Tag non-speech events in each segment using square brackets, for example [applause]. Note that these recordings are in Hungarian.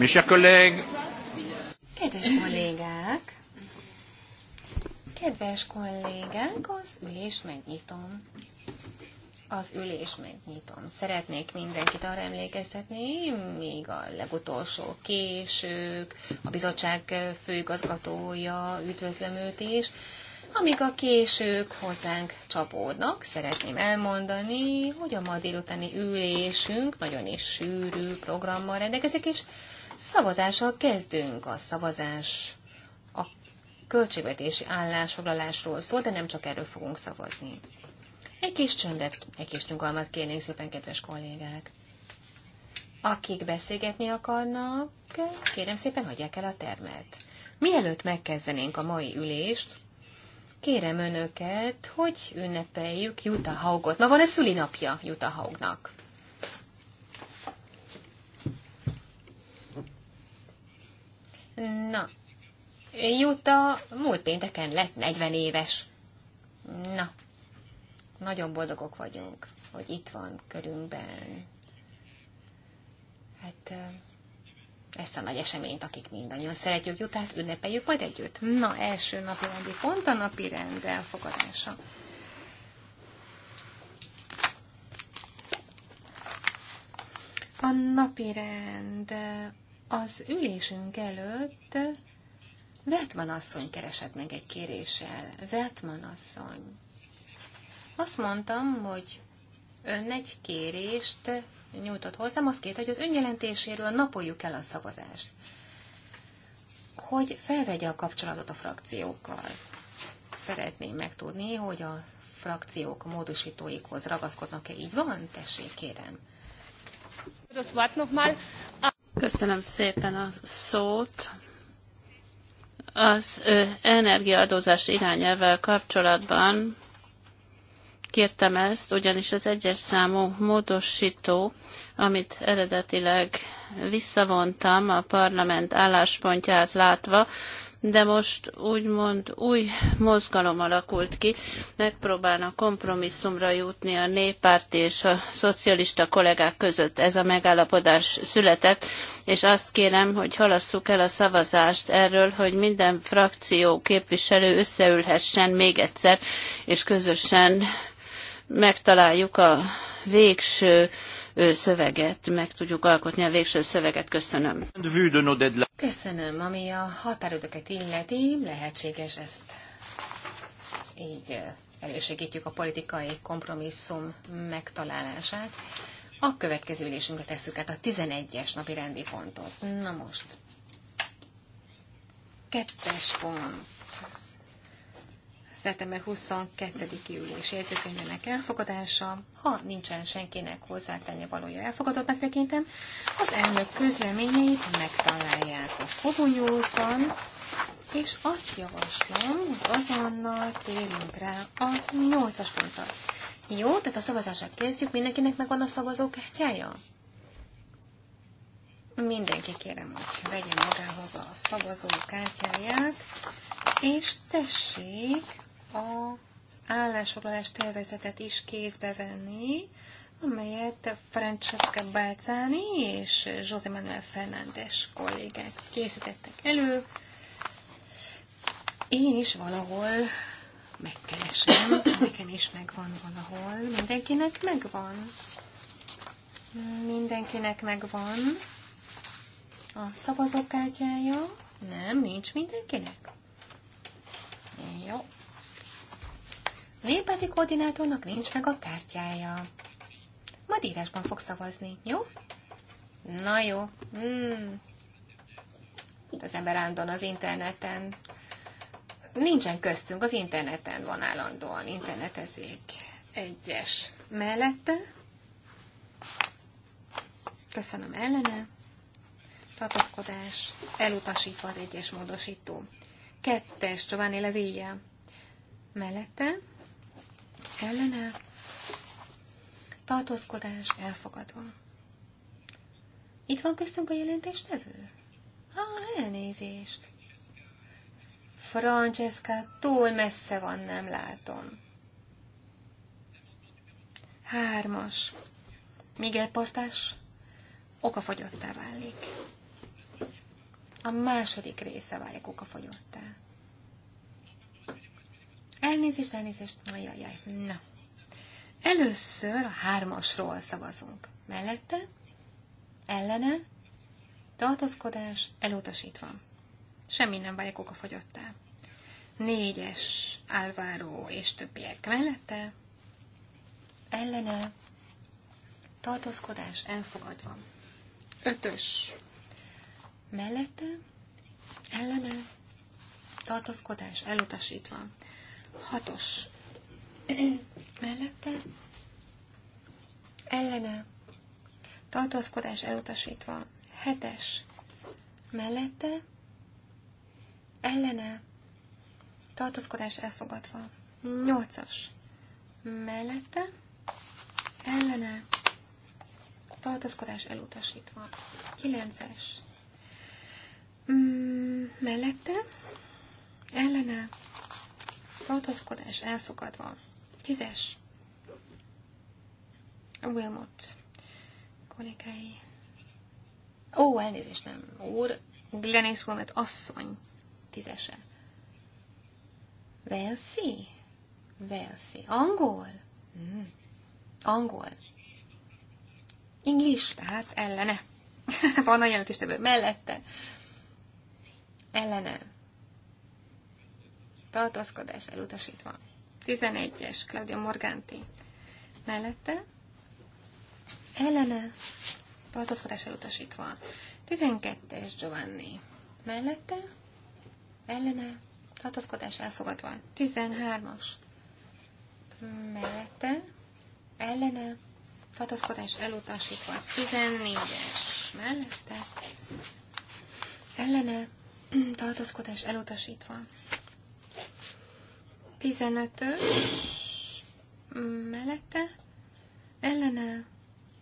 Mes chers collègues. Kedves kollégák! Kedves kollégák, az ülés megnyitom. Az ülés megnyitom. Szeretnék mindenkit arra emlékeztetni, még a legutolsó késők, a bizottság főigazgatója, üdvözlöm őt is, amíg a késők hozzánk csapódnak, szeretném elmondani, hogy a ma délutáni ülésünk nagyon is sűrű programmal rendelkezik, és Szavazással kezdünk a szavazás a költségvetési állásfoglalásról szól, de nem csak erről fogunk szavazni. Egy kis csöndet, egy kis nyugalmat kérnénk szépen, kedves kollégák. Akik beszélgetni akarnak, kérem szépen hagyják el a termet. Mielőtt megkezdenénk a mai ülést, kérem önöket, hogy ünnepeljük Juta Haugot. Ma van a szülinapja Juta Haugnak. Na, Jutta múlt pénteken lett 40 éves. Na, nagyon boldogok vagyunk, hogy itt van körünkben. Hát ezt a nagy eseményt, akik mindannyian szeretjük Jutát, ünnepeljük majd együtt. Na, első napi rendi pont a napi rend elfogadása. A napi rend az ülésünk előtt Vetman asszony keresett meg egy kéréssel. Vetman asszony. Azt mondtam, hogy ön egy kérést nyújtott hozzám, azt kérte, hogy az önjelentéséről napoljuk el a szavazást. Hogy felvegye a kapcsolatot a frakciókkal. Szeretném megtudni, hogy a frakciók módosítóikhoz ragaszkodnak-e. Így van? Tessék, kérem. Das Wort nochmal. Köszönöm szépen a szót. Az energiaadózás irányelvvel kapcsolatban kértem ezt, ugyanis az egyes számú módosító, amit eredetileg visszavontam a parlament álláspontját látva, de most úgymond új mozgalom alakult ki, megpróbálnak kompromisszumra jutni a néppárti és a szocialista kollégák között. Ez a megállapodás született, és azt kérem, hogy halasszuk el a szavazást erről, hogy minden frakció képviselő összeülhessen még egyszer, és közösen megtaláljuk a végső szöveget, meg tudjuk alkotni a végső szöveget. Köszönöm. Köszönöm. Ami a határidőket illeti, lehetséges ezt így elősegítjük a politikai kompromisszum megtalálását. A következő ülésünkre tesszük át a 11-es napi rendi pontot. Na most. Kettes pont szeptember 22-i ülés jegyzőkönyvének elfogadása, ha nincsen senkinek hozzátenni valója elfogadottnak tekintem, az elnök közleményeit megtalálják a Fogonyózban, és azt javaslom, hogy azonnal térjünk rá a 8-as pontra. Jó, tehát a szavazásra kezdjük, mindenkinek megvan a szavazókártyája? Mindenki kérem, hogy vegye magához a szavazókártyáját, és tessék, az állásfoglalás tervezetet is kézbe venni, amelyet Francesca Balzani és José Manuel Fernández kollégák készítettek elő. Én is valahol megkeresem, nekem is megvan valahol, mindenkinek megvan. Mindenkinek megvan a szavazókártyája. Nem, nincs mindenkinek. Jó, Népeti koordinátornak nincs meg a kártyája. Majd írásban fog szavazni, jó? Na jó. Hmm. Az ember állandóan az interneten. Nincsen köztünk, az interneten van állandóan, internetezik. Egyes. Mellette. Köszönöm ellene. Tartozkodás. Elutasítva az egyes módosító. Kettes. Giovanni Levilla. Mellette kellene, tartózkodás elfogadva. Itt van köztünk a jelentéstevő? Á, elnézést. Francesca túl messze van, nem látom. Hármas. Miguel Portás okafogyottá válik. A második része válik okafogyottá. Elnézést, elnézést, ajajaj, jaj. na. Először a hármasról szavazunk. Mellette, ellene, tartozkodás, elutasítva. Semmi nem vagyok oka fogyottá. Négyes, Álváró és többiek mellette, ellene, tartózkodás elfogadva. Ötös, mellette, ellene, tartózkodás elutasítva. Hatos. Mellette ellene tartózkodás elutasítva. Hetes. Mellette ellene tartózkodás elfogadva. Nyolcas. Mellette ellene tartózkodás elutasítva. Kilences. Mm, mellette ellene tartózkodás elfogadva. Tízes. Wilmot kollégái. Ó, elnézést nem, úr. Glenis Wilmot asszony. Tízese. Velszi? Velszi. Angol? Mm. Angol. Inglis, tehát ellene. [laughs] Van a jelentéstevő mellette. Ellene tartózkodás elutasítva. 11-es Claudia Morganti mellette, ellene tartózkodás elutasítva. 12-es Giovanni mellette, ellene tartózkodás elfogadva. 13-as mellette, ellene tartózkodás elutasítva. 14-es mellette, ellene [clears throat] tartózkodás elutasítva. 15-ös mellette ellene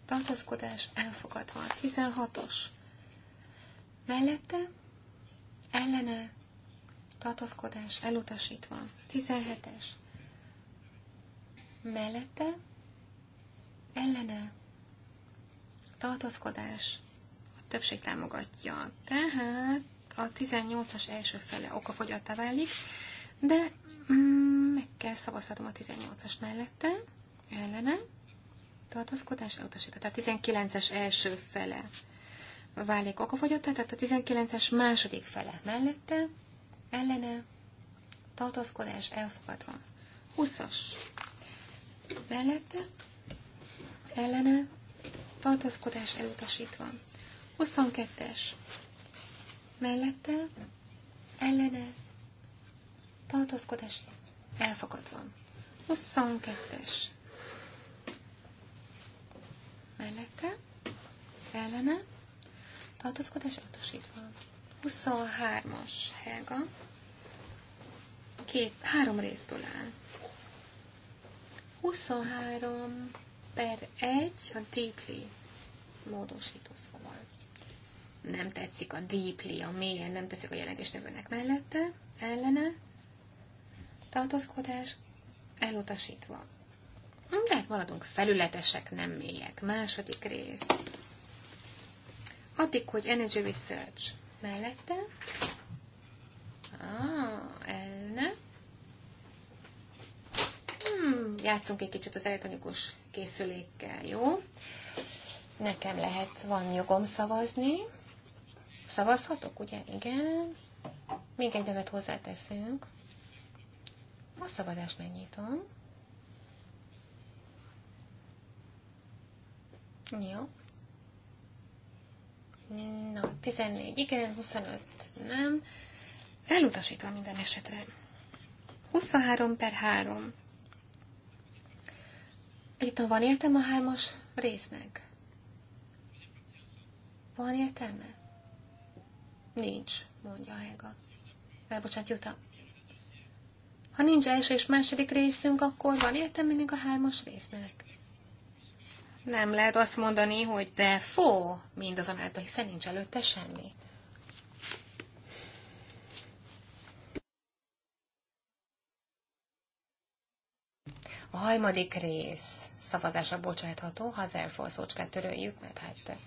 tartózkodás elfogadva. 16-os mellette ellene tartózkodás elutasítva. 17-es mellette ellene tartózkodás a többség támogatja. Tehát a 18-as első fele okafogyatta válik, de Mm, meg kell szavazhatom a 18-as mellette, ellene, tartózkodás elutasítás. Tehát 19-es első fele válik okafogyott, tehát a 19-es második fele mellette, ellene, tartózkodás elfogadva. 20-as mellette, ellene, tartózkodás elutasítva. 22-es mellette, ellene, tartózkodás elfogadva. 22-es mellette, ellene, tartózkodás utasítva. 23-as Helga, két, három részből áll. 23 per 1 a deeply módosító szóval. Nem tetszik a deeply, a mélyen, nem tetszik a jelentéstevőnek mellette, ellene, tartózkodás elutasítva. De hát maradunk felületesek, nem mélyek. Második rész. Addig, hogy Energy Research mellette. Ah, elne. Hmm, játszunk egy kicsit az elektronikus készülékkel, jó? Nekem lehet, van jogom szavazni. Szavazhatok, ugye? Igen. Még egy nevet hozzáteszünk. A szabadást megnyitom. Jó. Na, 14 igen, 25 nem. Elutasítva minden esetre. 23 per 3. Itt van értem a hármas résznek? Van értelme? Nincs, mondja Helga. Elbocsát, jutam. Ha nincs első és második részünk, akkor van értelme még a hármas résznek. Nem lehet azt mondani, hogy de fó, mindazonáltal, hiszen nincs előtte semmi. A harmadik rész szavazása bocsátható, ha therefore szócskát töröljük, mert hát,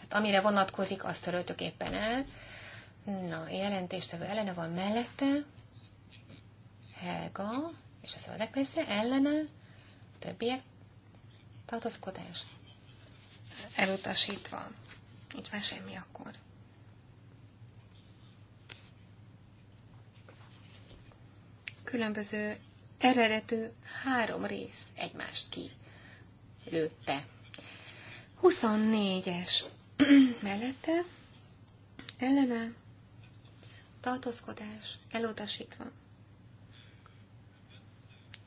hát amire vonatkozik, azt töröltök éppen el. Na, jelentéstevő ellene van mellette, Helga, és a szöldek persze, ellene, többiek, tartozkodás. elutasítva. Nincs már semmi akkor. Különböző eredetű három rész egymást ki lőtte. 24-es mellette ellene tartózkodás elutasítva.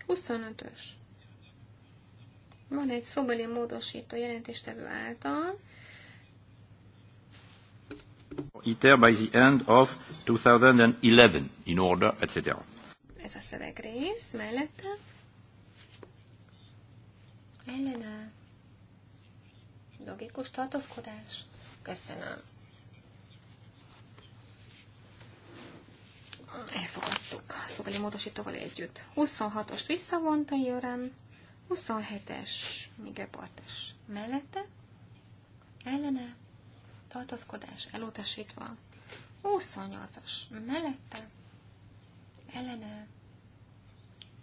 25-ös. Van egy szobeli módosító jelentéstevő által. ITER by the end of 2011 in order, etc. Ez a szövegrész mellette. Elena. Logikus tartózkodás. Köszönöm. elfogadtuk Szóval szóbeli módosítóval együtt. 26-ost visszavonta Jörem, 27-es Miguel partes mellette, ellene, tartózkodás elutasítva, 28-as mellette, ellene,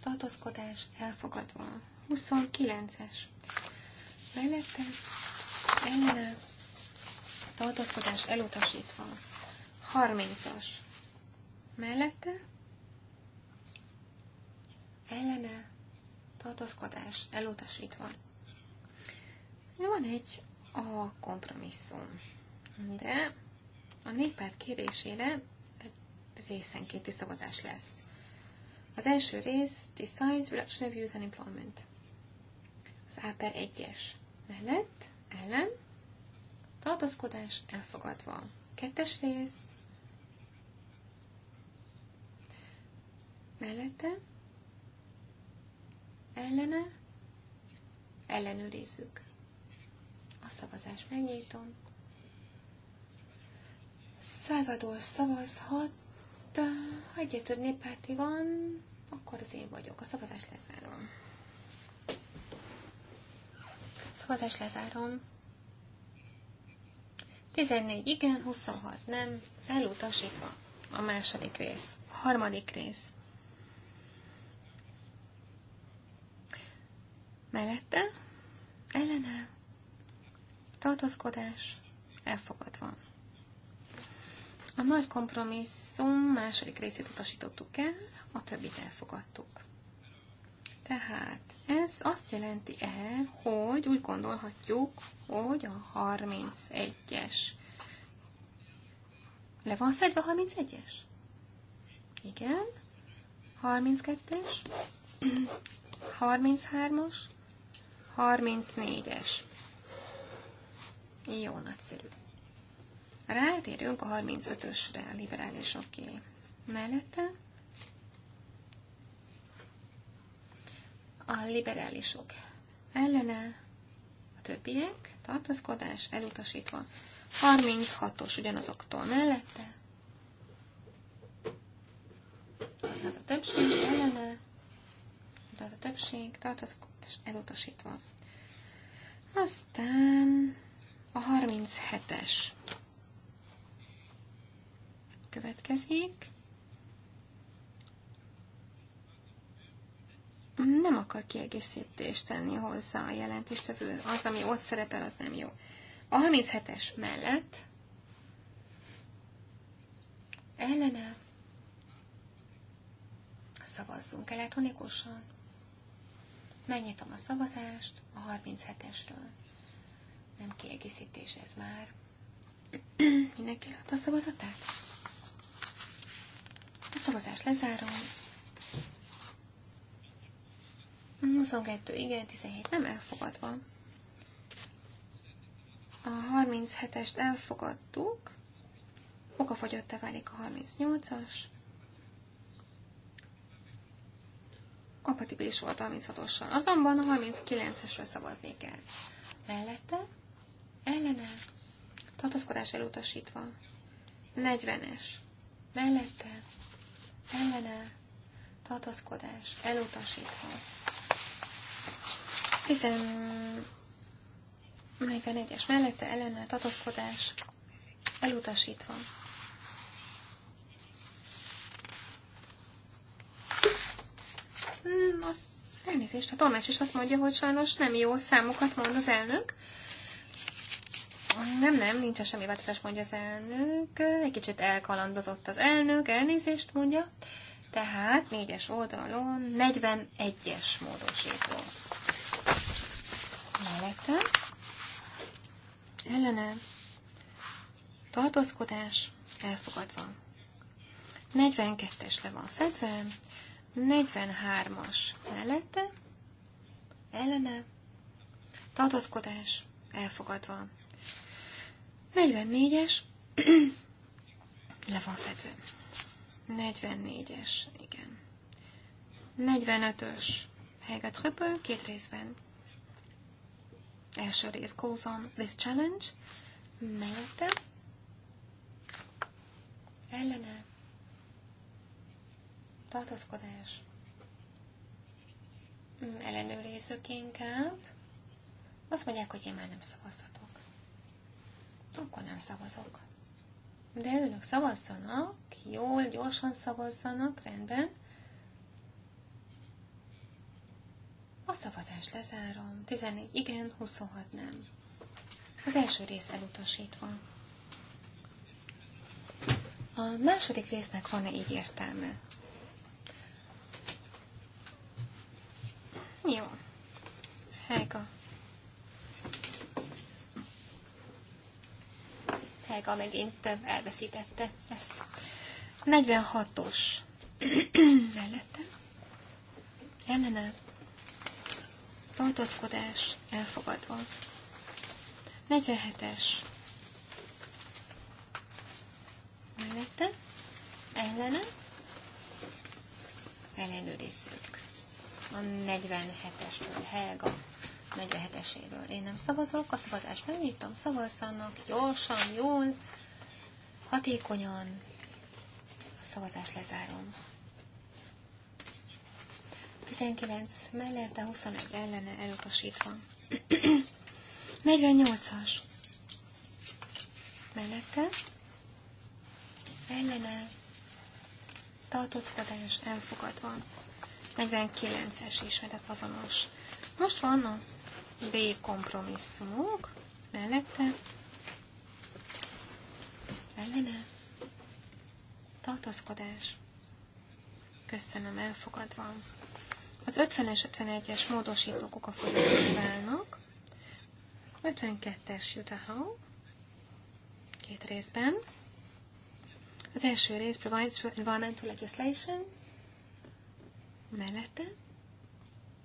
tartózkodás elfogadva, 29-es mellette, ellene, tartózkodás elutasítva, 30-as mellette ellene tartozkodás elutasítva. Van egy a kompromisszum, de a néppárt kérésére részenkéti szavazás lesz. Az első rész Decides Reduction of Youth Unemployment. Az A per 1-es mellett, ellen, tartozkodás elfogadva. Kettes rész mellette, ellene, ellenőrizzük. A szavazás megnyitom. Salvador szavazhat, ha egyet több néppárti van, akkor az én vagyok. A szavazás lezárom. A lezárom. 14 igen, 26 nem, elutasítva. A második rész. A harmadik rész. mellette, ellene, tartózkodás, elfogadva. A nagy kompromisszum második részét utasítottuk el, a többit elfogadtuk. Tehát ez azt jelenti el, hogy úgy gondolhatjuk, hogy a 31-es le van fedve a 31-es? Igen. 32-es. 33-as. 34-es. Jó, nagyszerű. Rátérünk a 35-ösre, a liberálisoké. Mellette a liberálisok ellene, a többiek, tartozkodás elutasítva. 36-os ugyanazoktól mellette. Az a többség ellene, de az a többség tartozkodás elutasítva. Aztán a 37-es következik. Nem akar kiegészítést tenni hozzá a jelentéstevő. Az, ami ott szerepel, az nem jó. A 37-es mellett ellene szavazzunk elektronikusan. Megnyitom a szavazást a 37-esről. Nem kiegészítés ez már. [clears throat] Mindenki adta a szavazatát? A szavazást lezárom. 22 igen, 17 nem elfogadva. A 37-est elfogadtuk. Okafogyottá válik a 38-as. kompatibilis volt a 36-ossal. Azonban a 39-esről szavazni kell. Mellette, ellene, tartózkodás elutasítva. 40-es. Mellette, ellene, tartózkodás elutasítva. 14-es mellette ellene tartózkodás elutasítva. az elnézést, a tolmács is azt mondja, hogy sajnos nem jó számokat mond az elnök. Nem, nem, nincs semmi változás, mondja az elnök. Egy kicsit elkalandozott az elnök, elnézést mondja. Tehát négyes oldalon 41-es módosító. Mellette. Ellene. Tartózkodás elfogadva. 42-es le van fedve, 43-as mellette, ellene, tartozkodás, elfogadva. 44-es, [clears throat] le van fedve. 44-es, igen. 45-ös, Helga trüppel, két részben. Első rész goes on this challenge, mellette, ellene, tartózkodás. Mm, ellenőrizzük inkább. Azt mondják, hogy én már nem szavazhatok. Akkor nem szavazok. De önök szavazzanak, jól, gyorsan szavazzanak, rendben. A szavazás lezárom. 14 igen, 26 nem. Az első rész elutasítva. A második résznek van-e így értelme? kollega megint elveszítette ezt. 46-os [clears throat] mellette. Ellene tartózkodás elfogadva. 47-es mellette. Ellene ellenőrizzük. A 47 es Helga 47-eséről. Én nem szavazok, a szavazást megnyitom, szavazzanak, gyorsan, jól, hatékonyan. A szavazást lezárom. 19 mellette, 21 ellene elutasítva. 48-as [clears throat] mellette, ellene, tartózkodás elfogadva. 49-es is, mert ez azonos. Most van a B kompromisszumunk mellette, ellene, tartózkodás, köszönöm, elfogadva. Az 50-es, 51-es módosítók okafogyottá válnak. 52-es Utah két részben. Az első rész provides for environmental legislation, mellette,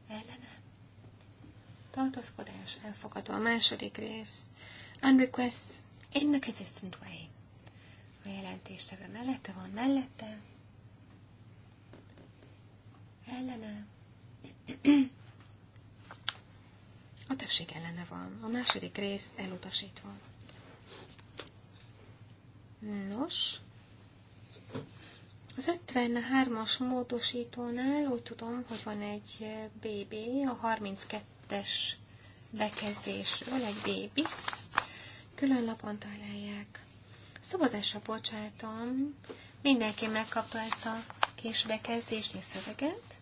ellene. Tartózkodás elfogadva. A második rész, and requests in the consistent way a jelentéstevő mellette van, mellette, ellene, a többség ellene van, a második rész elutasítva. Nos, az 53-as módosítónál úgy tudom, hogy van egy BB, a 32-es bekezdésről egy bébisz, külön lapon találják. Szavazásra bocsátom. Mindenki megkapta ezt a bekezdést és szöveget.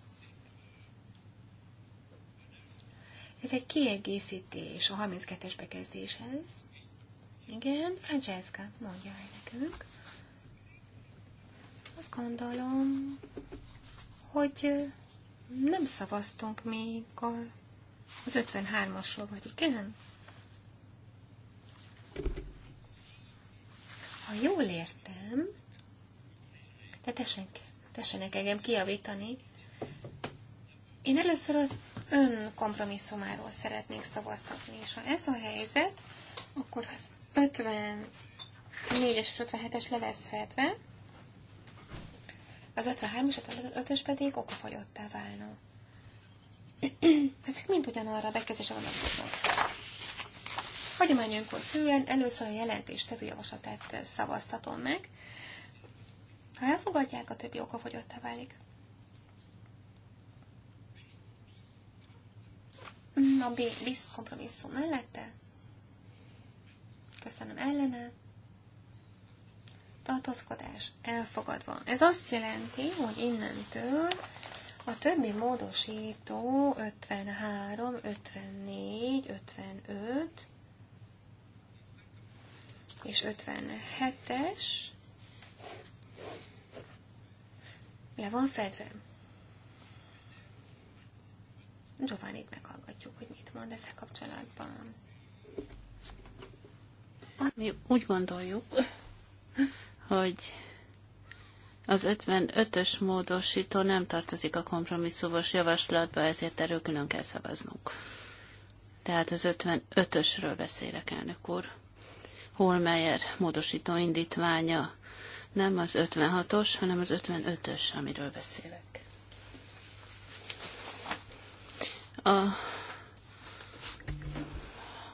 Ez egy kiegészítés a 32-es bekezdéshez. Igen, Francesca, mondja el nekünk. Azt gondolom, hogy nem szavaztunk még a, az 53-asról, vagy igen? Ha jól értem, de tessenek, tessenek engem kiavítani, én először az ön kompromisszumáról szeretnék szavaztatni, és ha ez a helyzet, akkor az 54-es és 57-es le lesz fedve, az 53-as, 55-ös pedig okafogyottá válna. [clears throat] Ezek mind ugyanarra a a vonatkoznak. Hagyományunkhoz hűen először a jelentéstevő javaslatát szavaztatom meg. Ha elfogadják, a többi oka okafogyottá válik. A B bizt kompromisszum mellette. Köszönöm ellene. Tartózkodás elfogadva. Ez azt jelenti, hogy innentől a többi módosító 53, 54, 55, és 57-es le van fedve. Giovannit meghallgatjuk, hogy mit mond ezzel kapcsolatban. Mi úgy gondoljuk, hogy az 55-ös módosító nem tartozik a kompromisszumos javaslatba, ezért erről külön kell szavaznunk. Tehát az 55-ösről beszélek, elnök úr. Holmeyer módosító indítványa. Nem az 56-os, hanem az 55-ös, amiről beszélek. A...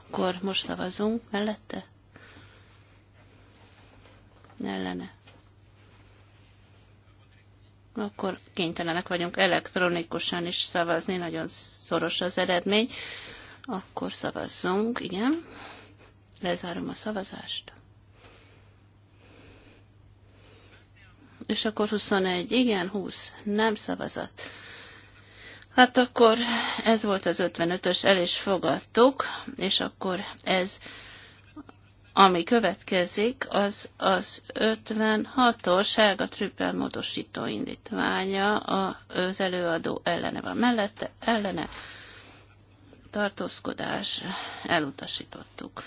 Akkor most szavazunk mellette? Ellene. Akkor kénytelenek vagyunk elektronikusan is szavazni, nagyon szoros az eredmény. Akkor szavazzunk, igen. Lezárom a szavazást. És akkor 21, igen, 20, nem szavazat. Hát akkor ez volt az 55-ös, el is fogadtuk, és akkor ez, ami következik, az az 56-os Helga Trüppel módosító indítványa, az előadó ellene van mellette, ellene tartózkodás, elutasítottuk.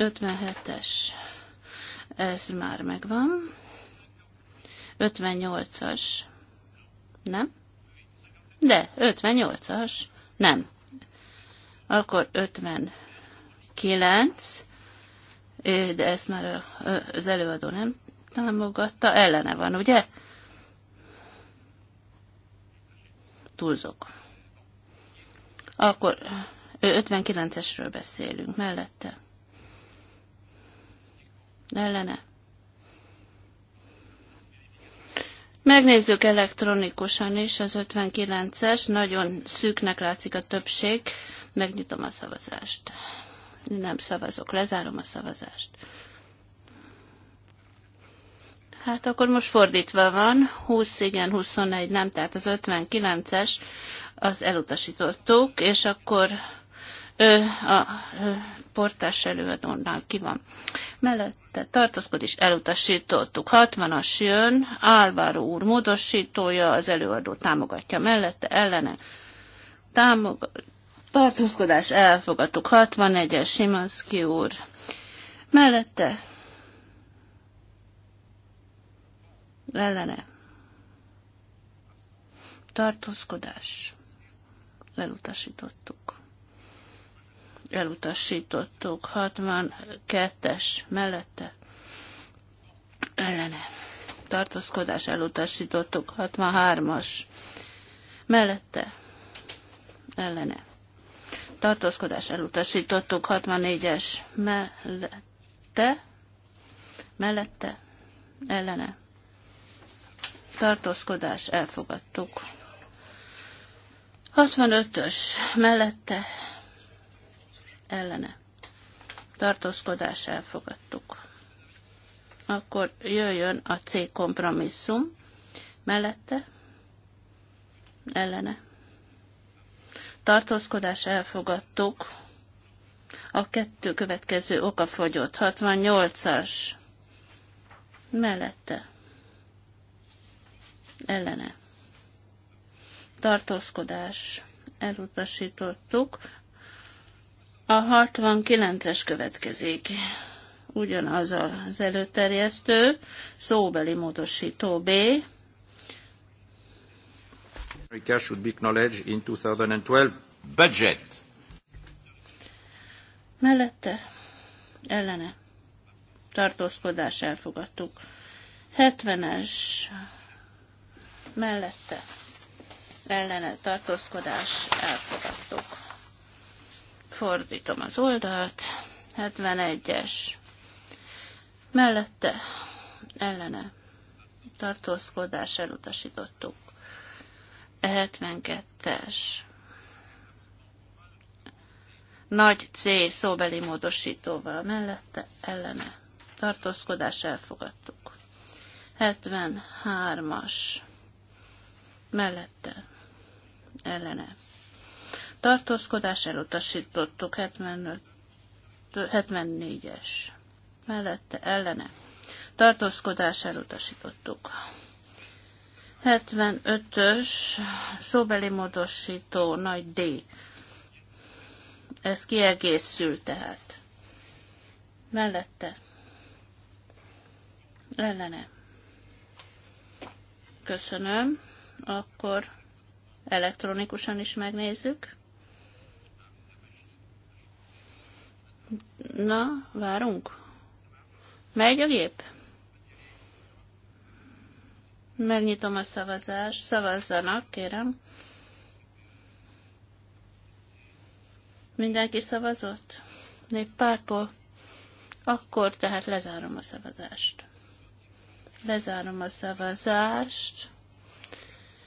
57-es, ez már megvan. 58-as, nem? De, 58-as, nem. Akkor 59, de ezt már az előadó nem támogatta, ellene van, ugye? Túlzok. Akkor 59-esről beszélünk mellette ellene. Megnézzük elektronikusan is az 59-es, nagyon szűknek látszik a többség. Megnyitom a szavazást. Nem szavazok, lezárom a szavazást. Hát akkor most fordítva van, 20 igen, 21 nem, tehát az 59-es az elutasítottuk, és akkor ö, a portás előadónál ki van. Mellette tartózkodás elutasítottuk. 60-as jön, Álvaro úr módosítója, az előadó támogatja mellette, ellene támog... tartózkodás elfogadtuk. 61-es Simanszki úr mellette ellene tartózkodás elutasítottuk elutasítottuk. 62-es mellette ellene tartózkodás elutasítottuk. 63-as mellette ellene tartózkodás elutasítottuk. 64-es mellette mellette ellene tartózkodás elfogadtuk. 65-ös mellette ellene tartózkodás elfogadtuk. Akkor jöjjön a C kompromisszum mellette ellene. Tartózkodás elfogadtuk. A kettő következő oka fogyott. 68-as mellette ellene. Tartózkodás elutasítottuk. A 69-es következik. Ugyanaz az előterjesztő, szóbeli módosító B. America should be acknowledged in 2012 budget. Mellette, ellene, tartózkodás elfogadtuk. 70-es, mellette, ellene, tartózkodás elfogadtuk fordítom az oldalt, 71-es, mellette, ellene, tartózkodás elutasítottuk, 72-es, nagy C szóbeli módosítóval mellette, ellene, tartózkodás elfogadtuk, 73-as, mellette, ellene, tartózkodás elutasítottuk 75, 74-es mellette ellene tartózkodás elutasítottuk. 75-ös szóbeli módosító nagy D. Ez kiegészül tehát. Mellette. Ellene. Köszönöm. Akkor elektronikusan is megnézzük. Na, várunk. Megy a gép? Megnyitom a szavazást. Szavazzanak, kérem. Mindenki szavazott? Néppártból? Akkor tehát lezárom a szavazást. Lezárom a szavazást.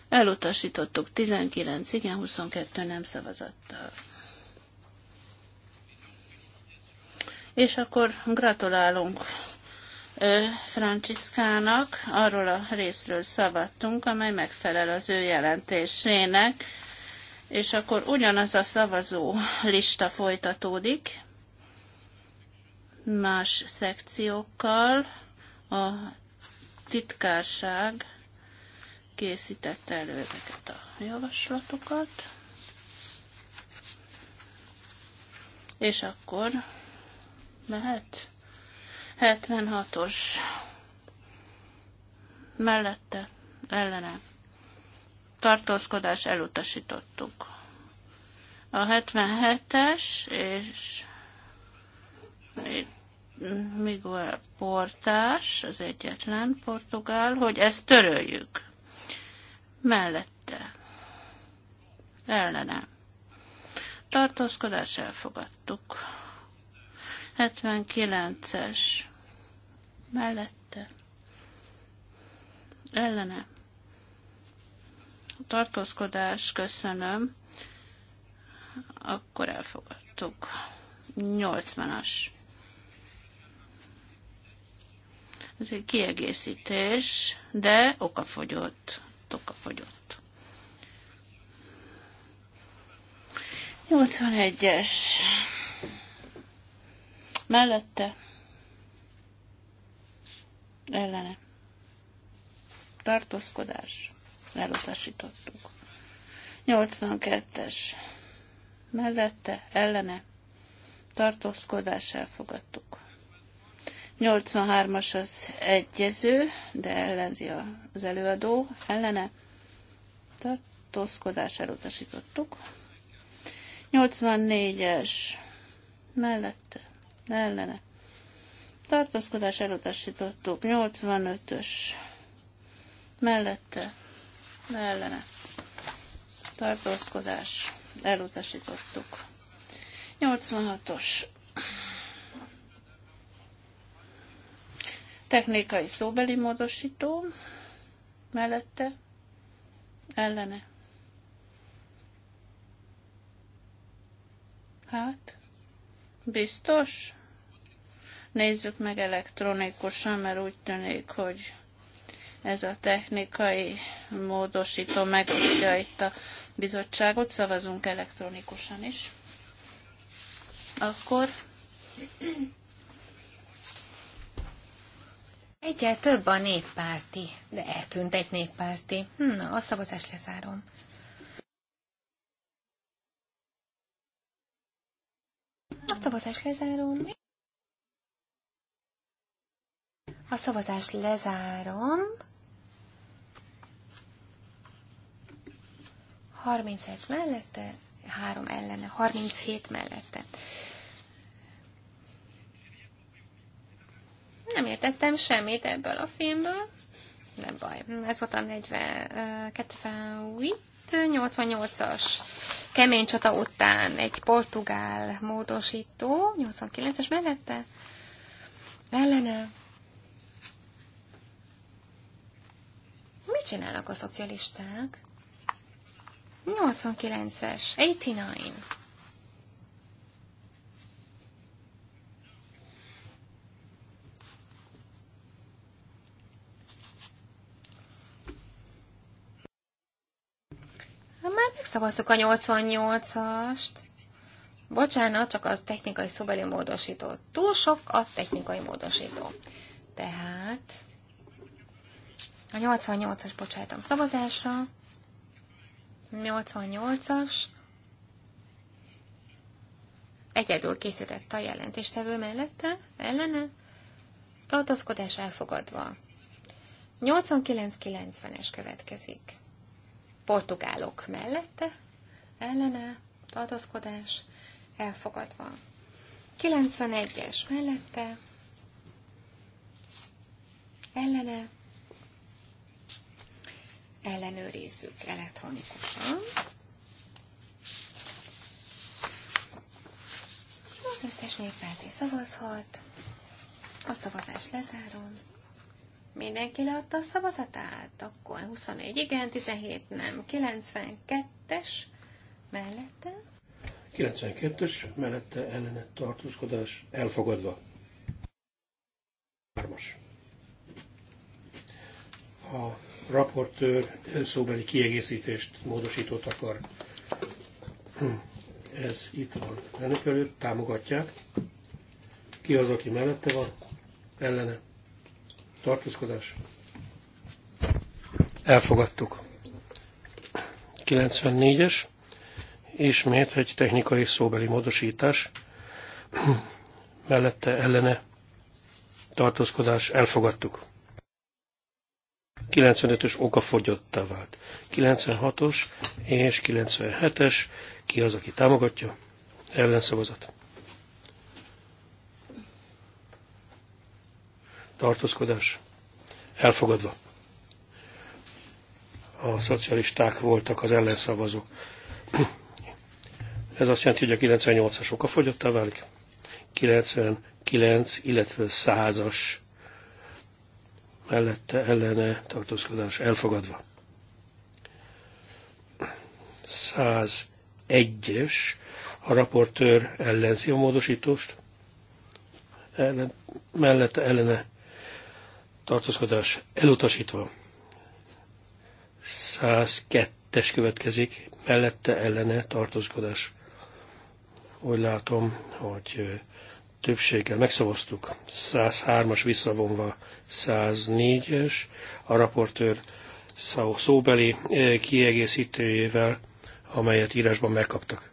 Elutasítottuk 19 igen, 22 nem szavazattal. És akkor gratulálunk Franciszkának, arról a részről szavattunk, amely megfelel az ő jelentésének, és akkor ugyanaz a szavazó lista folytatódik, más szekciókkal a titkárság készítette elő ezeket a javaslatokat, és akkor mehet? 76-os mellette ellene tartózkodás elutasítottuk. A 77-es és Miguel Portás, az egyetlen portugál, hogy ezt töröljük. Mellette. Ellene. Tartózkodás elfogadtuk. 79-es mellette ellene a tartózkodás, köszönöm, akkor elfogadtuk. 80-as. Ez egy kiegészítés, de okafogyott. Okafogyott. 81-es mellette, ellene, tartózkodás, elutasítottuk. 82-es, mellette, ellene, tartózkodás, elfogadtuk. 83-as az egyező, de ellenzi az előadó, ellene, tartózkodás, elutasítottuk. 84-es, mellette, ellene. Tartózkodás elutasítottuk. 85-ös mellette ellene. Tartózkodás elutasítottuk. 86-os technikai szóbeli módosító mellette ellene. Hát, Biztos? Nézzük meg elektronikusan, mert úgy tűnik, hogy ez a technikai módosító megosztja itt a bizottságot. Szavazunk elektronikusan is. Akkor Egyel több a néppárti, de eltűnt egy néppárti. Hm, na, a szavazást lezárom. szavazás lezárom. A szavazás lezárom. 31 mellette, 3 ellene, 37 mellette. Nem értettem semmit ebből a filmből. Nem baj. Ez volt a 42. 78 88-as kemény csata után egy portugál módosító, 89-es mellette, ellene. Mit csinálnak a szocialisták? 89-es, 89. Már megszavaztuk a 88-ast. Bocsánat, csak az technikai szobeli módosító. Túl sok a technikai módosító. Tehát a 88-as bocsájtam szavazásra. 88-as. Egyedül készített a jelentéstevő mellette, ellene. Tartózkodás elfogadva. 89-90-es következik portugálok mellette, ellene, tartozkodás, elfogadva. 91-es mellette, ellene, ellenőrizzük elektronikusan. Az összes néppárti szavazhat. A szavazás lezárom. Mindenki leadta a szavazatát? Akkor 24 igen, 17 nem. 92-es mellette? 92-es mellette ellene tartózkodás elfogadva. 3-as. A raportőr szóbeli kiegészítést módosított akar. Ez itt van. Önök előtt támogatják. Ki az, aki mellette van? Ellene tartózkodás. Elfogadtuk. 94-es, ismét egy technikai szóbeli módosítás, [clears throat] mellette ellene tartózkodás, elfogadtuk. 95-ös fogyottá vált. 96-os és 97-es, ki az, aki támogatja? Ellenszavazat. tartózkodás elfogadva. A szocialisták voltak az ellenszavazók. Ez azt jelenti, hogy a 98-as okafogyottá válik. 99, illetve 100-as mellette ellene tartózkodás elfogadva. 101-es a raportőr ellenzi a módosítóst, ellen, mellette ellene tartózkodás elutasítva. 102-es következik, mellette ellene tartózkodás. Úgy látom, hogy többséggel megszavaztuk. 103-as visszavonva 104-es, a raportőr szóbeli kiegészítőjével, amelyet írásban megkaptak.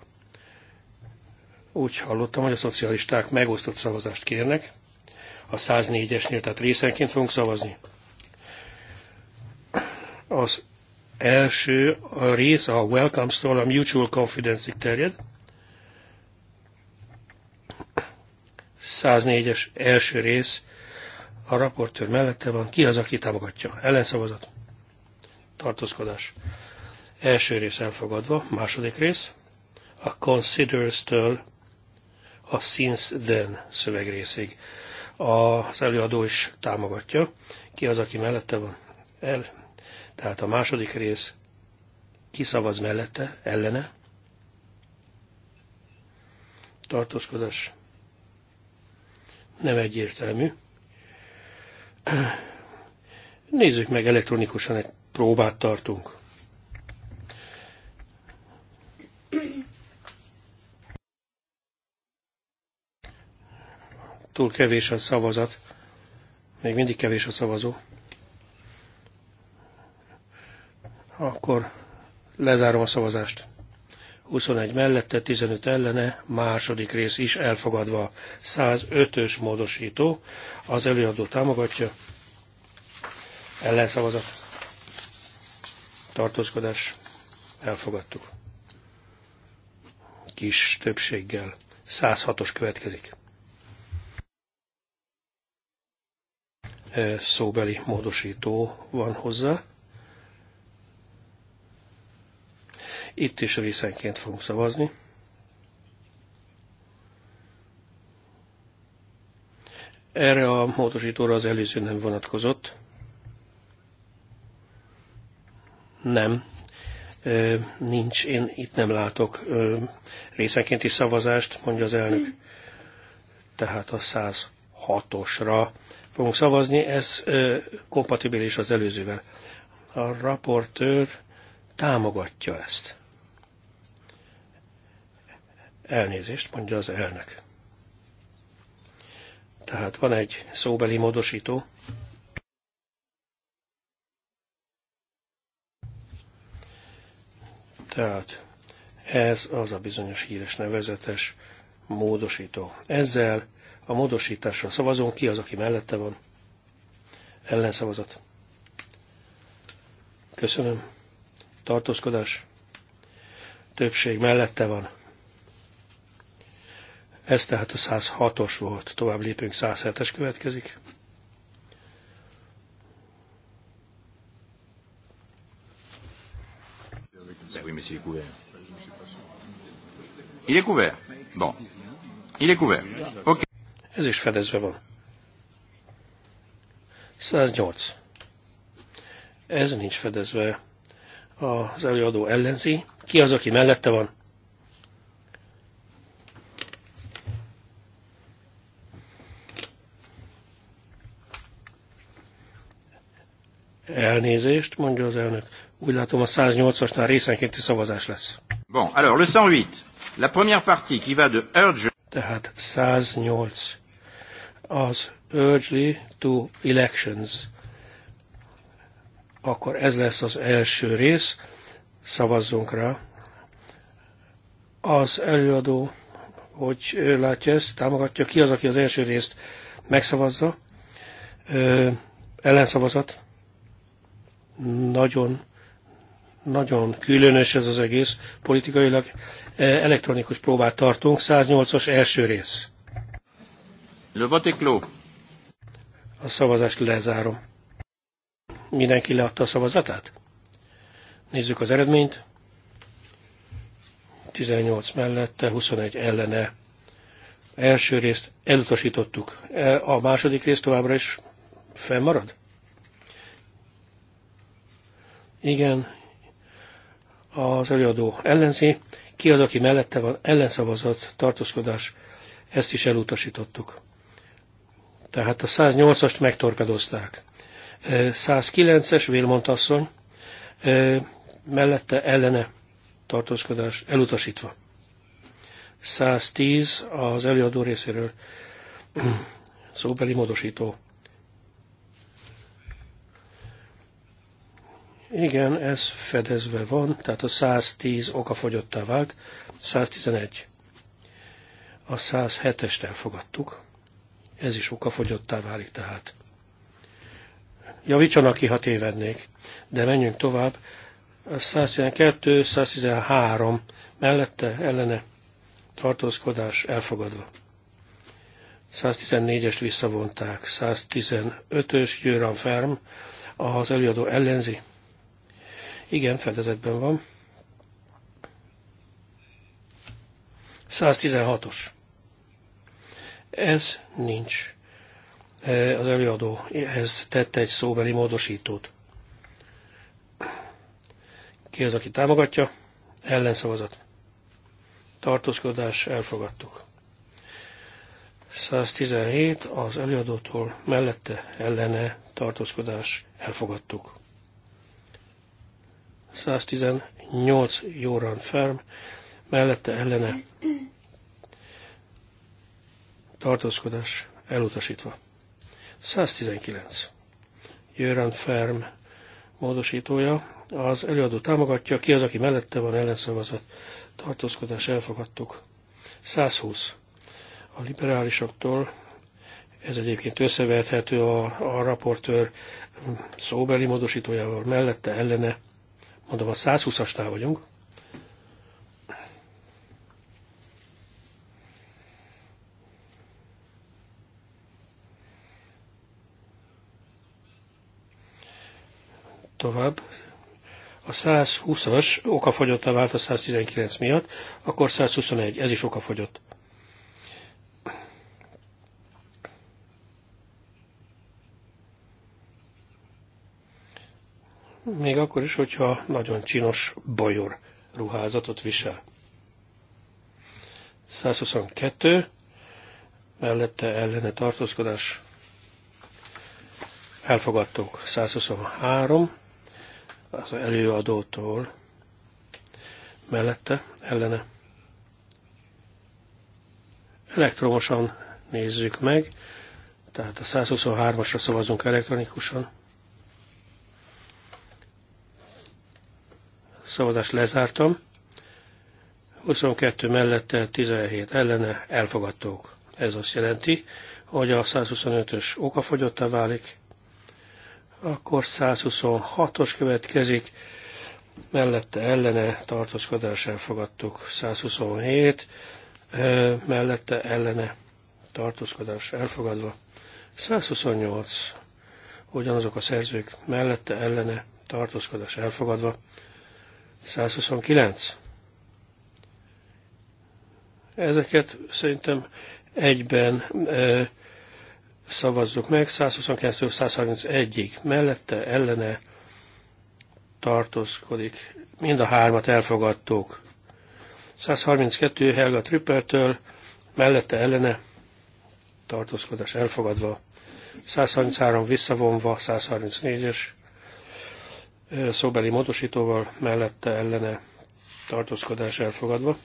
Úgy hallottam, hogy a szocialisták megosztott szavazást kérnek a 104-esnél, tehát részenként fogunk szavazni. Az első a rész a welcome Stall, a Mutual Confidence-ig terjed. 104-es első rész a raportőr mellette van. Ki az, aki támogatja? Ellenszavazat. Tartózkodás. Első rész elfogadva. Második rész a Considers-től a Since Then szövegrészig az előadó is támogatja. Ki az, aki mellette van? El. Tehát a második rész kiszavaz mellette, ellene. Tartózkodás nem egyértelmű. Nézzük meg elektronikusan, egy próbát tartunk. túl kevés a szavazat, még mindig kevés a szavazó. Akkor lezárom a szavazást. 21 mellette, 15 ellene, második rész is elfogadva. 105-ös módosító, az előadó támogatja, ellenszavazat, tartózkodás, elfogadtuk. Kis többséggel. 106-os következik. szóbeli módosító van hozzá. Itt is részenként fogunk szavazni. Erre a módosítóra az előző nem vonatkozott. Nem. nincs, én itt nem látok ö, részenkénti szavazást, mondja az elnök. Tehát a 106-osra fogunk szavazni, ez kompatibilis az előzővel. A raportőr támogatja ezt. Elnézést, mondja az elnök. Tehát van egy szóbeli módosító. Tehát ez az a bizonyos híres nevezetes módosító. Ezzel a módosításra szavazunk, ki az, aki mellette van. Ellenszavazat. Köszönöm. Tartózkodás. Többség mellette van. Ez tehát a 106-os volt. Tovább lépünk, 107-es következik. Il est couvert. Bon. Il est couvert. OK. Ez is fedezve van. 108. Ez nincs fedezve. Az előadó ellenzi. Ki az, aki mellette van? Elnézést, mondja az elnök. Úgy látom a 108-asnál részenkénti szavazás lesz. Bon, alors le 108. La première partie qui va de urge... Tehát 108 az urgently to elections. Akkor ez lesz az első rész, szavazzunk rá. Az előadó, hogy ő látja ezt, támogatja, ki az, aki az első részt megszavazza. Ö, ellenszavazat. Nagyon, nagyon különös ez az egész politikailag. Elektronikus próbát tartunk, 108-as első rész. Le vote est clos. A szavazást lezárom. Mindenki leadta a szavazatát? Nézzük az eredményt. 18 mellette, 21 ellene. Első részt elutasítottuk. E, a második rész továbbra is fennmarad? Igen, az előadó ellenzi. Ki az, aki mellette van? Ellenszavazat, tartózkodás. Ezt is elutasítottuk. Tehát a 108-ast megtorpedozták. 109-es Vélmont asszony, mellette ellene tartózkodás elutasítva. 110 az előadó részéről szóbeli módosító. Igen, ez fedezve van, tehát a 110 fogyottá vált, 111. A 107-est elfogadtuk ez is okafogyottá válik tehát. Javítsanak ki, ha tévednék, de menjünk tovább. 112, 113 mellette ellene tartózkodás elfogadva. 114-est visszavonták, 115-ös Győran Ferm, az előadó ellenzi. Igen, fedezetben van. 116-os. Ez nincs. Az előadó ehhez tette egy szóbeli módosítót. Ki az, aki támogatja? Ellenszavazat. Tartózkodás elfogadtuk. 117 az előadótól mellette ellene tartózkodás elfogadtuk. 118 Jóran Ferm mellette ellene tartózkodás elutasítva. 119. Jörend Ferm módosítója, az előadó támogatja, ki az, aki mellette van ellenszavazat. Tartózkodás elfogadtuk. 120. A liberálisoktól ez egyébként összevethető a, a raportőr szóbeli módosítójával mellette, ellene, mondom a 120-asnál vagyunk, tovább. A 120-as a vált a 119 miatt, akkor 121, ez is okafogyott. Még akkor is, hogyha nagyon csinos bajor ruházatot visel. 122, mellette ellene tartózkodás elfogadtuk 123, az előadótól mellette, ellene. Elektromosan nézzük meg, tehát a 123-asra szavazunk elektronikusan. Szavazást lezártam. 22 mellette, 17 ellene elfogadtók. Ez azt jelenti, hogy a 125-ös okafogyottá válik, akkor 126-os következik, mellette ellene tartózkodás elfogadtuk. 127, mellette ellene tartózkodás elfogadva. 128, ugyanazok a szerzők mellette ellene tartózkodás elfogadva. 129. Ezeket szerintem egyben szavazzuk meg 122-131-ig, mellette ellene tartózkodik. Mind a hármat elfogadtuk. 132 Helga Trüppertől, mellette ellene tartózkodás elfogadva. 133 visszavonva, 134-es szóbeli módosítóval mellette ellene tartózkodás elfogadva.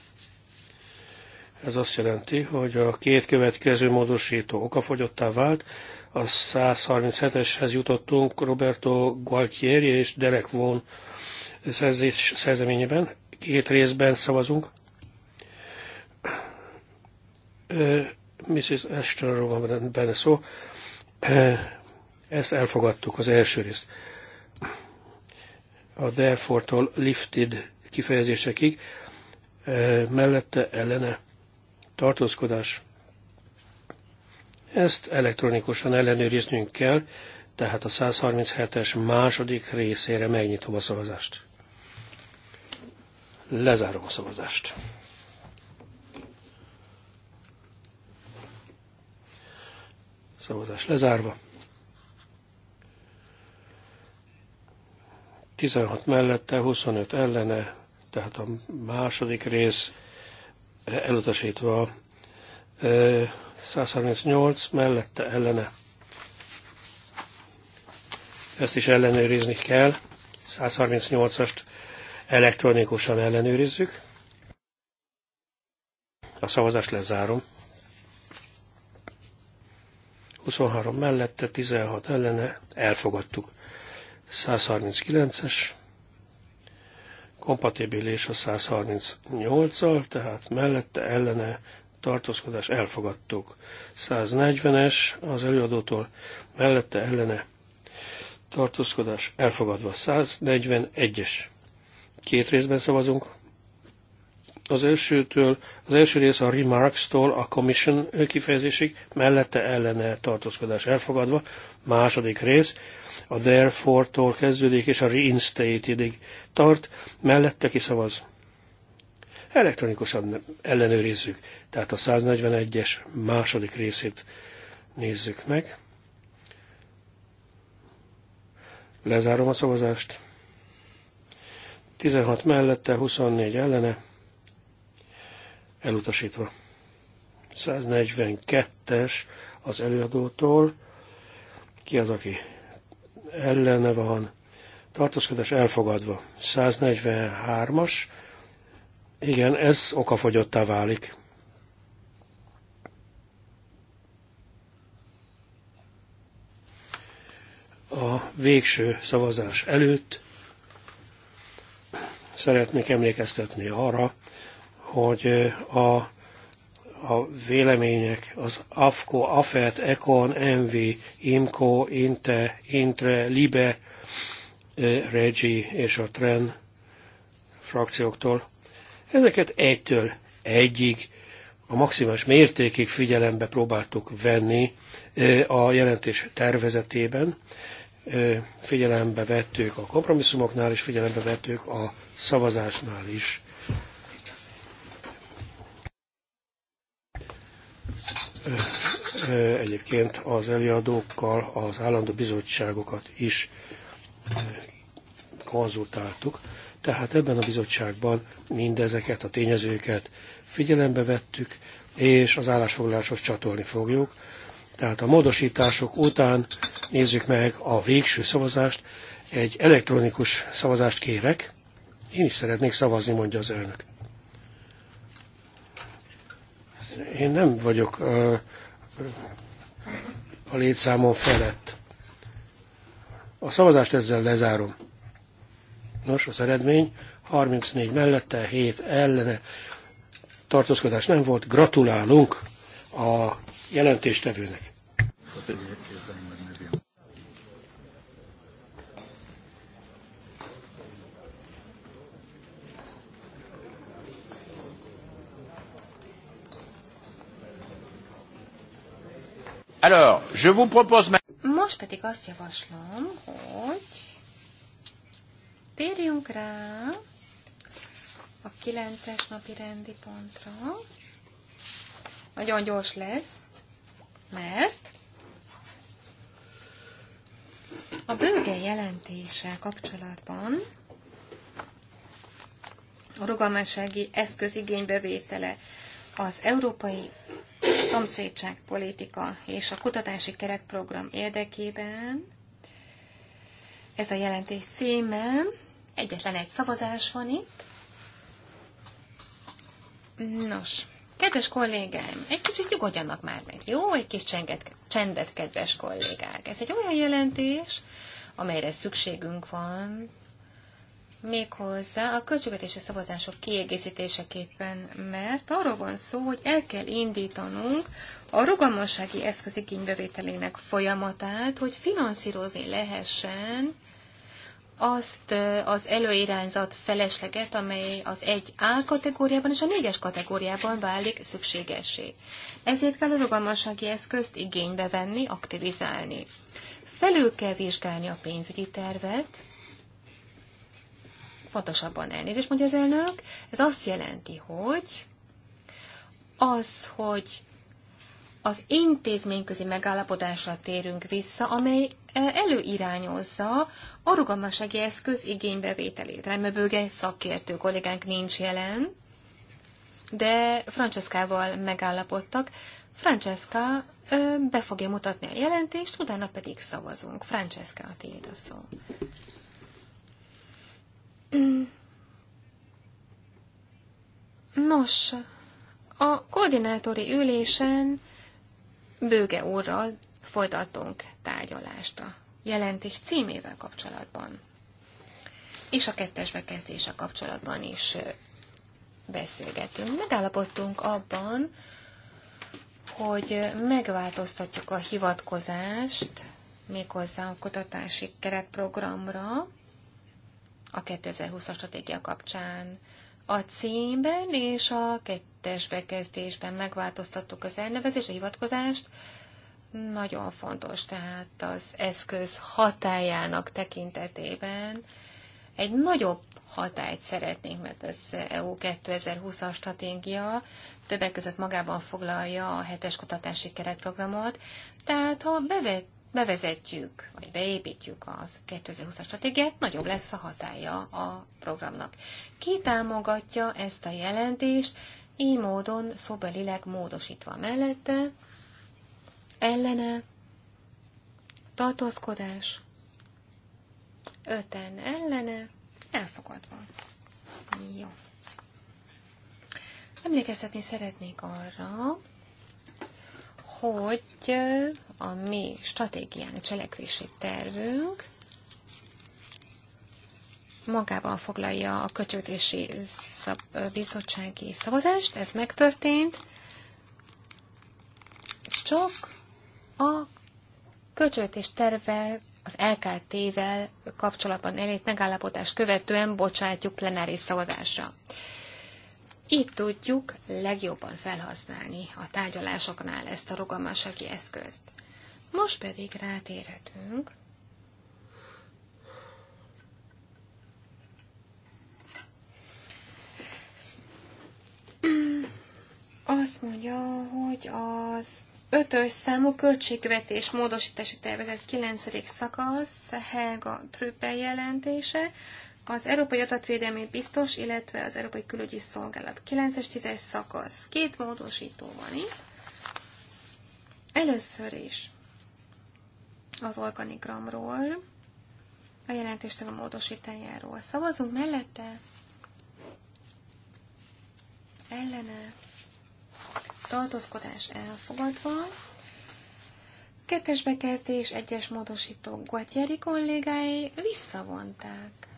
Ez azt jelenti, hogy a két következő módosító okafogyottá vált, a 137-eshez jutottunk Roberto Gualtieri és Derek Vaughan szerzeményében. Két részben szavazunk. Mrs. Ashtonról van benne szó. Ezt elfogadtuk, az első részt. A therefore-tól lifted kifejezésekig mellette ellene tartózkodás. Ezt elektronikusan ellenőriznünk kell, tehát a 137-es második részére megnyitom a szavazást. Lezárom a szavazást. Szavazás lezárva. 16 mellette, 25 ellene, tehát a második rész elutasítva 138 mellette ellene. Ezt is ellenőrizni kell. 138-ast elektronikusan ellenőrizzük. A szavazást lezárom. 23 mellette, 16 ellene, elfogadtuk. 139-es kompatibilis a 138-al, tehát mellette ellene tartózkodás elfogadtuk. 140-es az előadótól mellette ellene tartózkodás elfogadva. 141-es. Két részben szavazunk. Az elsőtől, az első rész a remarks-tól a commission kifejezésig, mellette ellene tartózkodás elfogadva. Második rész a therefore-tól kezdődik, és a reinstated-ig tart, mellette kiszavaz. Elektronikusan ellenőrizzük, tehát a 141-es második részét nézzük meg. Lezárom a szavazást. 16 mellette, 24 ellene, elutasítva. 142-es az előadótól. Ki az, aki ellene van, tartózkodás elfogadva. 143-as, igen, ez okafogyottá válik. a végső szavazás előtt szeretnék emlékeztetni arra, hogy a a vélemények az AFKO, AFET, ECON, MV, IMCO, INTE, INTRE, LIBE, eh, REGI és a TREN frakcióktól. Ezeket egytől egyig a maximális mértékig figyelembe próbáltuk venni eh, a jelentés tervezetében. Eh, figyelembe vettük a kompromisszumoknál, és figyelembe vettük a szavazásnál is. Eh, egyébként az előadókkal az állandó bizottságokat is eh, konzultáltuk. Tehát ebben a bizottságban mindezeket a tényezőket figyelembe vettük, és az állásfoglaláshoz csatolni fogjuk. Tehát a módosítások után nézzük meg a végső szavazást. Egy elektronikus szavazást kérek. Én is szeretnék szavazni, mondja az elnök én nem vagyok a, a létszámon felett. A szavazást ezzel lezárom. Nos, az eredmény 34 mellette, 7 ellene. Tartózkodás nem volt. Gratulálunk a jelentéstevőnek. Alors, je vous propose... Most pedig azt javaslom, hogy térjünk rá a 9-es napi rendi pontra. Nagyon gyors lesz, mert a bőge jelentése kapcsolatban a rugalmassági eszközigénybevétele az Európai szomszédságpolitika és a kutatási keretprogram érdekében. Ez a jelentés szíme. Egyetlen egy szavazás van itt. Nos, kedves kollégáim, egy kicsit nyugodjanak már meg, jó? Egy kis csenget, csendet, kedves kollégák. Ez egy olyan jelentés, amelyre szükségünk van, méghozzá a költségvetési szavazások kiegészítéseképpen, mert arról van szó, hogy el kell indítanunk a rugalmassági eszköz igénybevételének folyamatát, hogy finanszírozni lehessen azt az előirányzat felesleget, amely az 1A kategóriában és a 4-es kategóriában válik szükségesé. Ezért kell a rugalmassági eszközt igénybe venni, aktivizálni. Felül kell vizsgálni a pénzügyi tervet, pontosabban elnézést mondja az elnök, ez azt jelenti, hogy az, hogy az intézményközi megállapodásra térünk vissza, amely e, előirányozza a rugalmassági eszköz igénybevételét. Remebőge szakértő kollégánk nincs jelen, de Franceskával megállapodtak. Francesca be fogja mutatni a jelentést, utána pedig szavazunk. Francesca, a tiéd a szó. Nos, a koordinátori ülésen Bőge úrral folytattunk tárgyalást a jelentés címével kapcsolatban. És a kettes bekezdése kapcsolatban is beszélgetünk. Megállapodtunk abban, hogy megváltoztatjuk a hivatkozást méghozzá a kutatási keretprogramra, a 2020-as stratégia kapcsán. A címben és a kettes bekezdésben megváltoztattuk az elnevezést, a hivatkozást. Nagyon fontos, tehát az eszköz hatájának tekintetében egy nagyobb hatályt szeretnénk, mert az EU 2020-as stratégia többek között magában foglalja a hetes kutatási keretprogramot, tehát ha bevet, bevezetjük, vagy beépítjük az 2020-as stratégiát, nagyobb lesz a hatája a programnak. Ki támogatja ezt a jelentést, így módon szobelileg módosítva mellette, ellene, tartózkodás, öten ellene, elfogadva. Jó. Emlékeztetni szeretnék arra, hogy a mi stratégiánk, cselekvési tervünk magában foglalja a kötődési szab- bizottsági szavazást, ez megtörtént, csak a kötődés tervvel, az LKT-vel kapcsolatban elért megállapodást követően bocsátjuk plenáris szavazásra. Így tudjuk legjobban felhasználni a tárgyalásoknál ezt a rugalmassági eszközt. Most pedig rátérhetünk azt mondja, hogy az ötös számú költségvetés módosítási tervezet 9. szakasz, Helga Trüppel jelentése, az Európai Adatvédelmi Biztos, illetve az Európai Külügyi Szolgálat 9-es, 10-es szakasz. Két módosító van itt. Először is az organigramról, a a módosítányáról. Szavazunk mellette, ellene, tartózkodás elfogadva, kettes bekezdés, egyes módosító Guatjeri kollégái visszavonták.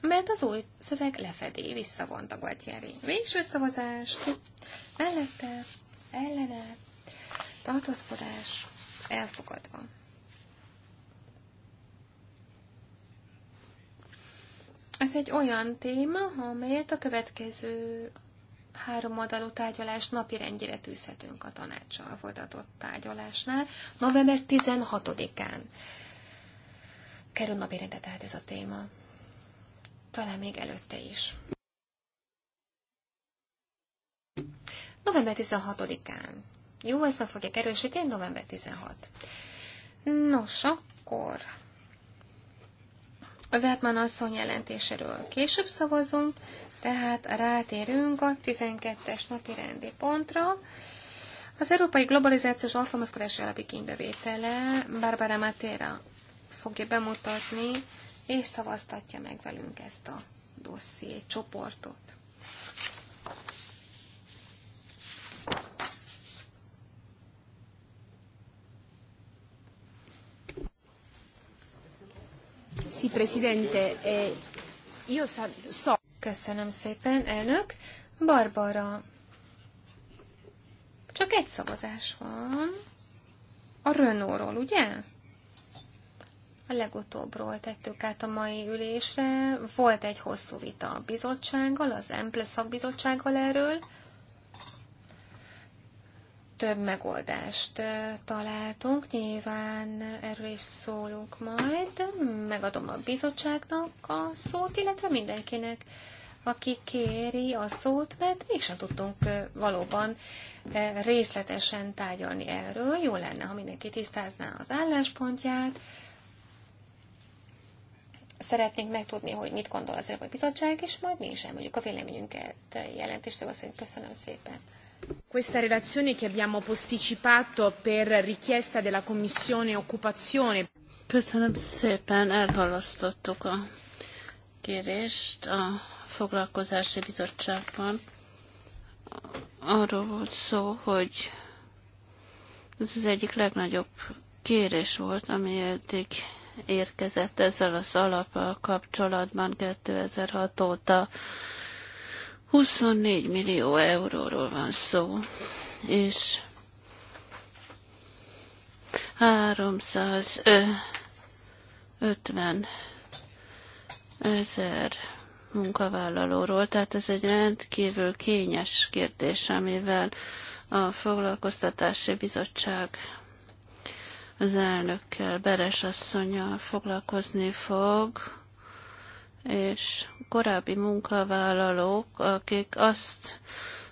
Mert az új szöveg lefedé, visszavonta Guatjeri. Végső szavazás, mellette, ellene, tartózkodás elfogadva. Ez egy olyan téma, amelyet a következő három oldalú tárgyalás napi rendjére tűzhetünk a tanácssal folytatott tárgyalásnál, november 16-án. Kerül napirendre tehát ez a téma. Talán még előtte is. November 16-án jó, ezt meg fogják erősíteni, november 16. Nos, akkor a Vertman asszony jelentéséről később szavazunk, tehát rátérünk a 12-es napi rendi pontra. Az Európai Globalizációs Alkalmazkodási Kénybevétele Barbara Matera fogja bemutatni, és szavaztatja meg velünk ezt a dosszié csoportot. Sì, Presidente, eh, io so... Köszönöm szépen, elnök. Barbara, csak egy szavazás van. A Renault-ról, ugye? A legutóbbról tettük át a mai ülésre. Volt egy hosszú vita a bizottsággal, az Emple szakbizottsággal erről több megoldást találtunk, nyilván erről is szólunk majd. Megadom a bizottságnak a szót, illetve mindenkinek, aki kéri a szót, mert mégsem tudtunk valóban részletesen tárgyalni erről. Jó lenne, ha mindenki tisztázná az álláspontját. Szeretnénk megtudni, hogy mit gondol az Európai Bizottság, és majd mi is elmondjuk a véleményünket. Jelentéstől azt, hogy köszönöm szépen. Questa relazione che abbiamo posticipato per richiesta della Commissione Occupazione. Köszönöm szépen, elhalasztottuk a kérést a Foglalkozási Bizottságban. Arról volt szó, hogy ez az egyik legnagyobb kérés volt, ami eddig érkezett ezzel az alappal kapcsolatban 2006 óta 24 millió euróról van szó, és 350 ezer munkavállalóról, tehát ez egy rendkívül kényes kérdés, amivel a Foglalkoztatási Bizottság az elnökkel, Beres asszonyjal foglalkozni fog és korábbi munkavállalók, akik azt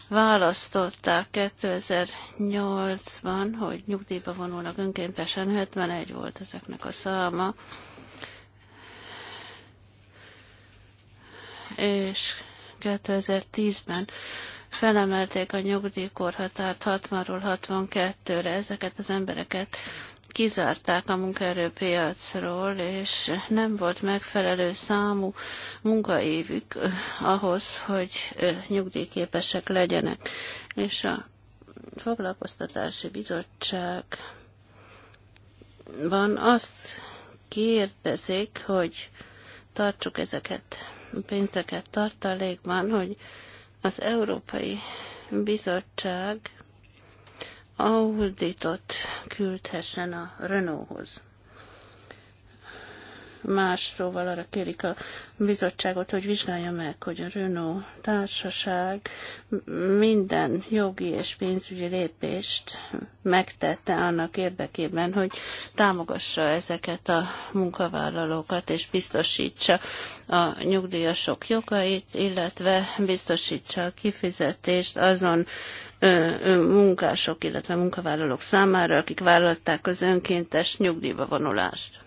választották 2008-ban, hogy nyugdíjba vonulnak önkéntesen, 71 volt ezeknek a száma, és 2010-ben felemelték a nyugdíjkorhatárt 60-ról 62-re. Ezeket az embereket kizárták a munkaerőpiacról, és nem volt megfelelő számú munkaévük eh, ahhoz, hogy eh, nyugdíjképesek legyenek. És a foglalkoztatási bizottságban azt kérdezik, hogy tartsuk ezeket a pénzeket tartalékban, hogy az Európai Bizottság auditot küldhessen a Renaulthoz. Más szóval arra kérik a bizottságot, hogy vizsgálja meg, hogy a Renault társaság minden jogi és pénzügyi lépést megtette annak érdekében, hogy támogassa ezeket a munkavállalókat és biztosítsa a nyugdíjasok jogait, illetve biztosítsa a kifizetést azon munkások, illetve munkavállalók számára, akik vállalták az önkéntes nyugdíjba vonulást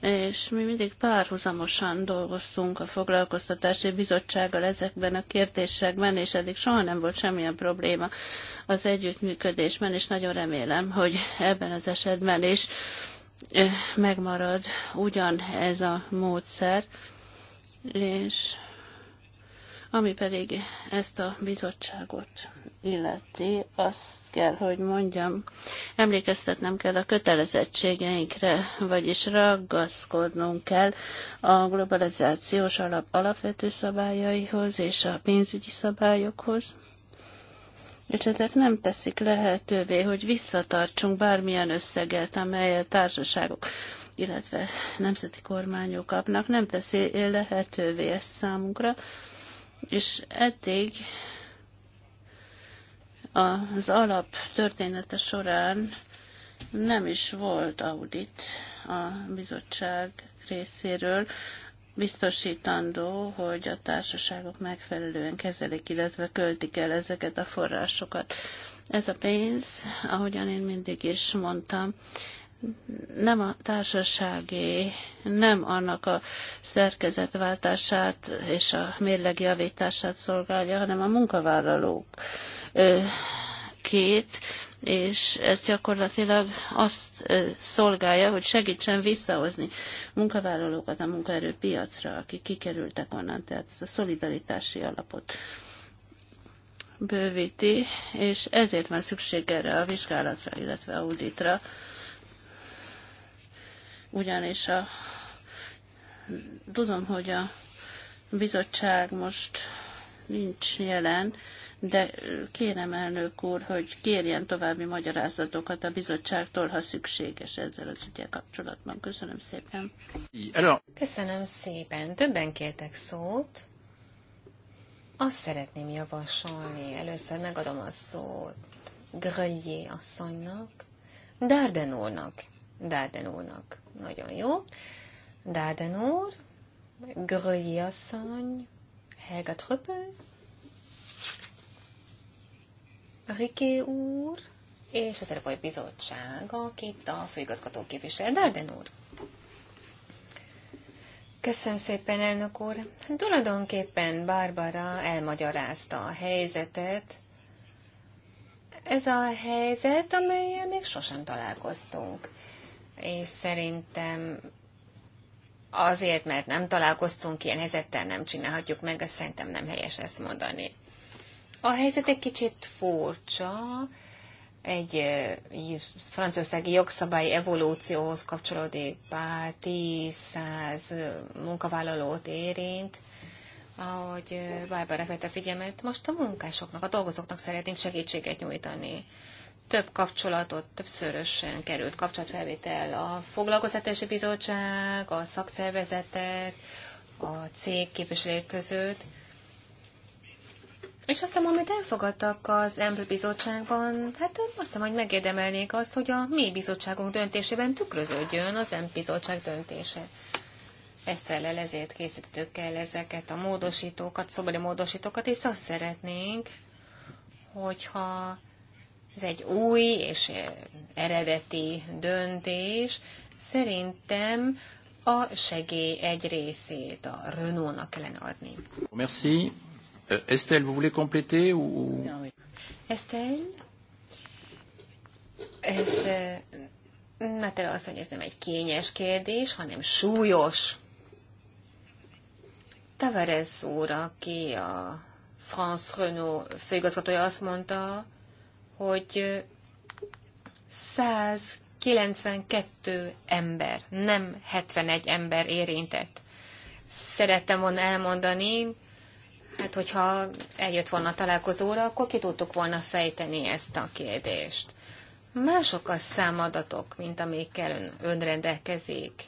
és mi mindig párhuzamosan dolgoztunk a foglalkoztatási bizottsággal ezekben a kérdésekben, és eddig soha nem volt semmilyen probléma az együttműködésben, és nagyon remélem, hogy ebben az esetben is eh, megmarad ugyan ez a módszer, és ami pedig ezt a bizottságot illeti, azt kell, hogy mondjam, emlékeztetnem kell a kötelezettségeinkre, vagyis ragaszkodnunk kell a globalizációs alap alapvető szabályaihoz és a pénzügyi szabályokhoz, és ezek nem teszik lehetővé, hogy visszatartsunk bármilyen összeget, amely a társaságok illetve nemzeti kormányok kapnak, nem teszi lehetővé ezt számunkra, és eddig az alap története során nem is volt audit a bizottság részéről, biztosítandó, hogy a társaságok megfelelően kezelik, illetve költik el ezeket a forrásokat. Ez a pénz, ahogyan én mindig is mondtam, nem a társaságé, nem annak a szerkezetváltását és a mérleg javítását szolgálja, hanem a munkavállalók két, és ez gyakorlatilag azt szolgálja, hogy segítsen visszahozni munkavállalókat a munkaerőpiacra, akik kikerültek onnan, tehát ez a szolidaritási alapot bővíti, és ezért van szükség erre a vizsgálatra, illetve auditra ugyanis a, tudom, hogy a bizottság most nincs jelen, de kérem elnök úr, hogy kérjen további magyarázatokat a bizottságtól, ha szükséges ezzel az ügyel kapcsolatban. Köszönöm szépen. Köszönöm szépen. Többen kértek szót. Azt szeretném javasolni. Először megadom a szót Grölyé asszonynak, Darden úrnak. Dádenónak. Nagyon jó. Dádenór, úr, Grölyi asszony, Helga Tröpöl, Riké úr, és az Európai Bizottság, akit a főigazgató képvisel, Darden úr. Köszönöm szépen, elnök úr. Tulajdonképpen Barbara elmagyarázta a helyzetet. Ez a helyzet, amelyen még sosem találkoztunk és szerintem azért, mert nem találkoztunk ilyen helyzettel, nem csinálhatjuk meg, azt szerintem nem helyes ezt mondani. A helyzet egy kicsit furcsa, egy franciaországi jogszabályi evolúcióhoz kapcsolódik, munkavállalót érint, ahogy Bárbara vette figyelmet, most a munkásoknak, a dolgozóknak szeretnénk segítséget nyújtani több kapcsolatot, többszörösen került kapcsolatfelvétel a foglalkoztatási bizottság, a szakszervezetek, a cég képviselők között. És azt hiszem, amit elfogadtak az Ember Bizottságban, hát azt hiszem, hogy megérdemelnék azt, hogy a mi bizottságunk döntésében tükröződjön az Ember Bizottság döntése. Ezt ellen ezért készítettük el ezeket a módosítókat, szobori módosítókat, és azt szeretnénk, hogyha ez egy új és eredeti döntés. Szerintem a segély egy részét a Renault-nak kellene adni. Merci. Euh, Estelle, vous voulez compléter ou... Estelle, ez, euh, mert az, hogy ez nem egy kényes kérdés, hanem súlyos. Tavares úr, aki a France Renault főigazgatója azt mondta, hogy 192 ember, nem 71 ember érintett. Szerettem volna elmondani, hát hogyha eljött volna a találkozóra, akkor ki tudtuk volna fejteni ezt a kérdést. Mások a számadatok, mint amikkel ön, ön rendelkezik.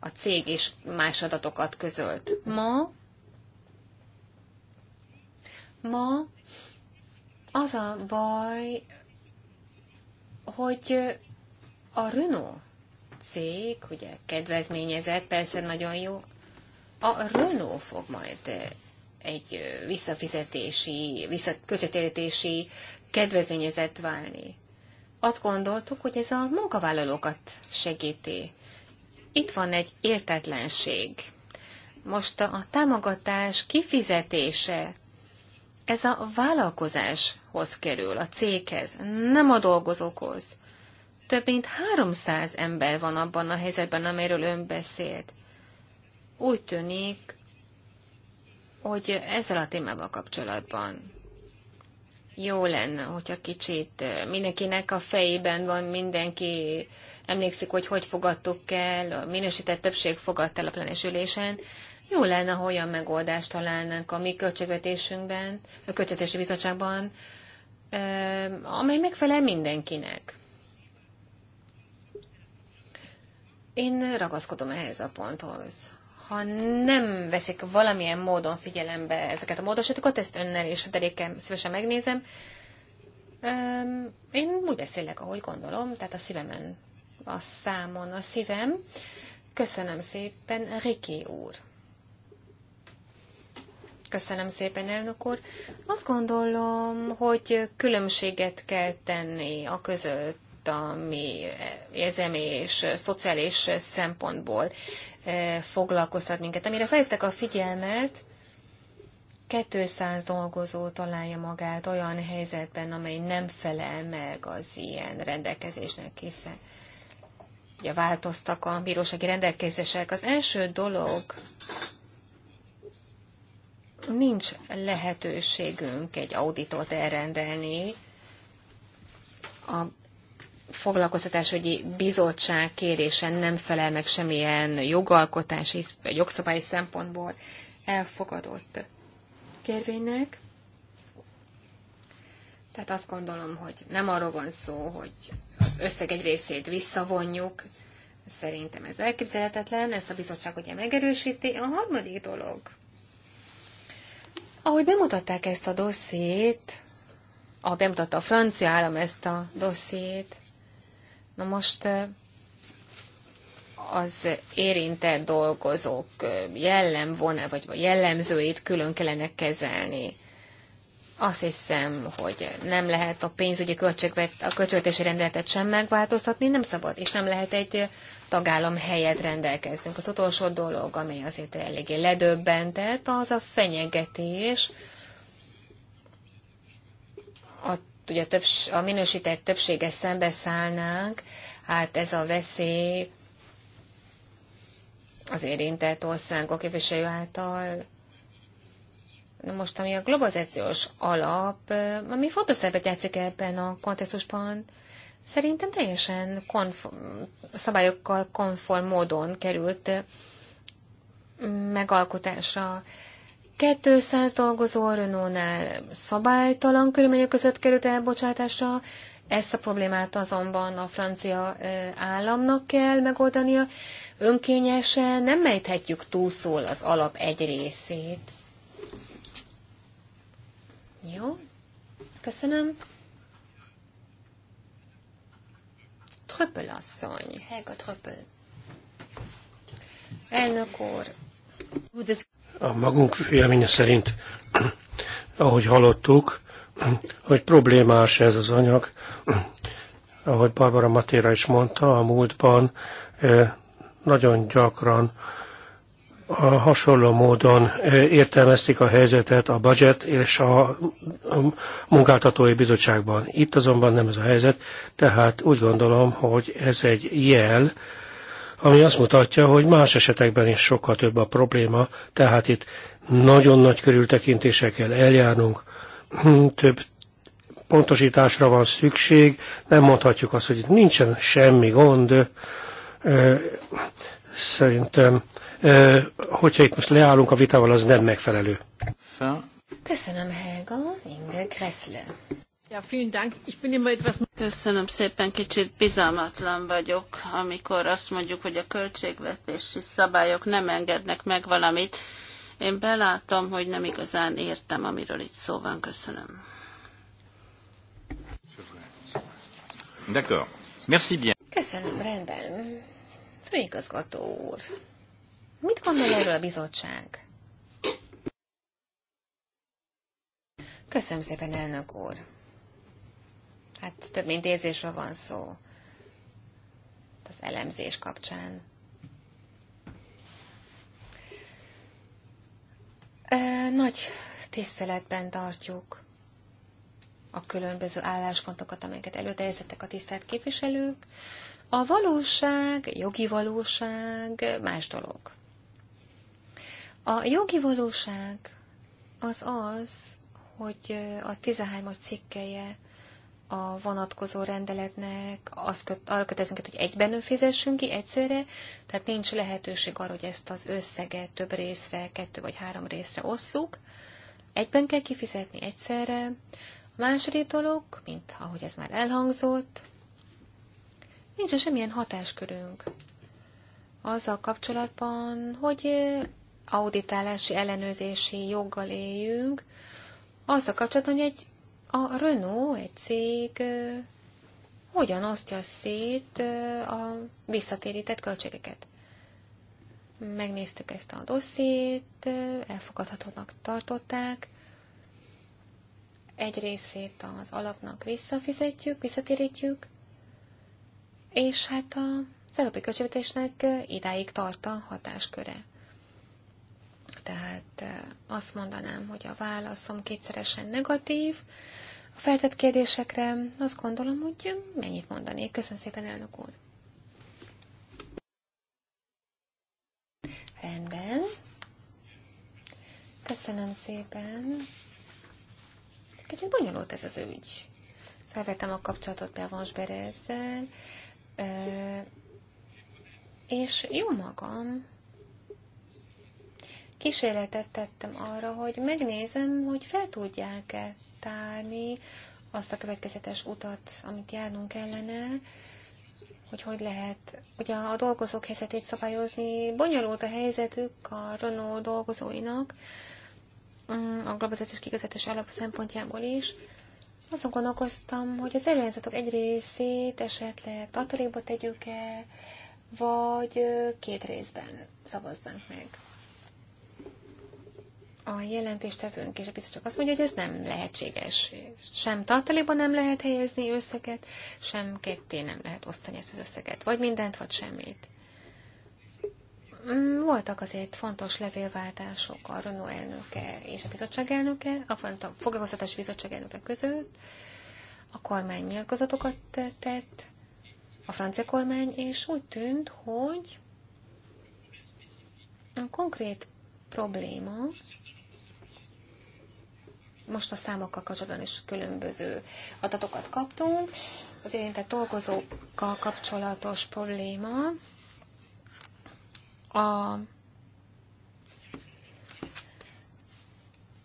A cég is más adatokat közölt. Ma Ma az a baj, hogy a Renault cég, ugye kedvezményezett, persze nagyon jó, a Renault fog majd egy visszafizetési, visszaköltségtérítési kedvezményezett válni. Azt gondoltuk, hogy ez a munkavállalókat segíti. Itt van egy értetlenség. Most a támogatás kifizetése ez a vállalkozáshoz kerül, a céghez, nem a dolgozókhoz. Több mint 300 ember van abban a helyzetben, amelyről ön beszélt. Úgy tűnik, hogy ezzel a témával kapcsolatban jó lenne, hogyha kicsit eh, mindenkinek a fejében van, mindenki emlékszik, hogy hogy fogadtuk el, a minősített többség fogadt el a plenesülésen, jó lenne, ha olyan megoldást találnánk a mi költségvetésünkben, a Költségvetési Bizottságban, amely megfelel mindenkinek. Én ragaszkodom ehhez a ponthoz. Ha nem veszik valamilyen módon figyelembe ezeket a módosítókat, ezt önnel és Federikkel szívesen megnézem, én úgy beszélek, ahogy gondolom, tehát a szívemen, a számon, a szívem. Köszönöm szépen, Riki úr. Köszönöm szépen, elnök úr. Azt gondolom, hogy különbséget kell tenni a között ami érzelmi és szociális szempontból eh, foglalkoztat minket. Amire felhívták a figyelmet, 200 dolgozó találja magát olyan helyzetben, amely nem felel meg az ilyen rendelkezésnek, hiszen ugye változtak a bírósági rendelkezések. Az első dolog, nincs lehetőségünk egy auditot elrendelni. A foglalkoztatásügyi bizottság kérésen nem felel meg semmilyen jogalkotási, jogszabályi szempontból elfogadott kérvénynek. Tehát azt gondolom, hogy nem arról van szó, hogy az összeg egy részét visszavonjuk, szerintem ez elképzelhetetlen, ezt a bizottság ugye megerősíti. A harmadik dolog, ahogy bemutatták ezt a dossziét, ahogy bemutatta a francia állam ezt a dossziét, na most az érintett dolgozók jellemvona, vagy jellemzőit külön kellene kezelni. Azt hiszem, hogy nem lehet a pénzügyi költségvet, a költségvetési rendeletet sem megváltoztatni, nem szabad, és nem lehet egy tagállam helyet rendelkezzünk. Az utolsó dolog, amely azért eléggé ledöbbentett, az a fenyegetés. A, ugye többs, a minősített többsége szembeszállnánk, hát ez a veszély az érintett országok képviselő által Na most, ami a globalizációs alap, ami fontos szerepet játszik ebben a kontextusban, Szerintem teljesen konform, szabályokkal konform módon került mm, megalkotásra. 200 dolgozó Renault-nál szabálytalan körülmények között került elbocsátásra, ezt a problémát azonban a francia államnak kell megoldania. Önkényesen nem mejthetjük túlszól az alap egy részét. Jó, köszönöm. Tröppel asszony, Helga Tröppel. Elnök úr. A magunk véleménye szerint, ahogy hallottuk, hogy problémás ez az anyag, ahogy Barbara Matéra is mondta, a múltban eh, nagyon gyakran a hasonló módon e, értelmezték a helyzetet a budget és a munkáltatói bizottságban. Itt azonban nem ez a helyzet, tehát úgy gondolom, hogy ez egy jel, ami azt mutatja, hogy más esetekben is sokkal több a probléma, tehát itt nagyon nagy körültekintésekkel kell eljárnunk, hm, több pontosításra van szükség, nem mondhatjuk azt, hogy itt nincsen semmi gond, e, szerintem Hogyha itt most leállunk a vitával, az nem megfelelő. Köszönöm, Helga. Inge Kressle. Ja, vielen Dank. Ich bin immer etwas... Köszönöm szépen, kicsit bizalmatlan vagyok, amikor azt mondjuk, hogy a költségvetési szabályok nem engednek meg valamit. Én belátom, hogy nem igazán értem, amiről itt szó van. Köszönöm. D'accord. Merci bien. Köszönöm, rendben. Főigazgató úr. Mit gondol erről a bizottság? Köszönöm szépen, elnök úr. Hát több mint érzésről van szó hát az elemzés kapcsán. Nagy tiszteletben tartjuk a különböző álláspontokat, amelyeket előterjesztettek a tisztelt képviselők. A valóság, jogi valóság más dolog. A jogi valóság az az, hogy a 13-as cikkeje a vonatkozó rendeletnek az köt, arra kötelezünk, hogy egyben fizessünk ki egyszerre, tehát nincs lehetőség arra, hogy ezt az összeget több részre, kettő vagy három részre osszuk. Egyben kell kifizetni egyszerre. A második dolog, mint ahogy ez már elhangzott, nincs semmilyen hatáskörünk azzal kapcsolatban, hogy auditálási, ellenőrzési joggal éljünk, a kapcsolat, hogy egy, a Renault, egy cég hogyan osztja szét a visszatérített költségeket. Megnéztük ezt a dossziét, elfogadhatónak tartották, egy részét az alapnak visszafizetjük, visszatérítjük, és hát az európai költségvetésnek idáig tart a hatásköre tehát eh, azt mondanám, hogy a válaszom kétszeresen negatív. A feltett kérdésekre azt gondolom, hogy mennyit mondanék. Köszönöm szépen, elnök úr. Rendben. Köszönöm szépen. Kicsit bonyolult ez az ügy. Felvettem a kapcsolatot Bevans Berezzel, eh, és jó magam, kísérletet tettem arra, hogy megnézem, hogy fel tudják-e tárni azt a következetes utat, amit járnunk kellene, hogy hogy lehet ugye a dolgozók helyzetét szabályozni. Bonyolult a helyzetük a Renault dolgozóinak, mm, a globalizációs kigazetes alap szempontjából is. Azon gondolkoztam, hogy az előjelzetok egy részét esetleg tartalékba tegyük-e, vagy két részben szavazzánk meg a jelentéstevőnk és a biztos csak azt mondja, hogy ez nem lehetséges. Sem tartalékban nem lehet helyezni összeget, sem ketté nem lehet osztani ezt az összeget. Vagy mindent, vagy semmit. Mm, voltak azért fontos levélváltások a Renault elnöke és a bizottság elnöke, a foglalkoztatási bizottság elnöke között. A kormány nyilkozatokat tett, a francia kormány, és úgy tűnt, hogy a konkrét probléma most a számokkal kapcsolatban is különböző adatokat kaptunk. Az érintett dolgozókkal kapcsolatos probléma a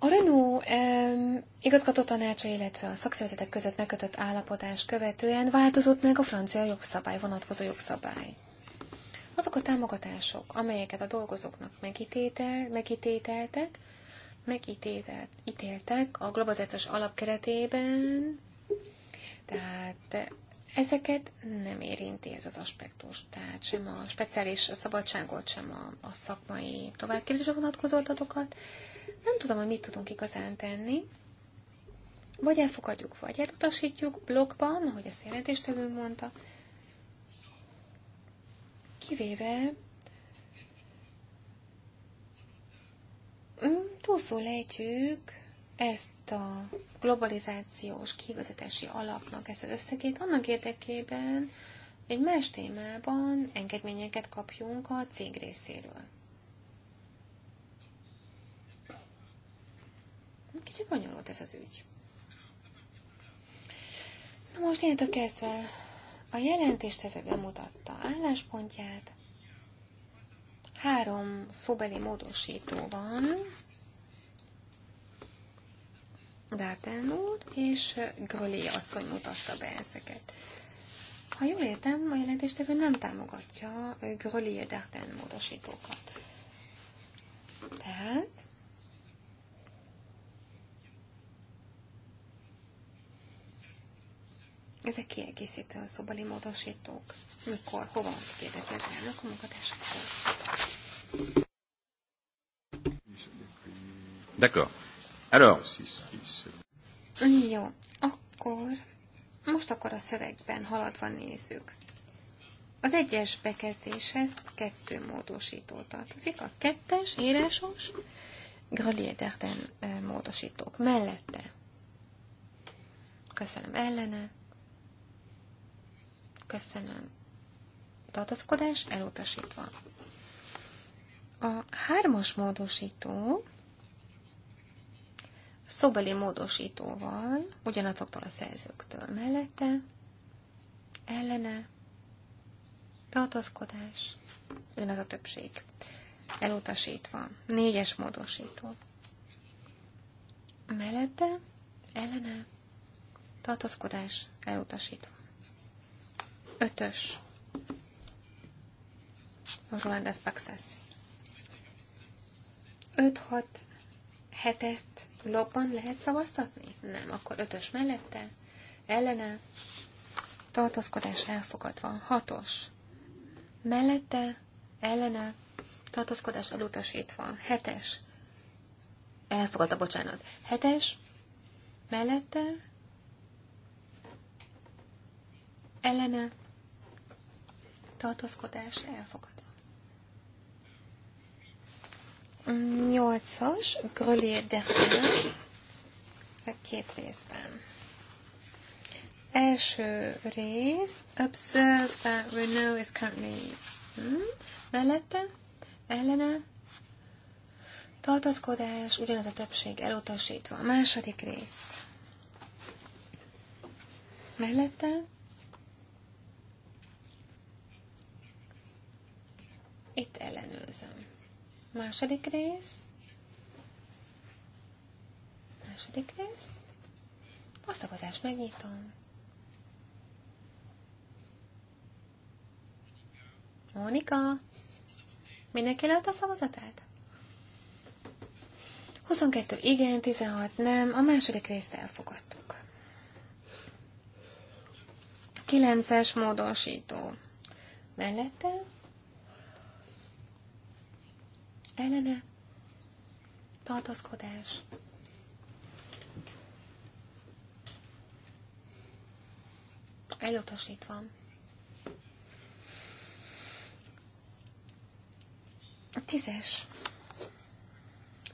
A Renault um, igazgató tanácsa, illetve a szakszervezetek között megkötött állapodás követően változott meg a francia jogszabály, vonatkozó jogszabály. Azok a támogatások, amelyeket a dolgozóknak megítétel, megítételtek, megítéltek a globalizációs alapkeretében, tehát ezeket nem érinti ez az aspektus, tehát sem a speciális szabadságot, sem a, a szakmai továbbképzésre vonatkozó adatokat. Nem tudom, hogy mit tudunk igazán tenni. Vagy elfogadjuk, vagy elutasítjuk blogban, ahogy a jelentéstevőnk mondta, kivéve Mm, túlszólejtjük ezt a globalizációs kiigazítási alapnak ezt az összegét annak érdekében, egy más témában engedményeket kapjunk a cég részéről. Kicsit bonyolult ez az ügy. Na most innentől kezdve a jelentéstevő bemutatta álláspontját, Három szobeli módosító van, Dártán úr és Grölé asszony mutatta be ezeket. Ha jól értem, a jelentéstevő nem támogatja Grölé Dártán módosítókat. Tehát Ezek kiegészítő szobali módosítók. Mikor, hova kérdezi az elnök a munkatársakról? D'accord. Alors. Jó, akkor most akkor a szövegben haladva nézzük. Az egyes bekezdéshez kettő módosító tartozik. A kettes írásos Grelier Derden eh, módosítók mellette. Köszönöm ellene. Köszönöm. Tartaszkodás elutasítva. A hármas módosító szobeli módosítóval, ugyanazoktól a szerzőktől mellette, ellene, tartozkodás, ugyanaz a többség, elutasítva, négyes módosító. Mellette, ellene, tartozkodás, elutasítva. Ötös. Rolandas Paxas. 5-6 hetet lobban lehet szavaztatni? Nem, akkor ötös mellette, ellene, tartózkodás elfogadva, hatos. Mellette, ellene, tartózkodás elutasítva, hetes. Elfogadta bocsánat. Hetes, mellette, ellene, tartózkodás elfogadva. Nyolcas, as de Derpin, két részben. Első rész, observe that Renault is currently hmm, mellette, ellene, tartozkodás, ugyanaz a többség elutasítva. A második rész. Mellette, Itt ellenőrzöm. Második rész. Második rész. A szavazást megnyitom. Mónika, mindenki lehet a szavazatát? 22 igen, 16 nem, a második részt elfogadtuk. 9-es módosító. Mellette ellene tartozkodás. Elutasítva. A tízes.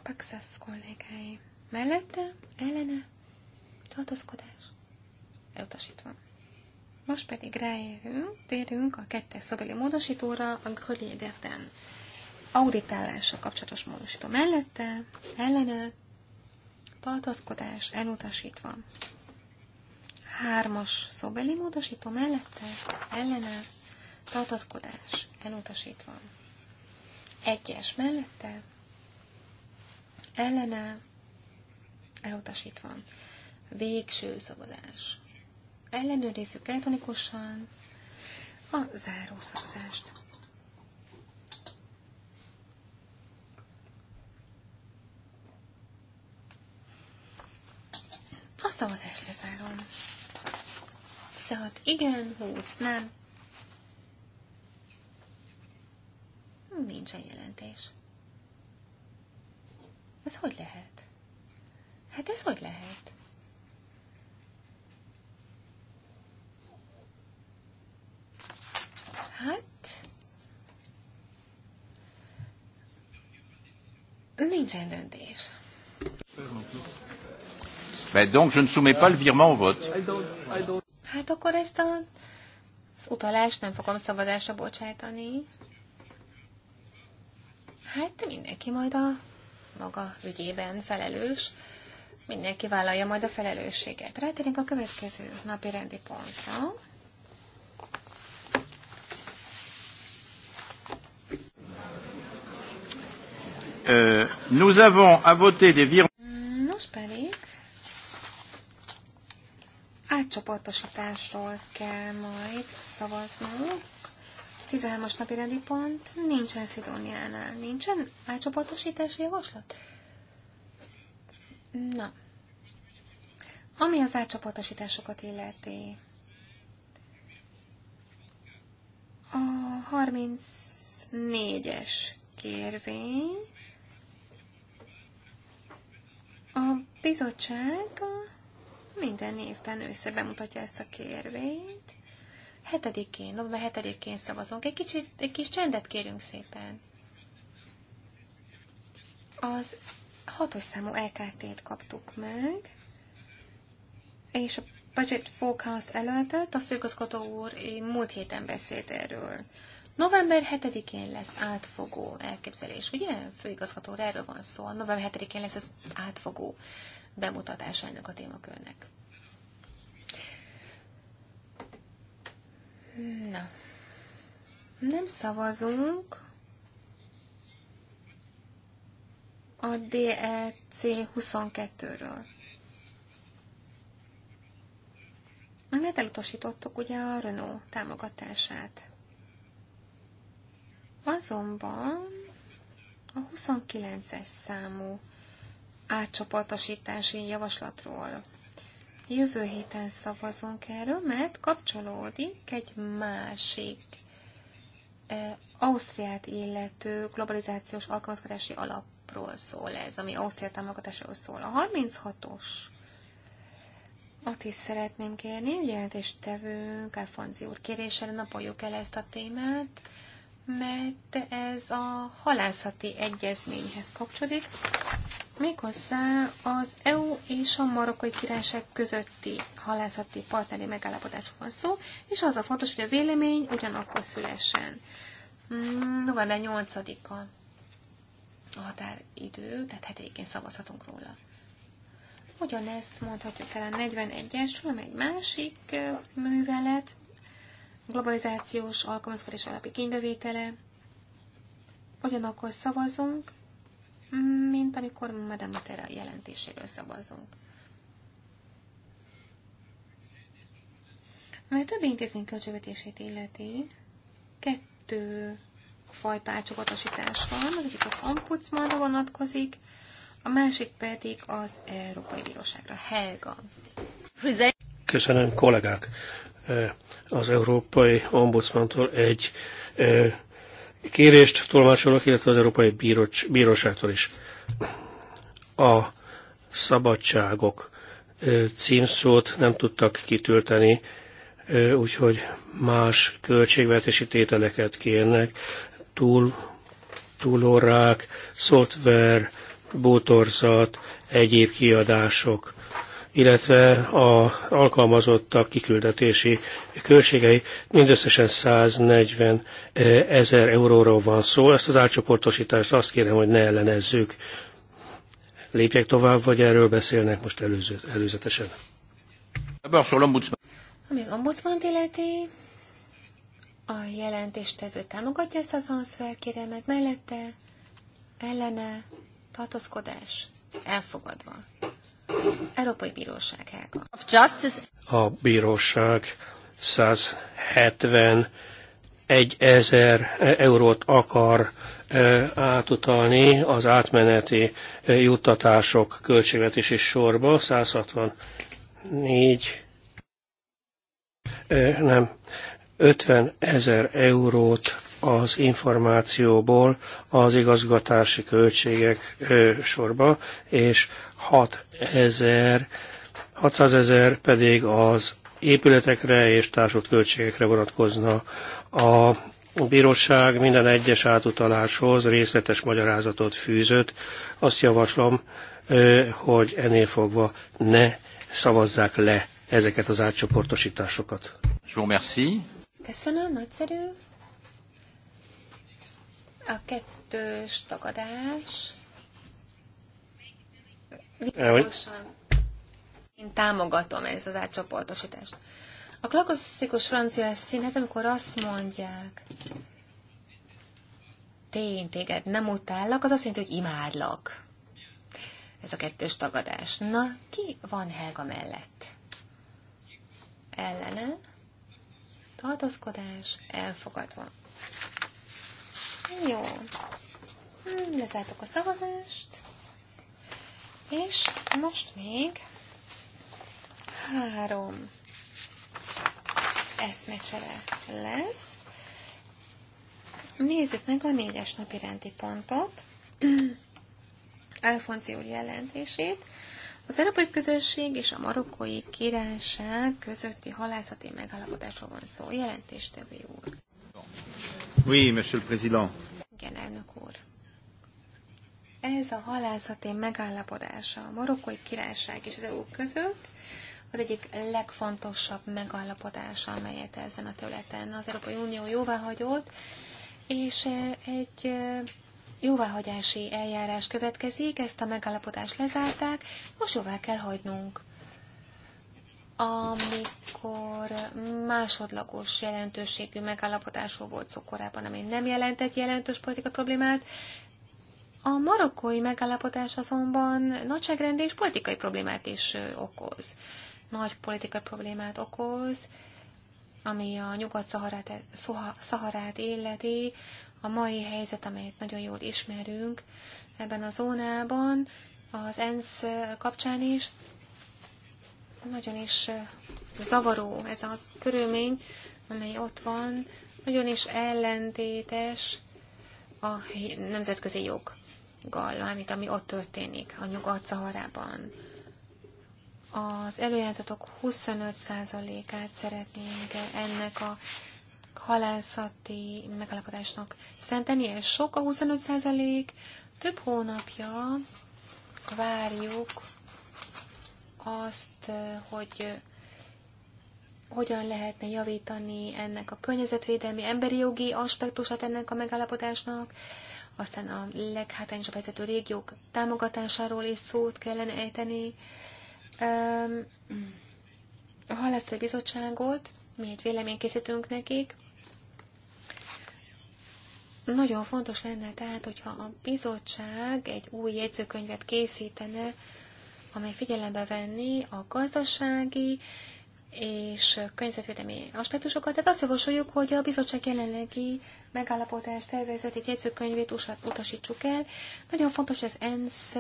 Paxas kollégái. Mellette, ellene, tartozkodás. Elutasítva. Most pedig ráérünk, térünk a kettes szobeli módosítóra, a Gröliedeten auditálással kapcsolatos módosító mellette, ellene, tartaszkodás elutasítva. Hármas szóbeli módosító mellette, ellene, tartaszkodás elutasítva. Egyes mellette, ellene, elutasítva. Végső szavazás. Ellenőrizzük elektronikusan a záró A szavazás lezárom. 16 igen, 20 nem. Nincsen jelentés. Ez hogy lehet? Hát ez hogy lehet? Hát... Nincsen döntés donc, je ne soumets pas le virement au vote. Hát akkor ezt a, az utalást nem fogom szavazásra bocsájtani. Hát mindenki majd a maga ügyében felelős. Mindenki vállalja majd a felelősséget. Rátérünk a következő napi rendi pontra. Euh, nous avons à voter des virements. Nos pedig átcsoportosításról kell majd szavaznunk. 13-as napi rendi pont nincsen Szidóniánál. Nincsen átcsoportosítási javaslat? Na. Ami az átcsoportosításokat illeti, a 34-es kérvény, a bizottság minden évben össze bemutatja ezt a kérvényt. Hetedikén, november 7-én szavazunk. Egy, kicsit, egy kis csendet kérünk szépen. Az hatos számú LKT-t kaptuk meg, és a Budget Forecast előadott, a főgazgató úr múlt héten beszélt erről. November 7-én lesz átfogó elképzelés, ugye? Főigazgató erről van szó. November 7-én lesz az átfogó bemutatásának a témakörnek. Na, nem szavazunk. A dec 22-ről. Mert elutasítottuk ugye a Renault támogatását. Azonban a 29-es számú átcsoportosítási javaslatról. Jövő héten szavazunk erről, mert kapcsolódik egy másik eh, Ausztriát illető globalizációs alkalmazkodási alapról szól ez, ami Ausztria támogatásról szól. A 36-os ott is szeretném kérni, ugye jelentéstevőnk hát Alfonzi úr kérésére napoljuk el ezt a témát, mert ez a halászati egyezményhez kapcsolódik méghozzá az EU és a marokkai királyság közötti halászati partneri megállapodásról van szó, és az a fontos, hogy a vélemény ugyanakkor szülessen. Hmm, november 8-a a határidő, tehát hetedikén szavazhatunk róla. Ugyanezt mondhatjuk el a 41 es hanem egy másik művelet, globalizációs alkalmazkodás alapi kénybevétele. Ugyanakkor szavazunk, mint amikor Madame Terra jelentéséről szavazunk. Ami a többi intézmény költségvetését illeti, kettő fajta átcsoportosítás van, az egyik az ombudsmanra vonatkozik, a másik pedig az Európai Bíróságra. Helga. Köszönöm, kollégák! Az Európai Ombudsmantól egy kérést tolmácsolok, illetve az Európai Bírocs, Bíróságtól is. A szabadságok címszót nem tudtak kitölteni, úgyhogy más költségvetési tételeket kérnek, túl, túlórák, szoftver, bútorzat, egyéb kiadások illetve a alkalmazottak kiküldetési költségei mindösszesen 140 eh, ezer euróról van szó. Ezt az átcsoportosítást azt kérem, hogy ne ellenezzük. Lépjek tovább, vagy erről beszélnek most előző, előzetesen? Ami az ombudsman illeti, a jelentéstevő támogatja ezt a transfer transferkéremet, mellette ellene tartózkodás elfogadva. Európai Bíróság Helga. A bíróság 171 ezer eurót akar e, átutalni az átmeneti e, juttatások költségvetési sorba, 164, e, nem, 50 ezer eurót az információból az igazgatási költségek sorba, és 6 ezer, 600 ezer pedig az épületekre és társult költségekre vonatkozna. A bíróság minden egyes átutaláshoz részletes magyarázatot fűzött. Azt javaslom, hogy ennél fogva ne szavazzák le ezeket az átcsoportosításokat. Jó, Köszönöm, nagyszerű. A kettős tagadás. Eh, Világosan én támogatom ezt az átcsoportosítást. A klasszikus francia színhez, amikor azt mondják, tény, téged nem utállak, az azt jelenti, hogy imádlak. Ez a kettős tagadás. Na, ki van Helga mellett? Ellene? Tartozkodás elfogadva. Jó. Hm, lezártuk a szavazást. És most még három eszmecsere lesz. Nézzük meg a négyes napi rendi pontot, [clears throat] Alfonzi úr jelentését. Az Európai Közösség és a Marokkói Királyság közötti halászati megállapodásról van szó. Jelentéstevő úr. Oui, monsieur le président. Igen, elnök úr. Ez a halászati megállapodása a marokkói királyság és az EU között az egyik legfontosabb megállapodása, amelyet ezen a területen az Európai Unió jóváhagyott, és egy jóváhagyási eljárás következik, ezt a megállapodást lezárták, most jóvá kell hagynunk amikor másodlagos jelentőségű megállapodásról volt szó korábban, amely nem jelentett jelentős politikai problémát, a marokkói megállapodás azonban nagyságrendi és politikai problémát is okoz. Nagy politikai problémát okoz, ami a nyugat-szaharát szaharát illeti, a mai helyzet, amelyet nagyon jól ismerünk ebben a zónában, az ENSZ kapcsán is, nagyon is zavaró ez a körülmény, amely ott van, nagyon is ellentétes a nemzetközi joggal, amit ami ott történik a Nyugat-Szaharában. Az előjelzatok 25%-át szeretnénk ennek a halászati megalapodásnak Szenteni és sok a 25%, több hónapja várjuk azt, eh, hogy eh, hogyan lehetne javítani ennek a környezetvédelmi, emberi jogi aspektusát ennek a megállapodásnak, aztán a leghátrányosabb vezető régiók támogatásáról is szót kellene ejteni. Ha lesz egy bizottságot, mi egy vélemény készítünk nekik, nagyon fontos lenne tehát, hogyha a bizottság egy új jegyzőkönyvet készítene amely figyelembe venni a gazdasági és környezetvédelmi aspektusokat. Tehát azt javasoljuk, hogy a bizottság jelenlegi megállapodás tervezeti jegyzőkönyvét utasítsuk el. Nagyon fontos, hogy az ensz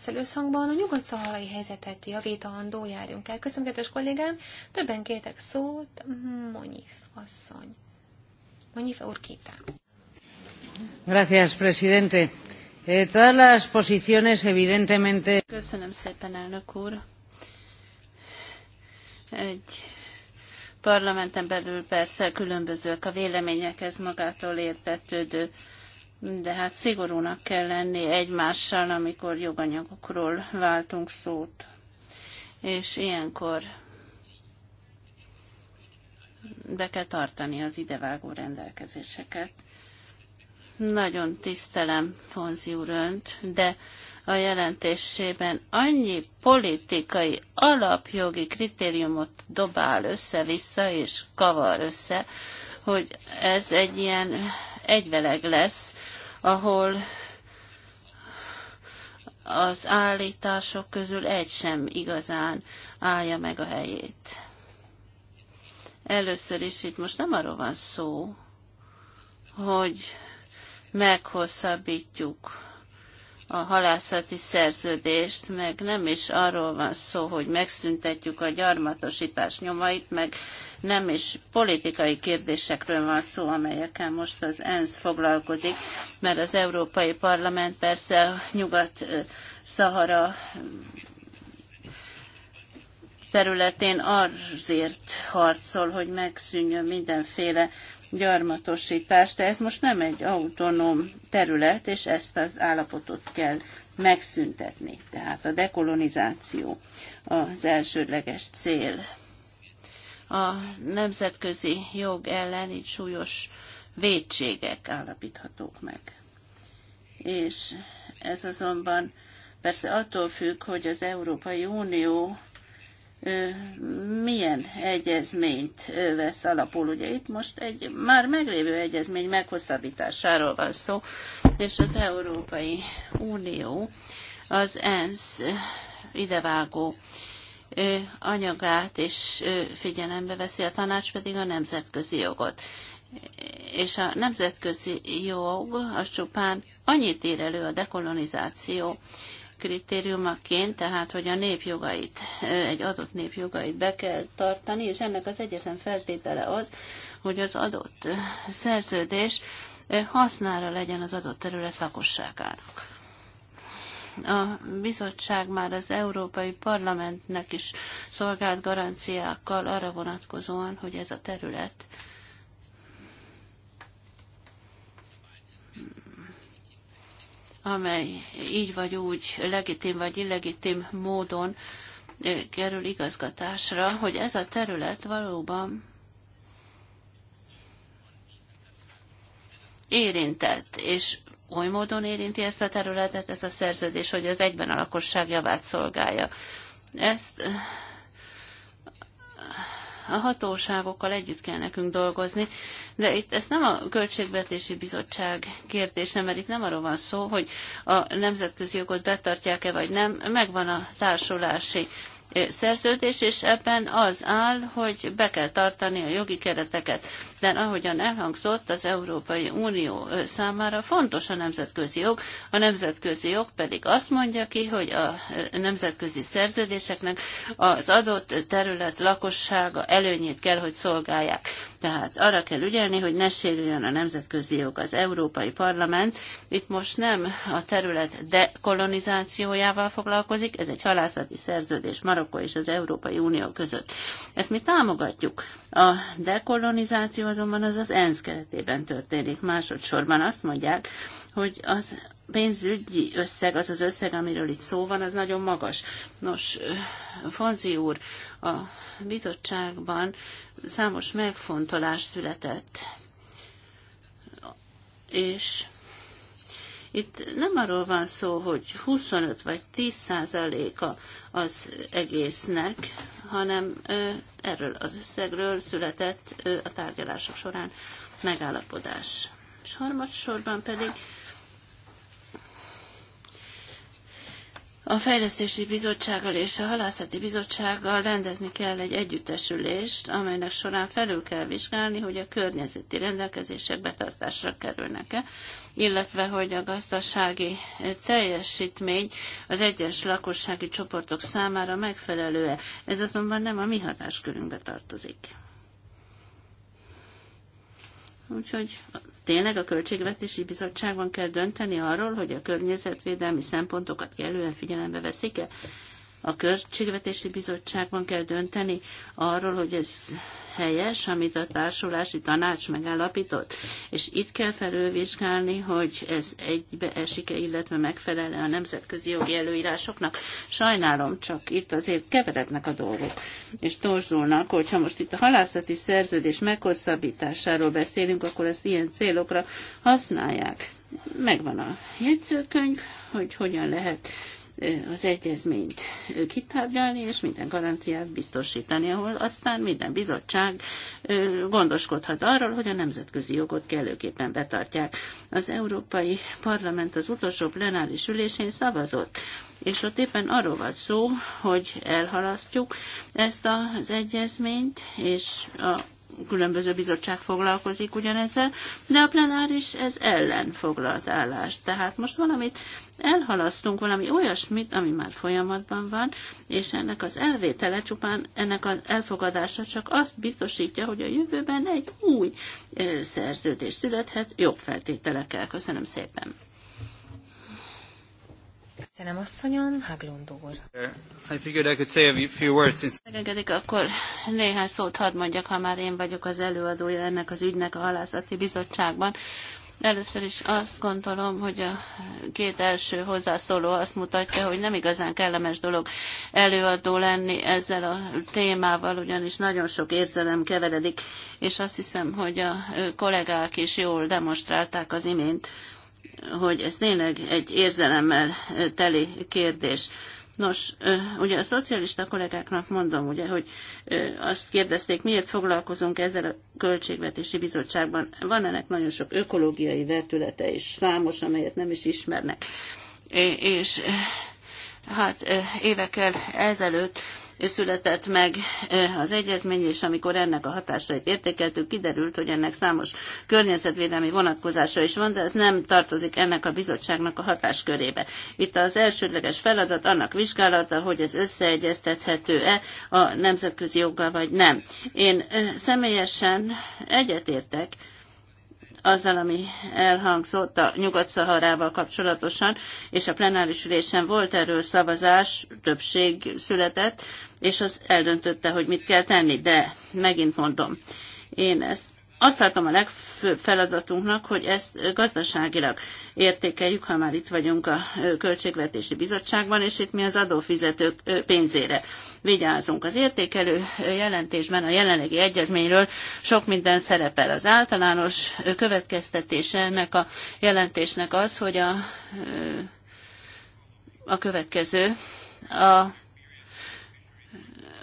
szelőszangban a nyugat-szaharai helyzetet javítandó járjunk el. Köszönöm, kedves kollégám, többen kértek szót, Monif asszony. Monif Urkita. Gracias, presidente. Eh, Köszönöm szépen, elnök úr. Egy parlamenten belül persze különbözőek a vélemények, ez magától értetődő, de hát szigorúnak kell lenni egymással, amikor joganyagokról váltunk szót. És ilyenkor be kell tartani az idevágó rendelkezéseket. Nagyon tisztelem Fonzi úr önt, de a jelentésében annyi politikai, alapjogi kritériumot dobál össze-vissza és kavar össze, hogy ez egy ilyen egyveleg lesz, ahol az állítások közül egy sem igazán állja meg a helyét. Először is itt most nem arról van szó, hogy meghosszabbítjuk a halászati szerződést, meg nem is arról van szó, hogy megszüntetjük a gyarmatosítás nyomait, meg nem is politikai kérdésekről van szó, amelyekkel most az ENSZ foglalkozik, mert az Európai Parlament persze Nyugat-Szahara területén azért harcol, hogy megszűnjön mindenféle gyarmatosítás. de ez most nem egy autonóm terület, és ezt az állapotot kell megszüntetni. Tehát a dekolonizáció az elsődleges cél. A nemzetközi jog ellen itt súlyos védségek állapíthatók meg. És ez azonban persze attól függ, hogy az Európai Unió milyen egyezményt vesz alapul. Ugye itt most egy már meglévő egyezmény meghosszabbításáról van szó, és az Európai Unió az ENSZ idevágó anyagát és figyelembe veszi, a tanács pedig a nemzetközi jogot. És a nemzetközi jog az csupán annyit ír elő a dekolonizáció kritériumaként, tehát hogy a népjogait, egy adott népjogait be kell tartani, és ennek az egyetlen feltétele az, hogy az adott szerződés hasznára legyen az adott terület lakosságának. A bizottság már az Európai Parlamentnek is szolgált garanciákkal arra vonatkozóan, hogy ez a terület amely így vagy úgy legitim vagy illegitim módon eh, kerül igazgatásra, hogy ez a terület valóban érintett, és oly módon érinti ezt a területet ez a szerződés, hogy az egyben a lakosság javát szolgálja. Ezt eh, a hatóságokkal együtt kell nekünk dolgozni, de itt ez nem a Költségvetési Bizottság kérdése, mert itt nem arról van szó, hogy a nemzetközi jogot betartják-e vagy nem, megvan a társulási szerződés, és ebben az áll, hogy be kell tartani a jogi kereteket. De ahogyan elhangzott, az Európai Unió számára fontos a nemzetközi jog, a nemzetközi jog pedig azt mondja ki, hogy a nemzetközi szerződéseknek az adott terület lakossága előnyét kell, hogy szolgálják. Tehát arra kell ügyelni, hogy ne sérüljön a nemzetközi jog. Az Európai Parlament itt most nem a terület dekolonizációjával foglalkozik, ez egy halászati szerződés Marokko és az Európai Unió között. Ezt mi támogatjuk. A dekolonizáció azonban az az ENSZ keretében történik. Másodszorban azt mondják, hogy az pénzügyi összeg, az az összeg, amiről itt szó van, az nagyon magas. Nos, Fonzi úr, a bizottságban számos megfontolás született, és itt nem arról van szó, hogy 25 vagy 10 százaléka az egésznek, hanem erről az összegről született a tárgyalások során megállapodás. És harmadsorban pedig A Fejlesztési Bizottsággal és a Halászati Bizottsággal rendezni kell egy együttesülést, amelynek során felül kell vizsgálni, hogy a környezeti rendelkezések betartásra kerülnek-e, illetve hogy a gazdasági teljesítmény az egyes lakossági csoportok számára megfelelő-e. Ez azonban nem a mi hatáskörünkbe tartozik. Úgyhogy Tényleg a Költségvetési Bizottságban kell dönteni arról, hogy a környezetvédelmi szempontokat kellően figyelembe veszik-e? A Költségvetési Bizottságban kell dönteni arról, hogy ez helyes, amit a társulási tanács megállapított. És itt kell felülvizsgálni, hogy ez egybe esik-e, illetve -e a nemzetközi jogi előírásoknak. Sajnálom, csak itt azért keverednek a dolgok, és torzulnak, hogyha most itt a halászati szerződés meghosszabbításáról beszélünk, akkor ezt ilyen célokra használják. Megvan a jegyzőkönyv, hogy hogyan lehet az egyezményt kitárgyalni, és minden garanciát biztosítani, ahol aztán minden bizottság gondoskodhat arról, hogy a nemzetközi jogot kellőképpen betartják. Az Európai Parlament az utolsó plenáris ülésén szavazott és ott éppen arról van szó, hogy elhalasztjuk ezt az egyezményt, és a különböző bizottság foglalkozik ugyanezzel, de a plenáris ez ellen foglalt állást. Tehát most valamit elhalasztunk, valami olyasmit, ami már folyamatban van, és ennek az elvétele csupán, ennek az elfogadása csak azt biztosítja, hogy a jövőben egy új szerződés születhet jobb feltételekkel. Köszönöm szépen! Köszönöm, asszonyom, Haglund úr. Uh, I figured I could say a few words since... Megengedik, akkor néhány szót hadd mondjak, ha már én vagyok az előadója ennek az ügynek a halászati bizottságban. Először is azt gondolom, hogy a két első hozzászóló azt mutatja, hogy nem igazán kellemes dolog előadó lenni ezzel a témával, ugyanis nagyon sok érzelem keveredik, és azt hiszem, hogy a kollégák is jól demonstrálták az imént hogy ez tényleg egy érzelemmel teli kérdés. Nos, ugye a szocialista kollégáknak mondom, ugye, hogy azt kérdezték, miért foglalkozunk ezzel a költségvetési bizottságban. Van ennek nagyon sok ökológiai vetülete is, számos, amelyet nem is ismernek. És hát évekkel ezelőtt született meg az egyezmény, és amikor ennek a hatásait értékeltük, kiderült, hogy ennek számos környezetvédelmi vonatkozása is van, de ez nem tartozik ennek a bizottságnak a hatáskörébe. Itt az elsődleges feladat annak vizsgálata, hogy ez összeegyeztethető-e a nemzetközi joggal, vagy nem. Én személyesen egyetértek, azzal, ami elhangzott a Nyugat-Szaharával kapcsolatosan, és a plenáris ülésen volt erről szavazás, többség született, és az eldöntötte, hogy mit kell tenni, de megint mondom, én ezt azt látom a legfőbb feladatunknak, hogy ezt gazdaságilag értékeljük, ha már itt vagyunk a Költségvetési Bizottságban, és itt mi az adófizetők pénzére vigyázunk. Az értékelő jelentésben a jelenlegi egyezményről sok minden szerepel. Az általános következtetése ennek a jelentésnek az, hogy a, a következő, a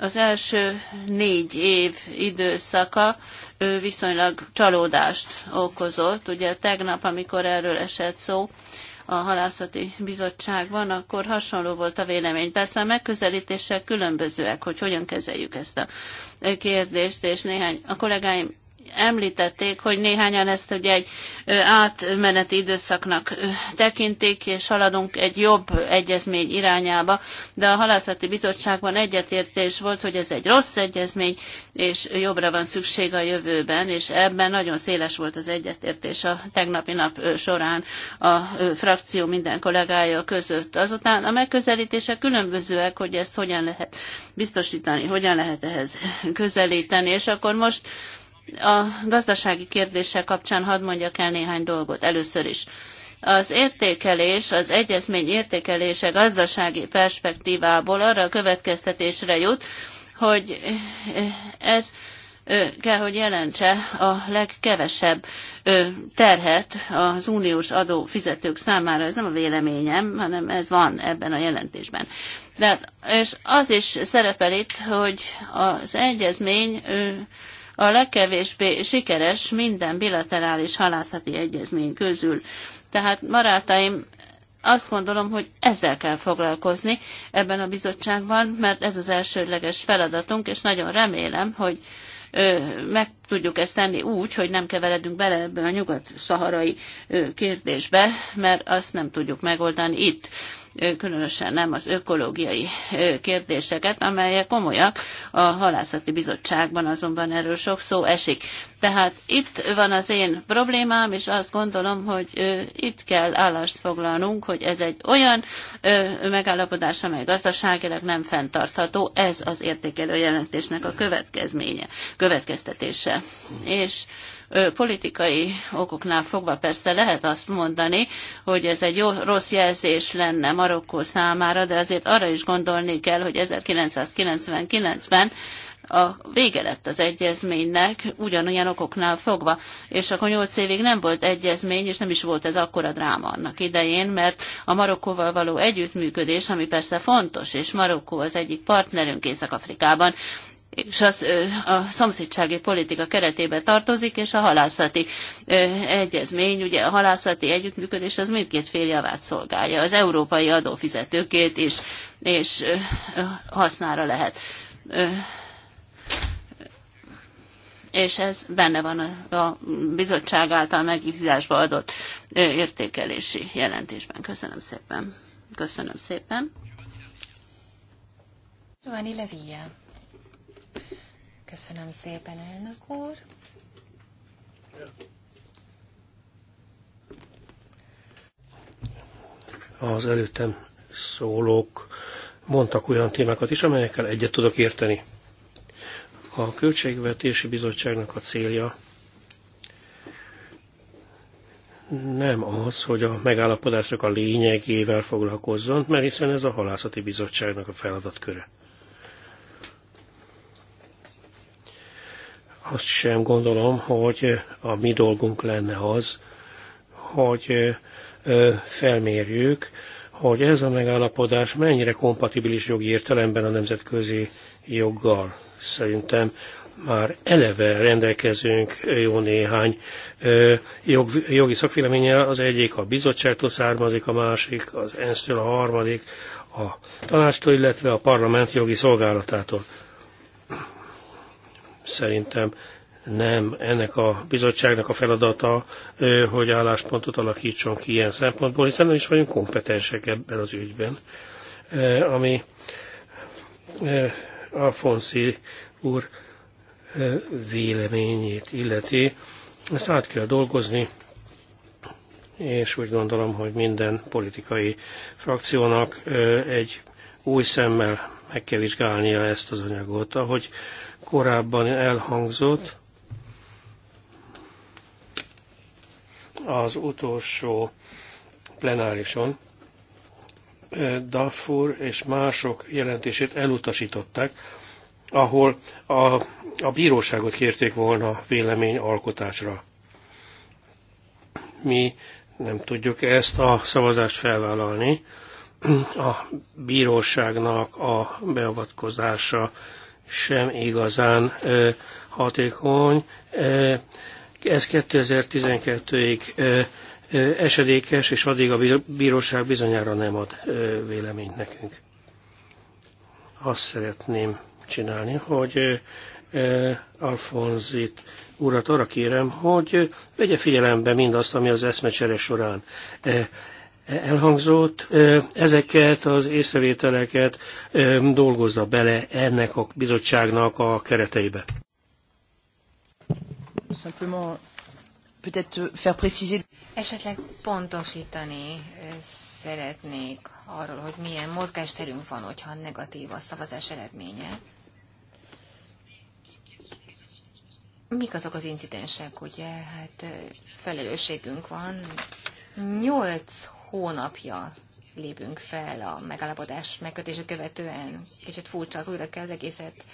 az első négy év időszaka viszonylag csalódást okozott. Ugye tegnap, amikor erről esett szó, a halászati bizottságban, akkor hasonló volt a vélemény. Persze a megközelítések különbözőek, hogy hogyan kezeljük ezt a kérdést, és néhány a kollégáim említették, hogy néhányan ezt ugye egy átmeneti időszaknak tekintik, és haladunk egy jobb egyezmény irányába, de a halászati bizottságban egyetértés volt, hogy ez egy rossz egyezmény, és jobbra van szükség a jövőben, és ebben nagyon széles volt az egyetértés a tegnapi nap során a frakció minden kollégája között. Azután a megközelítések különbözőek, hogy ezt hogyan lehet biztosítani, hogyan lehet ehhez közelíteni, és akkor most a gazdasági kérdések kapcsán hadd mondjak el néhány dolgot először is. Az értékelés, az egyezmény értékelése gazdasági perspektívából arra a következtetésre jut, hogy ez kell, hogy jelentse a legkevesebb terhet az uniós adófizetők számára. Ez nem a véleményem, hanem ez van ebben a jelentésben. De, és az is szerepel itt, hogy az egyezmény a legkevésbé sikeres minden bilaterális halászati egyezmény közül. Tehát, marátaim, azt gondolom, hogy ezzel kell foglalkozni ebben a bizottságban, mert ez az elsődleges feladatunk, és nagyon remélem, hogy ö, meg tudjuk ezt tenni úgy, hogy nem keveredünk bele ebbe a nyugat-szaharai kérdésbe, mert azt nem tudjuk megoldani itt különösen nem az ökológiai kérdéseket, amelyek komolyak. A halászati bizottságban azonban erről sok szó esik. Tehát itt van az én problémám, és azt gondolom, hogy itt kell állást foglalnunk, hogy ez egy olyan megállapodás, amely gazdaságilag nem fenntartható. Ez az értékelő jelentésnek a következménye, következtetése. És Politikai okoknál fogva persze lehet azt mondani, hogy ez egy jó, rossz jelzés lenne Marokkó számára, de azért arra is gondolni kell, hogy 1999-ben a vége lett az egyezménynek, ugyanolyan okoknál fogva, és akkor nyolc évig nem volt egyezmény, és nem is volt ez akkora dráma annak idején, mert a Marokkóval való együttműködés, ami persze fontos, és Marokkó az egyik partnerünk Észak-Afrikában, és az a szomszédsági politika keretébe tartozik, és a halászati egyezmény, ugye a halászati együttműködés az mindkét fél javát szolgálja, az európai adófizetőkét is, és hasznára lehet. És ez benne van a bizottság által megizásba adott értékelési jelentésben. Köszönöm szépen. Köszönöm szépen. Giovanni Levia. Köszönöm szépen, elnök úr. Az előttem szólók mondtak olyan témákat is, amelyekkel egyet tudok érteni. A Költségvetési Bizottságnak a célja nem az, hogy a megállapodások a lényegével foglalkozzon, mert hiszen ez a halászati bizottságnak a feladatköre. azt sem gondolom, hogy eh, a mi dolgunk lenne az, hogy eh, eh, felmérjük, hogy ez a megállapodás mennyire kompatibilis jogi értelemben a nemzetközi joggal. Szerintem már eleve rendelkezünk jó néhány jog, jogi szakvéleménnyel, az egyik a bizottságtól származik, a másik az ENSZ-től, a harmadik a tanástól, illetve a parlament jogi szolgálatától. Szerintem nem ennek a bizottságnak a feladata, hogy álláspontot alakítson ki ilyen szempontból, hiszen nem is vagyunk kompetensek ebben az ügyben. Ami Alfonszi úr véleményét illeti, ezt át kell dolgozni, és úgy gondolom, hogy minden politikai frakciónak egy új szemmel meg kell vizsgálnia ezt az anyagot. Ahogy korábban elhangzott, az utolsó plenárison Daffur és mások jelentését elutasították, ahol a, a bíróságot kérték volna vélemény alkotásra. Mi nem tudjuk ezt a szavazást felvállalni. A bíróságnak a beavatkozása sem igazán hatékony. Ez 2012-ig esedékes, és addig a bíróság bizonyára nem ad véleményt nekünk. Azt szeretném csinálni, hogy Alfonzit urat arra kérem, hogy vegye figyelembe mindazt, ami az eszmecsere során elhangzott, ezeket az észrevételeket dolgozza bele ennek a bizottságnak a kereteibe. Esetleg pontosítani szeretnék arról, hogy milyen mozgásterünk van, hogyha negatív a szavazás eredménye. Mik azok az incidensek, ugye? Hát felelősségünk van. Nyolc hónapja lépünk fel a megállapodás megkötését követően. Kicsit furcsa az újra kell az egészet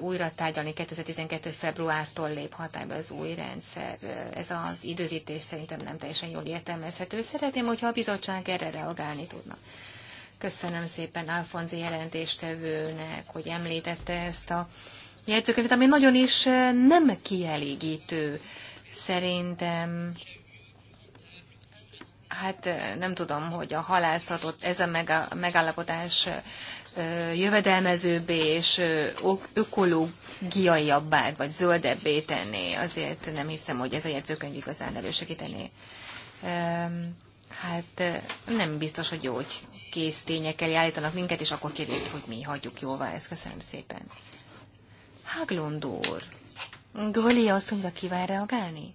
újra tárgyalni 2012. februártól lép hatályba az új rendszer. Ez az időzítés szerintem nem teljesen jól értelmezhető. Szeretném, hogyha a bizottság erre reagálni tudna. Köszönöm szépen Alfonzi jelentéstevőnek, hogy említette ezt a jegyzőkönyvet, ami nagyon is nem kielégítő. Szerintem hát nem tudom, hogy a halászatot ez a megállapodás jövedelmezőbbé és ökológiaiabbá vagy zöldebbé tenné. Azért nem hiszem, hogy ez a jegyzőkönyv igazán elősegítené. Hát nem biztos, hogy jó, hogy kész tényekkel állítanak minket, és akkor kérjük, hogy mi hagyjuk jóvá ezt. Köszönöm szépen. Haglund úr, Goli asszonyra kíván reagálni?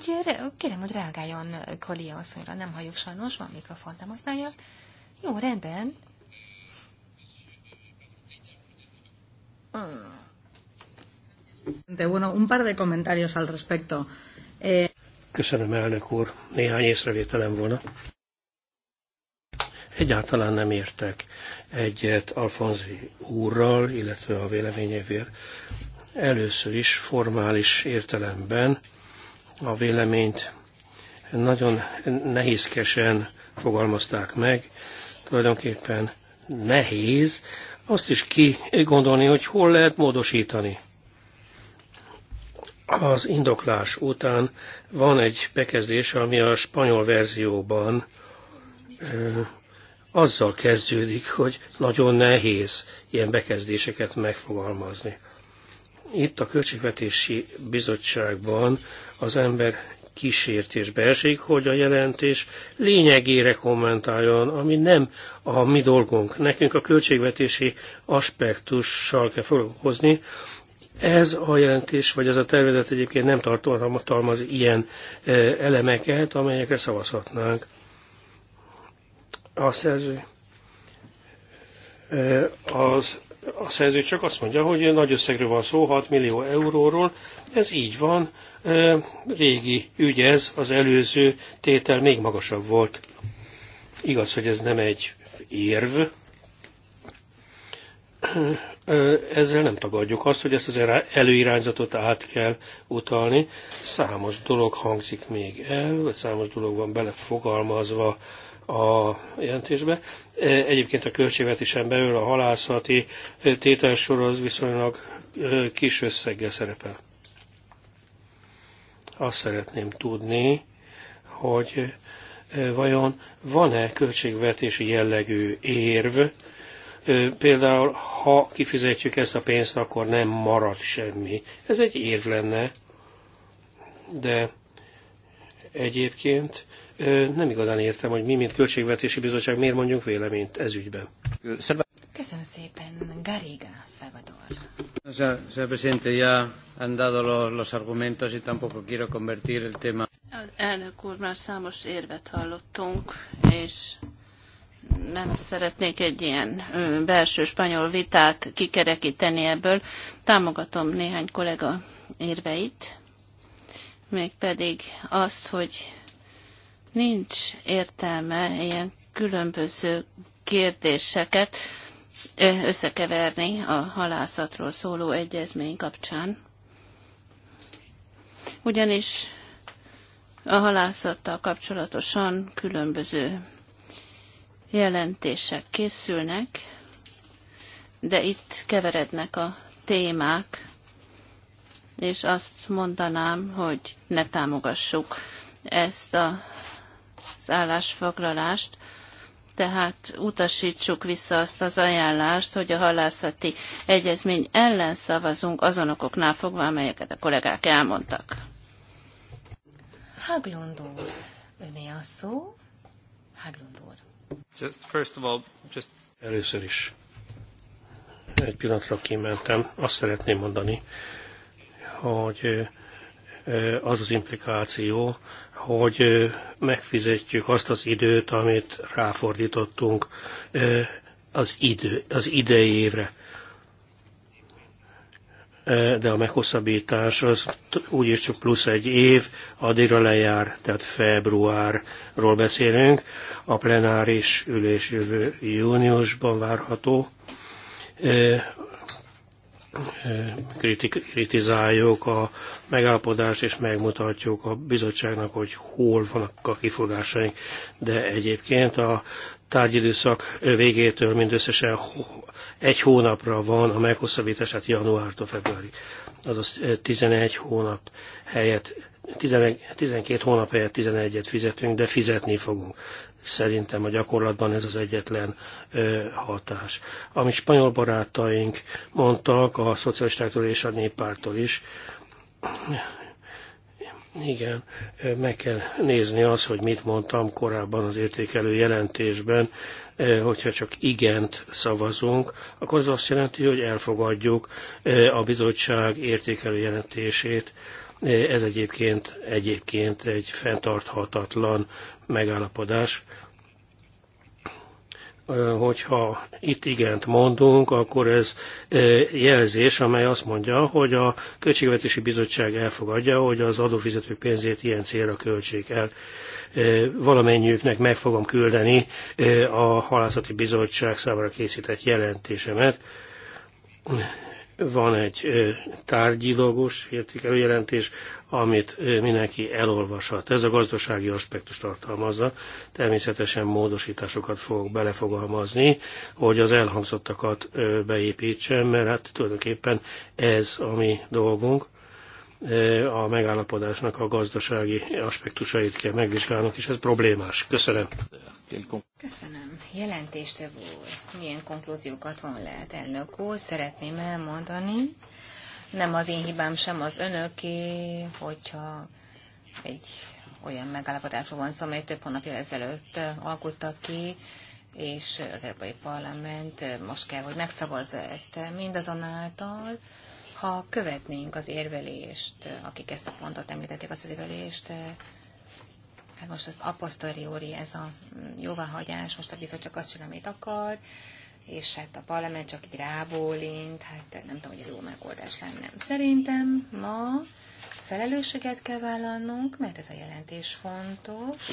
hogy kérem, hogy reagáljon Kali asszonyra. Nem halljuk sajnos, van mikrofon, nem használja. Jó, rendben. De bueno, un par de comentarios al respecto. Eh... Köszönöm, elnök úr. Néhány észrevételem volna. Egyáltalán nem értek egyet Alfonzi úrral, illetve a véleményével. Először is formális értelemben a véleményt nagyon nehézkesen fogalmazták meg. Tulajdonképpen nehéz azt is ki gondolni, hogy hol lehet módosítani. Az indoklás után van egy bekezdés, ami a spanyol verzióban ö, azzal kezdődik, hogy nagyon nehéz ilyen bekezdéseket megfogalmazni. Itt a Költségvetési Bizottságban az ember kísértésbe esik, hogy a jelentés lényegére kommentáljon, ami nem a mi dolgunk. Nekünk a költségvetési aspektussal kell foglalkozni. Ez a jelentés, vagy ez a tervezet egyébként nem tartalmaz ilyen e, elemeket, amelyekre szavazhatnánk. A szerző, e, az, a szerző csak azt mondja, hogy nagy összegről van szó, 6 millió euróról, ez így van, régi ügy ez, az előző tétel még magasabb volt. Igaz, hogy ez nem egy érv, ezzel nem tagadjuk azt, hogy ezt az előirányzatot át kell utalni. Számos dolog hangzik még el, vagy számos dolog van belefogalmazva a jelentésbe. Egyébként a költségvetésen belül a halászati tételsor az viszonylag kis összeggel szerepel. Azt szeretném tudni, hogy e, vajon van-e költségvetési jellegű érv, e, például ha kifizetjük ezt a pénzt, akkor nem marad semmi. Ez egy érv lenne, de egyébként e, nem igazán értem, hogy mi, mint Költségvetési Bizottság miért mondjunk véleményt ez ügyben. Köszönöm szépen, Gariga Salvador han dado los, los argumentos y tampoco quiero convertir el tema. elnök úr, már számos érvet hallottunk, és nem szeretnék egy ilyen belső spanyol vitát kikerekíteni ebből. Támogatom néhány kollega érveit, mégpedig azt, hogy nincs értelme ilyen különböző kérdéseket összekeverni a halászatról szóló egyezmény kapcsán ugyanis a halászattal kapcsolatosan különböző jelentések készülnek, de itt keverednek a témák, és azt mondanám, hogy ne támogassuk ezt a, az állásfoglalást, tehát utasítsuk vissza azt az ajánlást, hogy a halászati egyezmény ellen szavazunk azon okoknál fogva, amelyeket a kollégák elmondtak. Haglund úr, öné a szó. Haglund úr. Just first of all, just... Először is egy pillanatra kimentem. Azt szeretném mondani, hogy Eh, az az implikáció, hogy eh, megfizetjük azt az időt, amit ráfordítottunk eh, az, idő, az idei évre. De a meghosszabbítás az úgyis csak plusz egy év, addigra lejár, tehát februárról beszélünk. A plenáris ülés jövő júniusban várható kritizáljuk a megállapodást, és megmutatjuk a bizottságnak, hogy hol vannak a kifogásaink. De egyébként a tárgyidőszak végétől mindösszesen egy hónapra van a meghosszabbítás, tehát januártól februári. Azaz 11 hónap helyett 11, 12 hónap helyett 11-et fizetünk, de fizetni fogunk. Szerintem a gyakorlatban ez az egyetlen hatás. Ami spanyol barátaink mondtak, a szocialistáktól és a néppártól is, igen, meg kell nézni azt, hogy mit mondtam korábban az értékelő jelentésben, hogyha csak igent szavazunk, akkor az azt jelenti, hogy elfogadjuk a bizottság értékelő jelentését. Ez egyébként, egyébként egy fenntarthatatlan megállapodás. Hogyha itt igent mondunk, akkor ez jelzés, amely azt mondja, hogy a Költségvetési Bizottság elfogadja, hogy az adófizetők pénzét ilyen célra költsék el valamennyiüknek meg fogom küldeni a halászati bizottság számára készített jelentésemet. Van egy tárgyilagos értékelőjelentés, amit mindenki elolvashat. Ez a gazdasági aspektus tartalmazza. Természetesen módosításokat fogok belefogalmazni, hogy az elhangzottakat beépítsem, mert hát tulajdonképpen ez a mi dolgunk a megállapodásnak a gazdasági aspektusait kell megvizsgálnunk, és ez problémás. Köszönöm. Köszönöm. Jelentéstevő úr, milyen konklúziókat van lehet, elnök úr? Szeretném elmondani, nem az én hibám, sem az önöké, hogyha egy olyan megállapodásról van szó, amely több hónapja ezelőtt uh, alkottak ki, és az Európai Parlament uh, most kell, hogy megszavazza ezt mindazonáltal, ha követnénk az érvelést, akik ezt a pontot említették, az érvelést, eh, hát most az apostoliori, ez a mm, jóváhagyás, most a bizottság azt csinál, amit akar, és hát a parlament csak így rábólint, hát nem tudom, hogy ez jó megoldás lenne. Szerintem ma felelősséget kell vállalnunk, mert ez a jelentés fontos,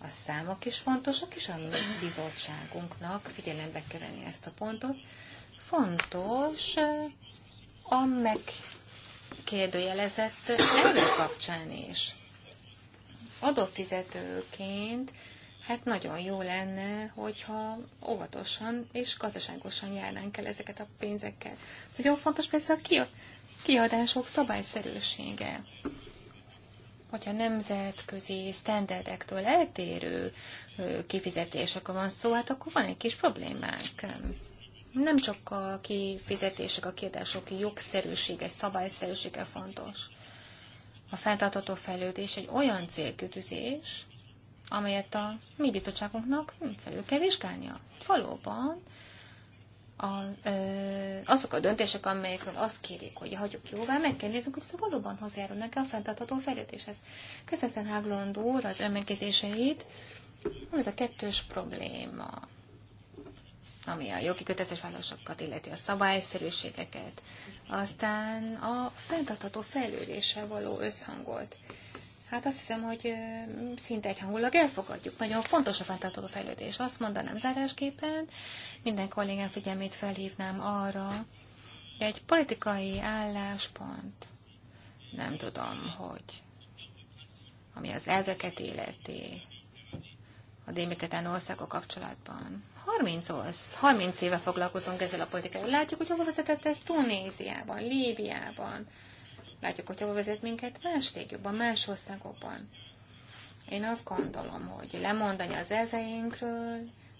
a számok is fontosak, és a bizottságunknak figyelembe kell venni ezt a pontot. Fontos eh, a megkérdőjelezett elő kapcsán is. Adófizetőként hát nagyon jó lenne, hogyha óvatosan és gazdaságosan járnánk el ezeket a pénzeket. Nagyon fontos persze a kiadások szabályszerűsége. Hogyha nemzetközi standardektől eltérő kifizetésekről van szó, hát akkor van egy kis problémánk nem csak a kifizetések, a kiadások jogszerűsége, szabályszerűsége fontos. A fenntartható fejlődés egy olyan célkütüzés, amelyet a mi bizottságunknak felül kell vizsgálnia. Valóban a, ö, azok a döntések, amelyekről azt kérik, hogy hagyjuk jóvá, meg kell nézzük, hogy szóval valóban hozzájárulnak-e a fenntartható fejlődéshez. Köszönöm Háglond úr az önmegkézéseit. Ez a kettős probléma ami a jogi vállalásokat illeti a szabályszerűségeket, aztán a fenntartható fejlődéssel való összhangot, Hát azt hiszem, hogy szinte egyhangulag elfogadjuk. Nagyon fontos a fenntartható fejlődés. Azt mondanám zárásképpen, minden kollégám figyelmét felhívnám arra, hogy egy politikai álláspont, nem tudom, hogy ami az elveket életi, a démiketán országok kapcsolatban, 30, olasz, 30 éve foglalkozunk ezzel a politikával. Látjuk, hogy hova vezetett ez Tunéziában, Líbiában. Látjuk, hogy hova vezet minket más régióban, más országokban. Én azt gondolom, hogy lemondani az elveinkről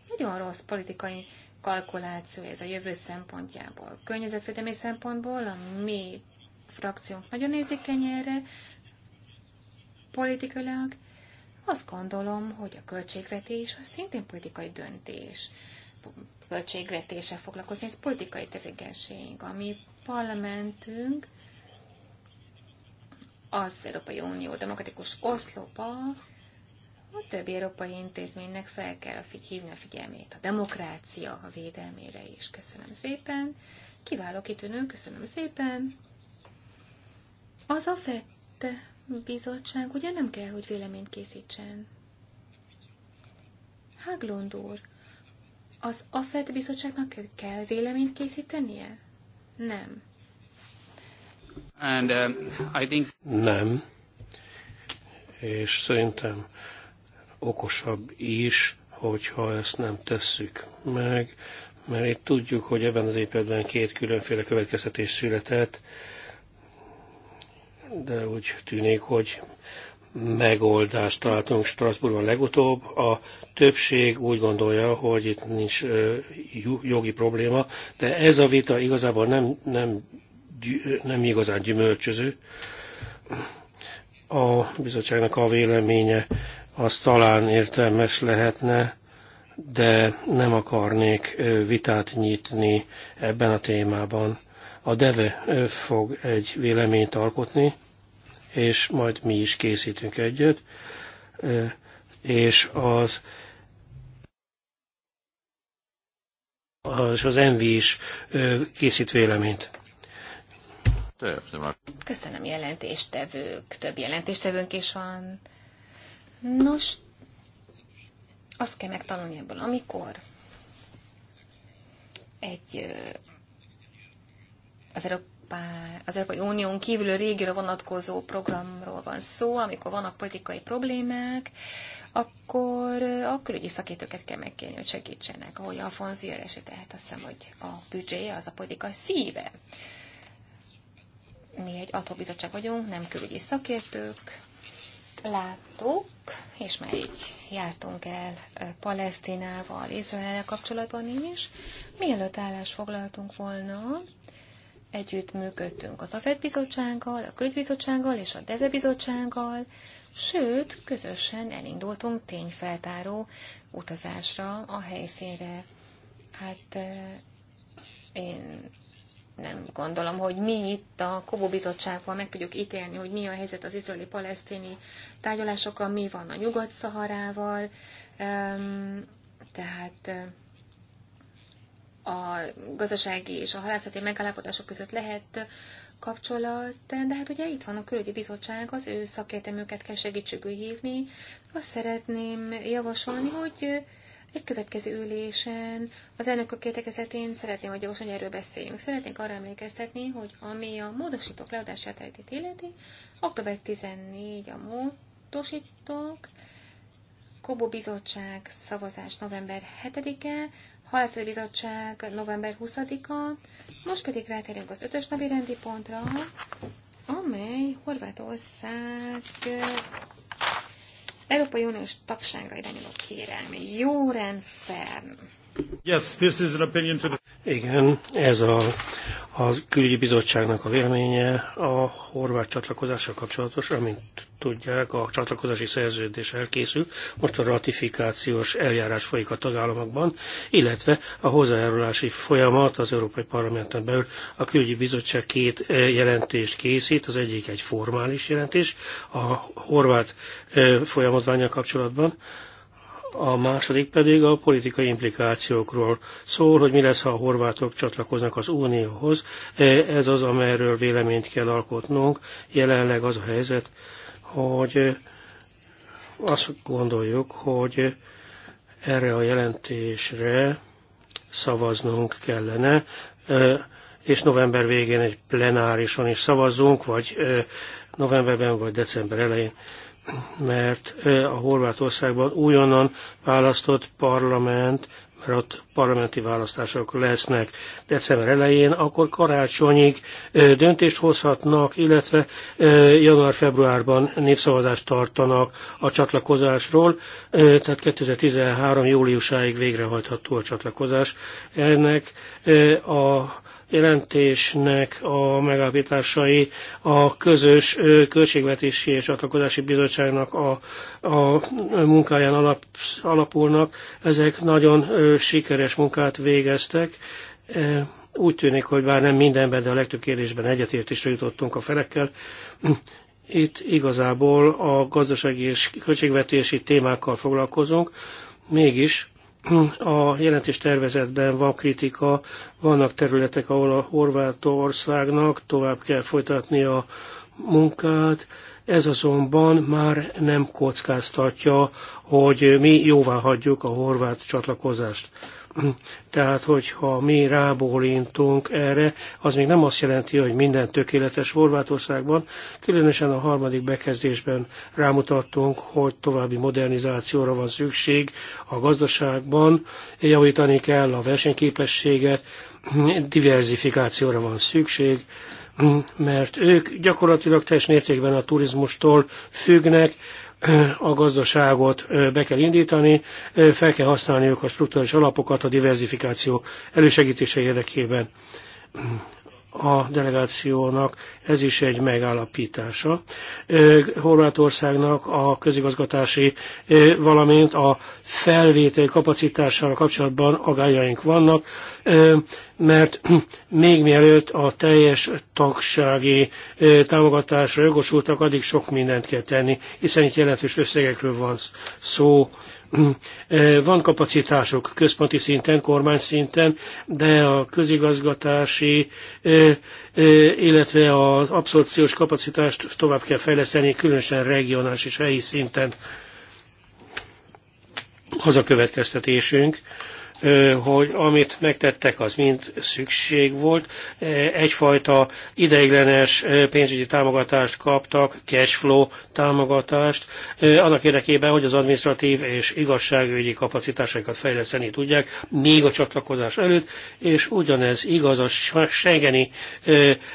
nagyon rossz politikai kalkuláció ez a jövő szempontjából. Környezetvédelmi szempontból a mi frakciónk nagyon érzékeny erre, politikailag azt gondolom, hogy a költségvetés az szintén politikai döntés. Költségvetéssel foglalkozni, ez politikai tevékenység, ami parlamentünk az Európai Unió demokratikus oszlopa a többi európai intézménynek fel kell hívni a figyelmét a demokrácia a védelmére is. Köszönöm szépen. Kiváló kitűnő, köszönöm szépen. Az a fette bizottság ugye nem kell, hogy véleményt készítsen. Haglund úr, az AFET bizottságnak kell véleményt készítenie? Nem. And, uh, I think... Nem. És szerintem okosabb is, hogyha ezt nem tesszük meg, mert itt tudjuk, hogy ebben az épületben két különféle következtetés született, de úgy tűnik, hogy megoldást találtunk Strasbourgban legutóbb. A többség úgy gondolja, hogy itt nincs jogi probléma, de ez a vita igazából nem, nem, nem igazán gyümölcsöző. A bizottságnak a véleménye az talán értelmes lehetne, de nem akarnék vitát nyitni ebben a témában. A DEVE fog egy véleményt alkotni, és majd mi is készítünk egyet, és az és az Envi is készít véleményt. Köszönöm jelentéstevők, több jelentéstevőnk is van. Nos, azt kell megtanulni ebből, amikor egy azért. Európá, az Európai Unión kívül régióra vonatkozó programról van szó, amikor vannak politikai problémák, akkor eh, a külügyi szakértőket kell megkérni, hogy segítsenek. Ahogy Alfonzi Jöres, tehát azt hiszem, hogy a büdzsé az a politika szíve. Mi egy atóbizottság vagyunk, nem külügyi szakértők. Láttuk, és már így jártunk el eh, Palesztinával, Izrael kapcsolatban is, mielőtt állást foglaltunk volna, együtt működtünk az AFED bizottsággal, a külügybizottsággal és a DEVE bizottsággal, sőt, közösen elindultunk tényfeltáró utazásra a helyszínre. Hát eh, én nem gondolom, hogy mi itt a Kobó bizottságban meg tudjuk ítélni, hogy mi a helyzet az izraeli-palesztini tárgyalásokkal, mi van a Nyugat-Szaharával, tehát eh, a gazdasági és a halászati megállapodások között lehet kapcsolat, de hát ugye itt van a külügyi bizottság, az ő szakértelmüket kell segítségül hívni. Azt szeretném javasolni, hogy egy következő ülésen az elnökök kétekezetén szeretném, hogy javasolni, hogy erről beszéljünk. Szeretnék arra emlékeztetni, hogy ami a módosítók leadását eredetét illeti, október 14 a módosítók, Kobo bizottság szavazás november 7-e, Halászai Bizottság november 20-a, most pedig rátérünk az ötös napi rendi pontra, amely Horvátország eh, Európai Uniós tagságra irányuló kérelme. Jóren Fern. Yes, this is an opinion to the... Igen, ez a az külügyi bizottságnak a véleménye a horvát csatlakozással kapcsolatos, amint tudják, a csatlakozási szerződés elkészült, most a ratifikációs eljárás folyik a tagállamokban, illetve a hozzájárulási folyamat az Európai Parlamenten belül a külügyi bizottság két e, jelentést készít, az egyik egy formális jelentés a horvát e, folyamatványa kapcsolatban, a második pedig a politikai implikációkról szól, hogy mi lesz, ha a horvátok csatlakoznak az Unióhoz. E, ez az, amelyről véleményt kell alkotnunk. Jelenleg az a helyzet, hogy azt gondoljuk, hogy erre a jelentésre szavaznunk kellene, e, és november végén egy plenárison is szavazzunk, vagy e, novemberben, vagy december elején mert a Horvátországban újonnan választott parlament, mert ott parlamenti választások lesznek december elején, akkor karácsonyig döntést hozhatnak, illetve január-februárban népszavazást tartanak a csatlakozásról, tehát 2013. júliusáig végrehajtható a csatlakozás. Ennek a jelentésnek a megállapításai a közös költségvetési és csatlakozási bizottságnak a, a munkáján alap, alapulnak. Ezek nagyon sikeres munkát végeztek. Úgy tűnik, hogy bár nem mindenben, de a legtöbb kérdésben egyetértésre jutottunk a felekkel. Itt igazából a gazdasági és költségvetési témákkal foglalkozunk, mégis a jelentés tervezetben van kritika, vannak területek, ahol a Horvátországnak tovább kell folytatni a munkát, ez azonban már nem kockáztatja, hogy mi jóvá hagyjuk a horvát csatlakozást. Tehát, hogyha mi rábólintunk erre, az még nem azt jelenti, hogy minden tökéletes Horvátországban. Különösen a harmadik bekezdésben rámutattunk, hogy további modernizációra van szükség a gazdaságban, javítani kell a versenyképességet, diversifikációra van szükség, mert ők gyakorlatilag teljes mértékben a turizmustól függnek, a gazdaságot be kell indítani, fel kell használniuk a struktúrális alapokat a diversifikáció elősegítése érdekében a delegációnak ez is egy megállapítása. Horvátországnak a közigazgatási, valamint a felvétel kapacitására kapcsolatban agályaink vannak, mert még mielőtt a teljes tagsági támogatásra jogosultak, addig sok mindent kell tenni, hiszen itt jelentős összegekről van szó van kapacitások központi szinten, kormány szinten, de a közigazgatási, illetve az abszorpciós kapacitást tovább kell fejleszteni, különösen regionális és helyi szinten. Az a következtetésünk, hogy amit megtettek, az mind szükség volt. Egyfajta ideiglenes pénzügyi támogatást kaptak, cashflow támogatást, annak érdekében, hogy az administratív és igazságügyi kapacitásaikat fejleszteni tudják, még a csatlakozás előtt, és ugyanez igaz a Schengeni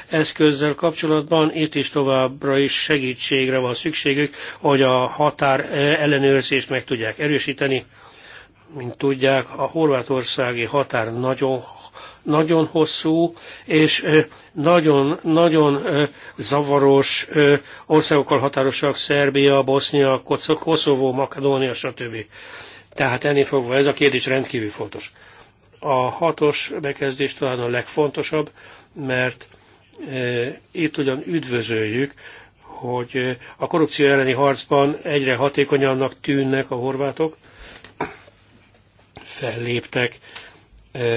eszközzel kapcsolatban, itt is továbbra is segítségre van szükségük, hogy a határ ellenőrzést meg tudják erősíteni mint tudják, a horvátországi határ nagyon, nagyon hosszú, és nagyon, nagyon zavaros országokkal határosak, Szerbia, Bosznia, Koszovó, Makedónia, stb. Tehát ennél fogva ez a kérdés rendkívül fontos. A hatos bekezdés talán a legfontosabb, mert itt ugyan üdvözöljük, hogy a korrupció elleni harcban egyre hatékonyabbnak tűnnek a horvátok, felléptek e,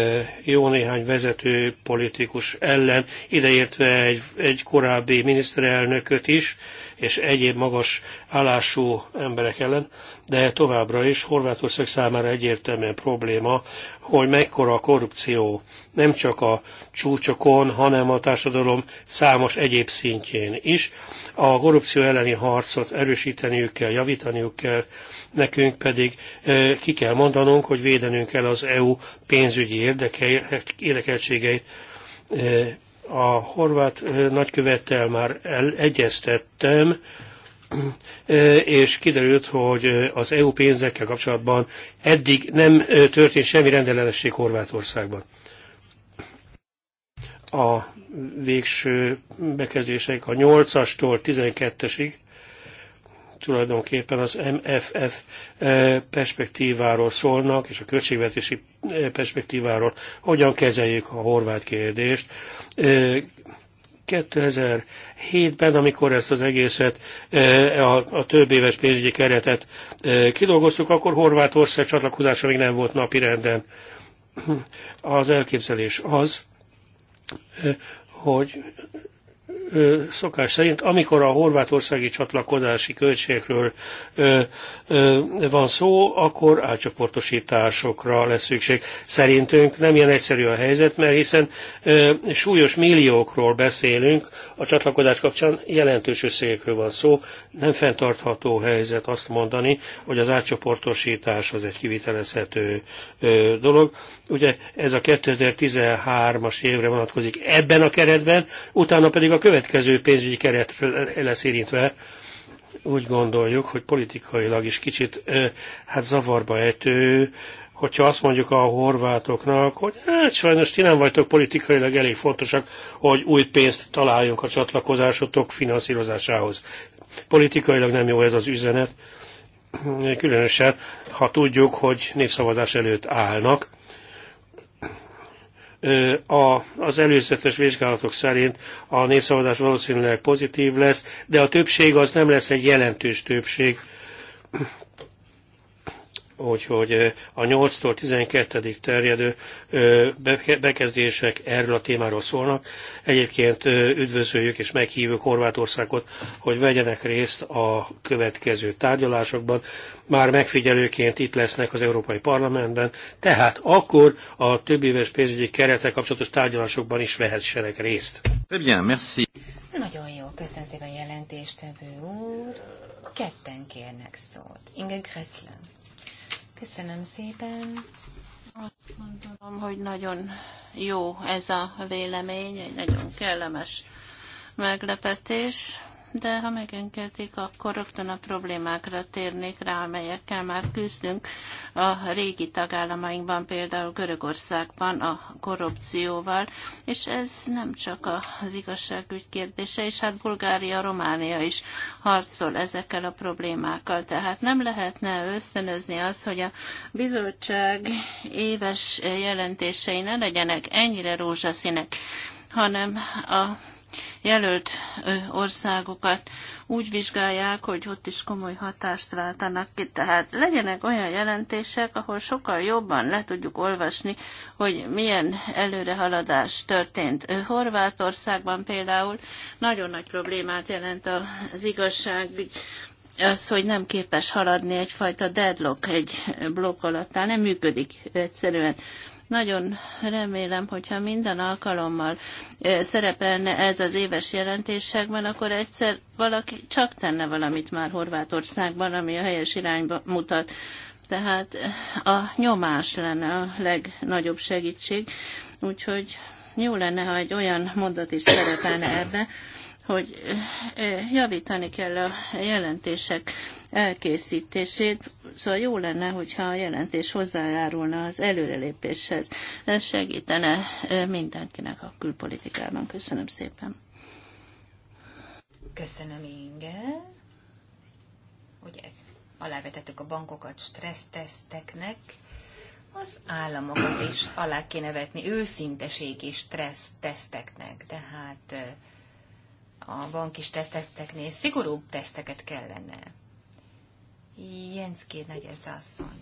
jó néhány vezető politikus ellen, ideértve egy, egy korábbi miniszterelnököt is, és egyéb magas állású emberek ellen, de továbbra is Horvátország számára egyértelműen probléma hogy mekkora a korrupció nem csak a csúcsokon, hanem a társadalom számos egyéb szintjén is. A korrupció elleni harcot erősíteniük kell, javítaniuk kell, nekünk pedig ki kell mondanunk, hogy védenünk kell az EU pénzügyi érdekeltségeit. A horvát nagykövettel már egyeztettem, és kiderült, hogy az EU pénzekkel kapcsolatban eddig nem történt semmi rendellenesség Horvátországban. A végső bekezdések a 8-astól 12-esig tulajdonképpen az MFF perspektíváról szólnak, és a költségvetési perspektíváról, hogyan kezeljük a horvát kérdést. 2007-ben, amikor ezt az egészet, e, a, a több éves pénzügyi keretet e, kidolgoztuk, akkor Horvátország csatlakozása még nem volt napi renden. Az elképzelés az, e, hogy szokás szerint, amikor a horvátországi csatlakozási költségekről van szó, akkor átcsoportosításokra lesz szükség. Szerintünk nem ilyen egyszerű a helyzet, mert hiszen súlyos milliókról beszélünk, a csatlakozás kapcsán jelentős összegekről van szó, nem fenntartható helyzet azt mondani, hogy az átcsoportosítás az egy kivitelezhető dolog. Ugye ez a 2013-as évre vonatkozik ebben a keretben, utána pedig a következő következő pénzügyi keret lesz érintve, úgy gondoljuk, hogy politikailag is kicsit hát zavarba ejtő, hogyha azt mondjuk a horvátoknak, hogy hát sajnos ti nem vagytok politikailag elég fontosak, hogy új pénzt találjunk a csatlakozásotok finanszírozásához. Politikailag nem jó ez az üzenet, különösen ha tudjuk, hogy népszavazás előtt állnak a, az előzetes vizsgálatok szerint a népszavazás valószínűleg pozitív lesz, de a többség az nem lesz egy jelentős többség hogy, hogy a 8-tól 12 terjedő bekezdések erről a témáról szólnak. Egyébként üdvözöljük és meghívjuk Horvátországot, hogy vegyenek részt a következő tárgyalásokban. Már megfigyelőként itt lesznek az Európai Parlamentben, tehát akkor a több éves pénzügyi keretek kapcsolatos tárgyalásokban is vehessenek részt. Bien, merci. Nagyon jó, köszönöm szépen jelentéstevő úr. Ketten kérnek szót. Inge Gresslen. Köszönöm szépen. Azt gondolom, hogy nagyon jó ez a vélemény, egy nagyon kellemes meglepetés de ha megengedik, akkor rögtön a problémákra térnék rá, amelyekkel már küzdünk. A régi tagállamainkban, például Görögországban a korrupcióval, és ez nem csak az igazságügy kérdése, és hát Bulgária, Románia is harcol ezekkel a problémákkal. Tehát nem lehetne ösztönözni azt, hogy a bizottság éves jelentései ne legyenek ennyire rózsaszínek hanem a jelölt országokat úgy vizsgálják, hogy ott is komoly hatást váltanak ki. Tehát legyenek olyan jelentések, ahol sokkal jobban le tudjuk olvasni, hogy milyen előrehaladás történt. Horvátországban például nagyon nagy problémát jelent az igazságügy az, hogy nem képes haladni egyfajta deadlock egy blokk alatt, nem működik egyszerűen nagyon remélem, hogyha minden alkalommal szerepelne ez az éves jelentésekben, akkor egyszer valaki csak tenne valamit már Horvátországban, ami a helyes irányba mutat. Tehát a nyomás lenne a legnagyobb segítség, úgyhogy jó lenne, ha egy olyan mondat is szerepelne ebbe, hogy javítani kell a jelentések elkészítését, szóval jó lenne, hogyha a jelentés hozzájárulna az előrelépéshez. Ez segítene mindenkinek a külpolitikában. Köszönöm szépen. Köszönöm, Inge. Ugye alávetettük a bankokat stresszteszteknek, az államokat is alá kéne vetni őszinteség stressztesteknek. de hát a banki teszteknél szigorúbb teszteket kellene. Jenszké nagy ez asszony.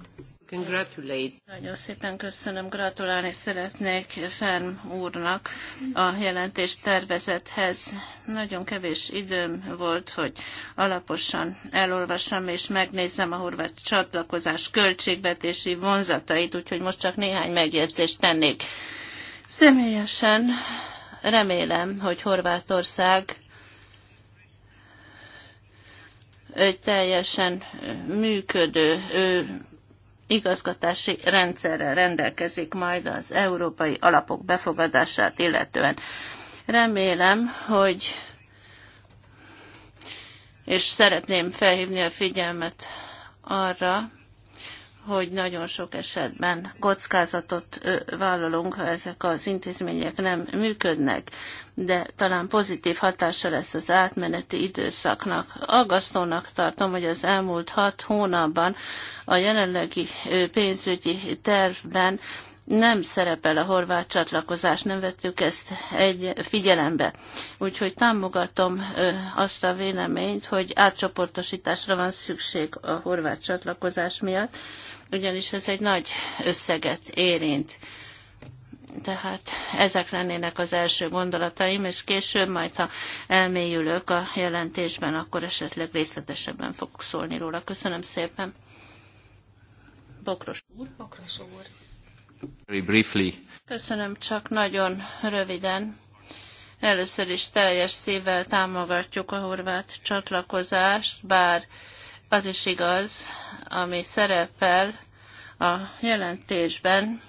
Congratulate. Nagyon szépen köszönöm, gratulálni szeretnék Ferm úrnak a jelentés tervezethez. Nagyon kevés időm volt, hogy alaposan elolvassam és megnézzem a horvát csatlakozás költségvetési vonzatait, úgyhogy most csak néhány megjegyzést tennék. Személyesen remélem, hogy Horvátország egy teljesen működő igazgatási rendszerrel rendelkezik majd az európai alapok befogadását illetően. Remélem, hogy és szeretném felhívni a figyelmet arra, hogy nagyon sok esetben kockázatot vállalunk, ha ezek az intézmények nem működnek, de talán pozitív hatása lesz az átmeneti időszaknak. Aggasztónak tartom, hogy az elmúlt hat hónapban a jelenlegi pénzügyi tervben nem szerepel a horvát csatlakozás, nem vettük ezt egy figyelembe. Úgyhogy támogatom azt a véleményt, hogy átcsoportosításra van szükség a horvát csatlakozás miatt, ugyanis ez egy nagy összeget érint. Tehát ezek lennének az első gondolataim, és később majd, ha elmélyülök a jelentésben, akkor esetleg részletesebben fogok szólni róla. Köszönöm szépen. Bokros úr. Bokros úr. Very briefly. Köszönöm, csak nagyon röviden. Először is teljes szívvel támogatjuk a horvát csatlakozást, bár az is igaz, ami szerepel a jelentésben,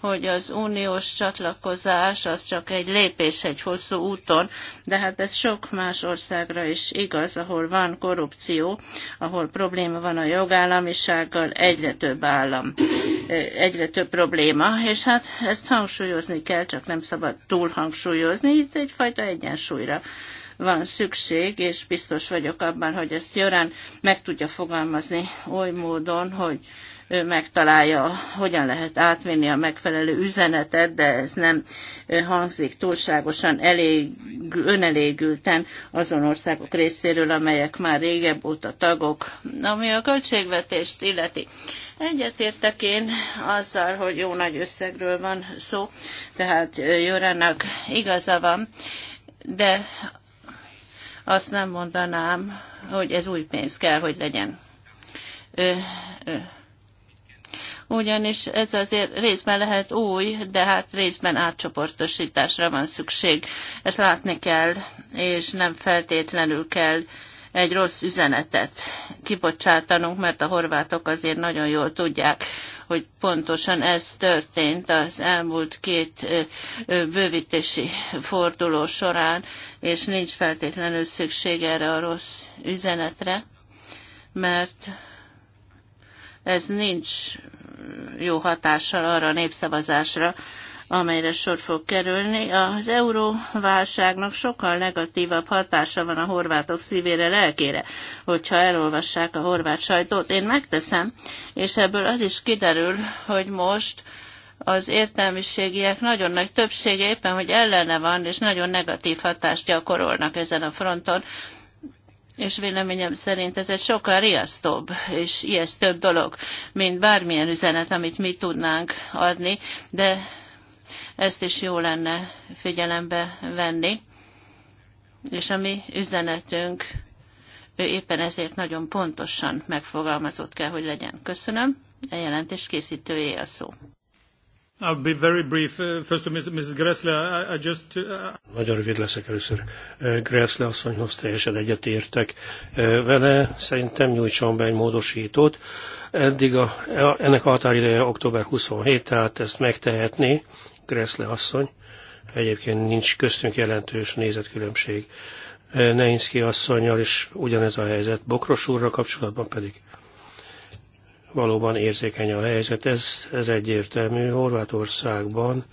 hogy az uniós csatlakozás az csak egy lépés egy hosszú úton, de hát ez sok más országra is igaz, ahol van korrupció, ahol probléma van a jogállamisággal, egyre több állam, egyre több probléma, és hát ezt hangsúlyozni kell, csak nem szabad túl hangsúlyozni, itt egyfajta egyensúlyra van szükség, és biztos vagyok abban, hogy ezt Jörán meg tudja fogalmazni oly módon, hogy ő megtalálja, hogyan lehet átvinni a megfelelő üzenetet, de ez nem hangzik túlságosan elég, önelégülten azon országok részéről, amelyek már régebb óta tagok, ami a költségvetést illeti. Egyetértek én azzal, hogy jó nagy összegről van szó, tehát Jórának igaza van, de azt nem mondanám, hogy ez új pénz kell, hogy legyen. Ö, ö. Ugyanis ez azért részben lehet új, de hát részben átcsoportosításra van szükség. Ezt látni kell, és nem feltétlenül kell egy rossz üzenetet kibocsátanunk, mert a horvátok azért nagyon jól tudják, hogy pontosan ez történt az elmúlt két bővítési forduló során, és nincs feltétlenül szükség erre a rossz üzenetre, mert ez nincs mm, jó hatással arra a népszavazásra, amelyre sor fog kerülni. Az euróválságnak sokkal negatívabb hatása van a horvátok szívére, lelkére, hogyha elolvassák a horvát sajtót. Én megteszem, és ebből az is kiderül, hogy most az értelmiségiek nagyon nagy többsége éppen, hogy ellene van, és nagyon negatív hatást gyakorolnak ezen a fronton és véleményem szerint ez egy sokkal riasztóbb és ijesztőbb dolog, mint bármilyen üzenet, amit mi tudnánk adni, de ezt is jó lenne figyelembe venni. És a mi üzenetünk ő éppen ezért nagyon pontosan megfogalmazott kell, hogy legyen. Köszönöm. A jelentés készítőjé a szó. I'll be very brief. Uh, first to Mrs. Gressle, I just... Uh, nagyon rövid leszek először. Uh, Gressle asszonyhoz teljesen egyetértek vele. Szerintem nyújtson be egy módosítót. Eddig a, ennek a határideje október 27, tehát ezt megtehetné, Kreszle asszony. Egyébként nincs köztünk jelentős nézetkülönbség. Neinszki asszonynal is ugyanez a helyzet, Bokros úrra kapcsolatban pedig valóban érzékeny a helyzet. Ez, ez egyértelmű. Horvátországban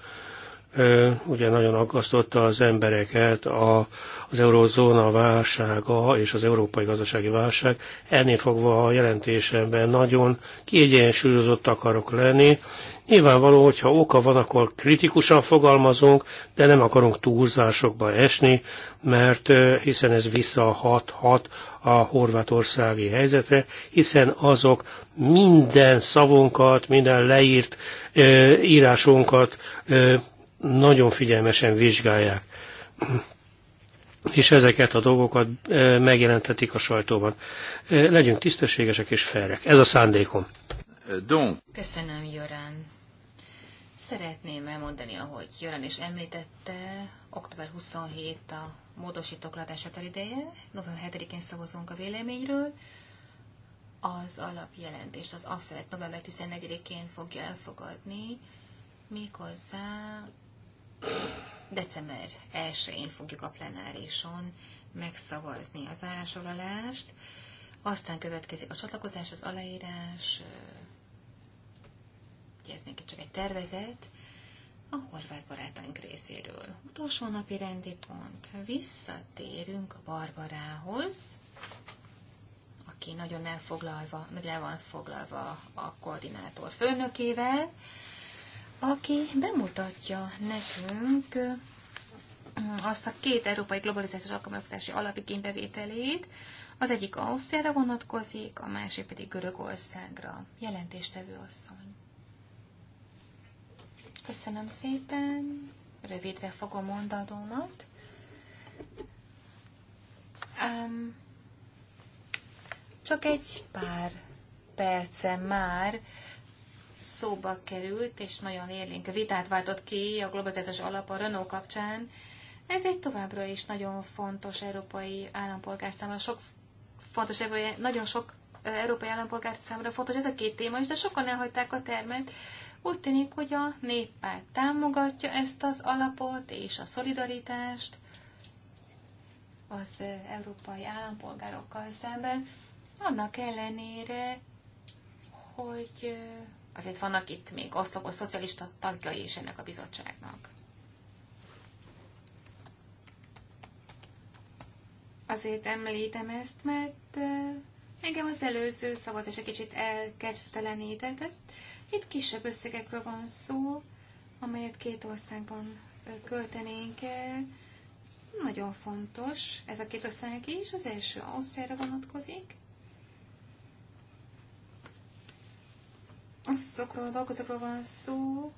ugye nagyon aggasztotta az embereket a, az eurozóna válsága és az európai gazdasági válság. Ennél fogva a jelentésemben nagyon kiegyensúlyozott akarok lenni, Nyilvánvaló, hogyha oka van, akkor kritikusan fogalmazunk, de nem akarunk túlzásokba esni, mert hiszen ez visszahathat a horvátországi helyzetre, hiszen azok minden szavunkat, minden leírt e, írásunkat e, nagyon figyelmesen vizsgálják. És ezeket a dolgokat e, megjelentetik a sajtóban. E, legyünk tisztességesek és felrek. Ez a szándékom. Don. Köszönöm, Jorán. Szeretném elmondani, ahogy Jelen is említette, október 27 a módosítók ladását ideje, november 7-én szavazunk a véleményről, az alapjelentést az AFET november 11-én fogja elfogadni, méghozzá december 1-én fogjuk a plenárison megszavazni az állásolalást, aztán következik a csatlakozás, az aláírás, hogy ez neki csak egy tervezet, a horvát barátaink részéről. Utolsó napi rendi pont. Visszatérünk a Barbarához, aki nagyon elfoglalva, nagy el van foglalva a koordinátor főnökével, aki bemutatja nekünk azt a két európai globalizációs alkalmazkodási alapigénybevételét, az egyik Ausztriára vonatkozik, a másik pedig Görögországra. Jelentéstevő asszony. Köszönöm szépen, rövidre fogom mondadómat. Um, csak egy pár perce már szóba került, és nagyon élénk vitát váltott ki a globalizációs alap a Renault kapcsán. Ez egy továbbra is nagyon fontos európai állampolgár számára. Sok fontos, nagyon sok európai állampolgár számára fontos ez a két téma is, de sokan elhagyták a termet, úgy tűnik, hogy a néppárt támogatja ezt az alapot és a szolidaritást az európai állampolgárokkal szemben, annak ellenére, hogy azért vannak itt még oszlopos szocialista tagjai is ennek a bizottságnak. Azért említem ezt, mert engem az előző szavazás egy kicsit elkedvtelenítette. Itt kisebb összegekről van szó, amelyet két országban költenénk el. Nagyon fontos ez a két ország is, az első Ausztriára vonatkozik. Azokról a dolgozókról van szó,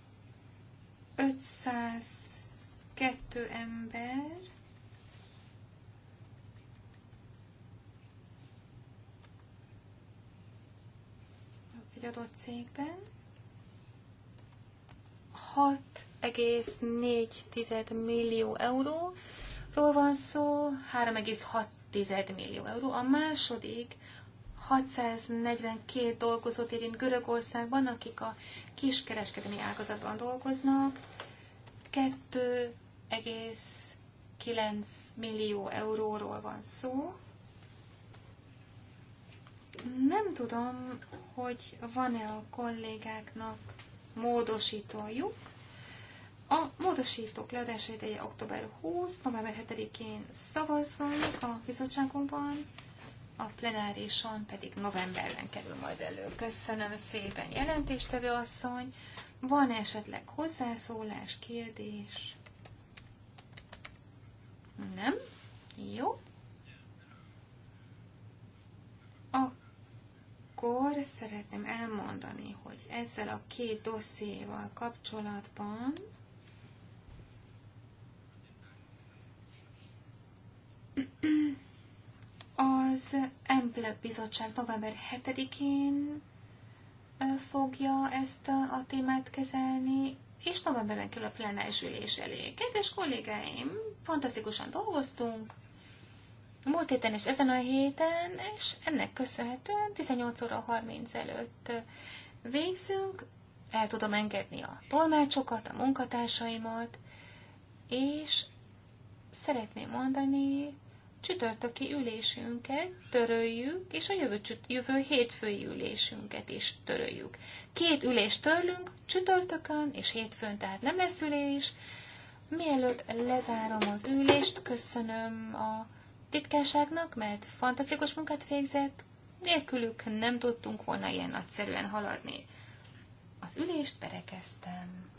502 ember, egy adott cégben. 6,4 millió euróról van szó, 3,6 millió euró. A második 642 dolgozót érint Görögországban, akik a kiskereskedelmi ágazatban dolgoznak, 2,9 millió euróról van szó. Nem tudom, hogy van-e a kollégáknak módosítójuk. A módosítók leadása ideje október 20, november 7-én szavazzunk a bizottságunkban, a plenárison pedig novemberben kerül majd elő. Köszönöm szépen, jelentéstevő asszony. Van esetleg hozzászólás, kérdés? Nem? Jó. Akkor szeretném elmondani, hogy ezzel a két dossziéval kapcsolatban Az Emple Bizottság november 7-én fogja ezt a témát kezelni, és novemberben kerül a plenáris ülés elé. Kedves kollégáim, fantasztikusan dolgoztunk, múlt héten és ezen a héten, és ennek köszönhetően 18 óra 30 előtt végzünk, el tudom engedni a tolmácsokat, a munkatársaimat, és szeretném mondani, csütörtöki ülésünket töröljük, és a jövő, jövő hétfői ülésünket is töröljük. Két ülést törlünk, csütörtökön és hétfőn, tehát nem lesz ülés. Mielőtt lezárom az ülést, köszönöm a titkárságnak, mert fantasztikus munkát végzett, nélkülük nem tudtunk volna ilyen nagyszerűen haladni. Az ülést berekeztem.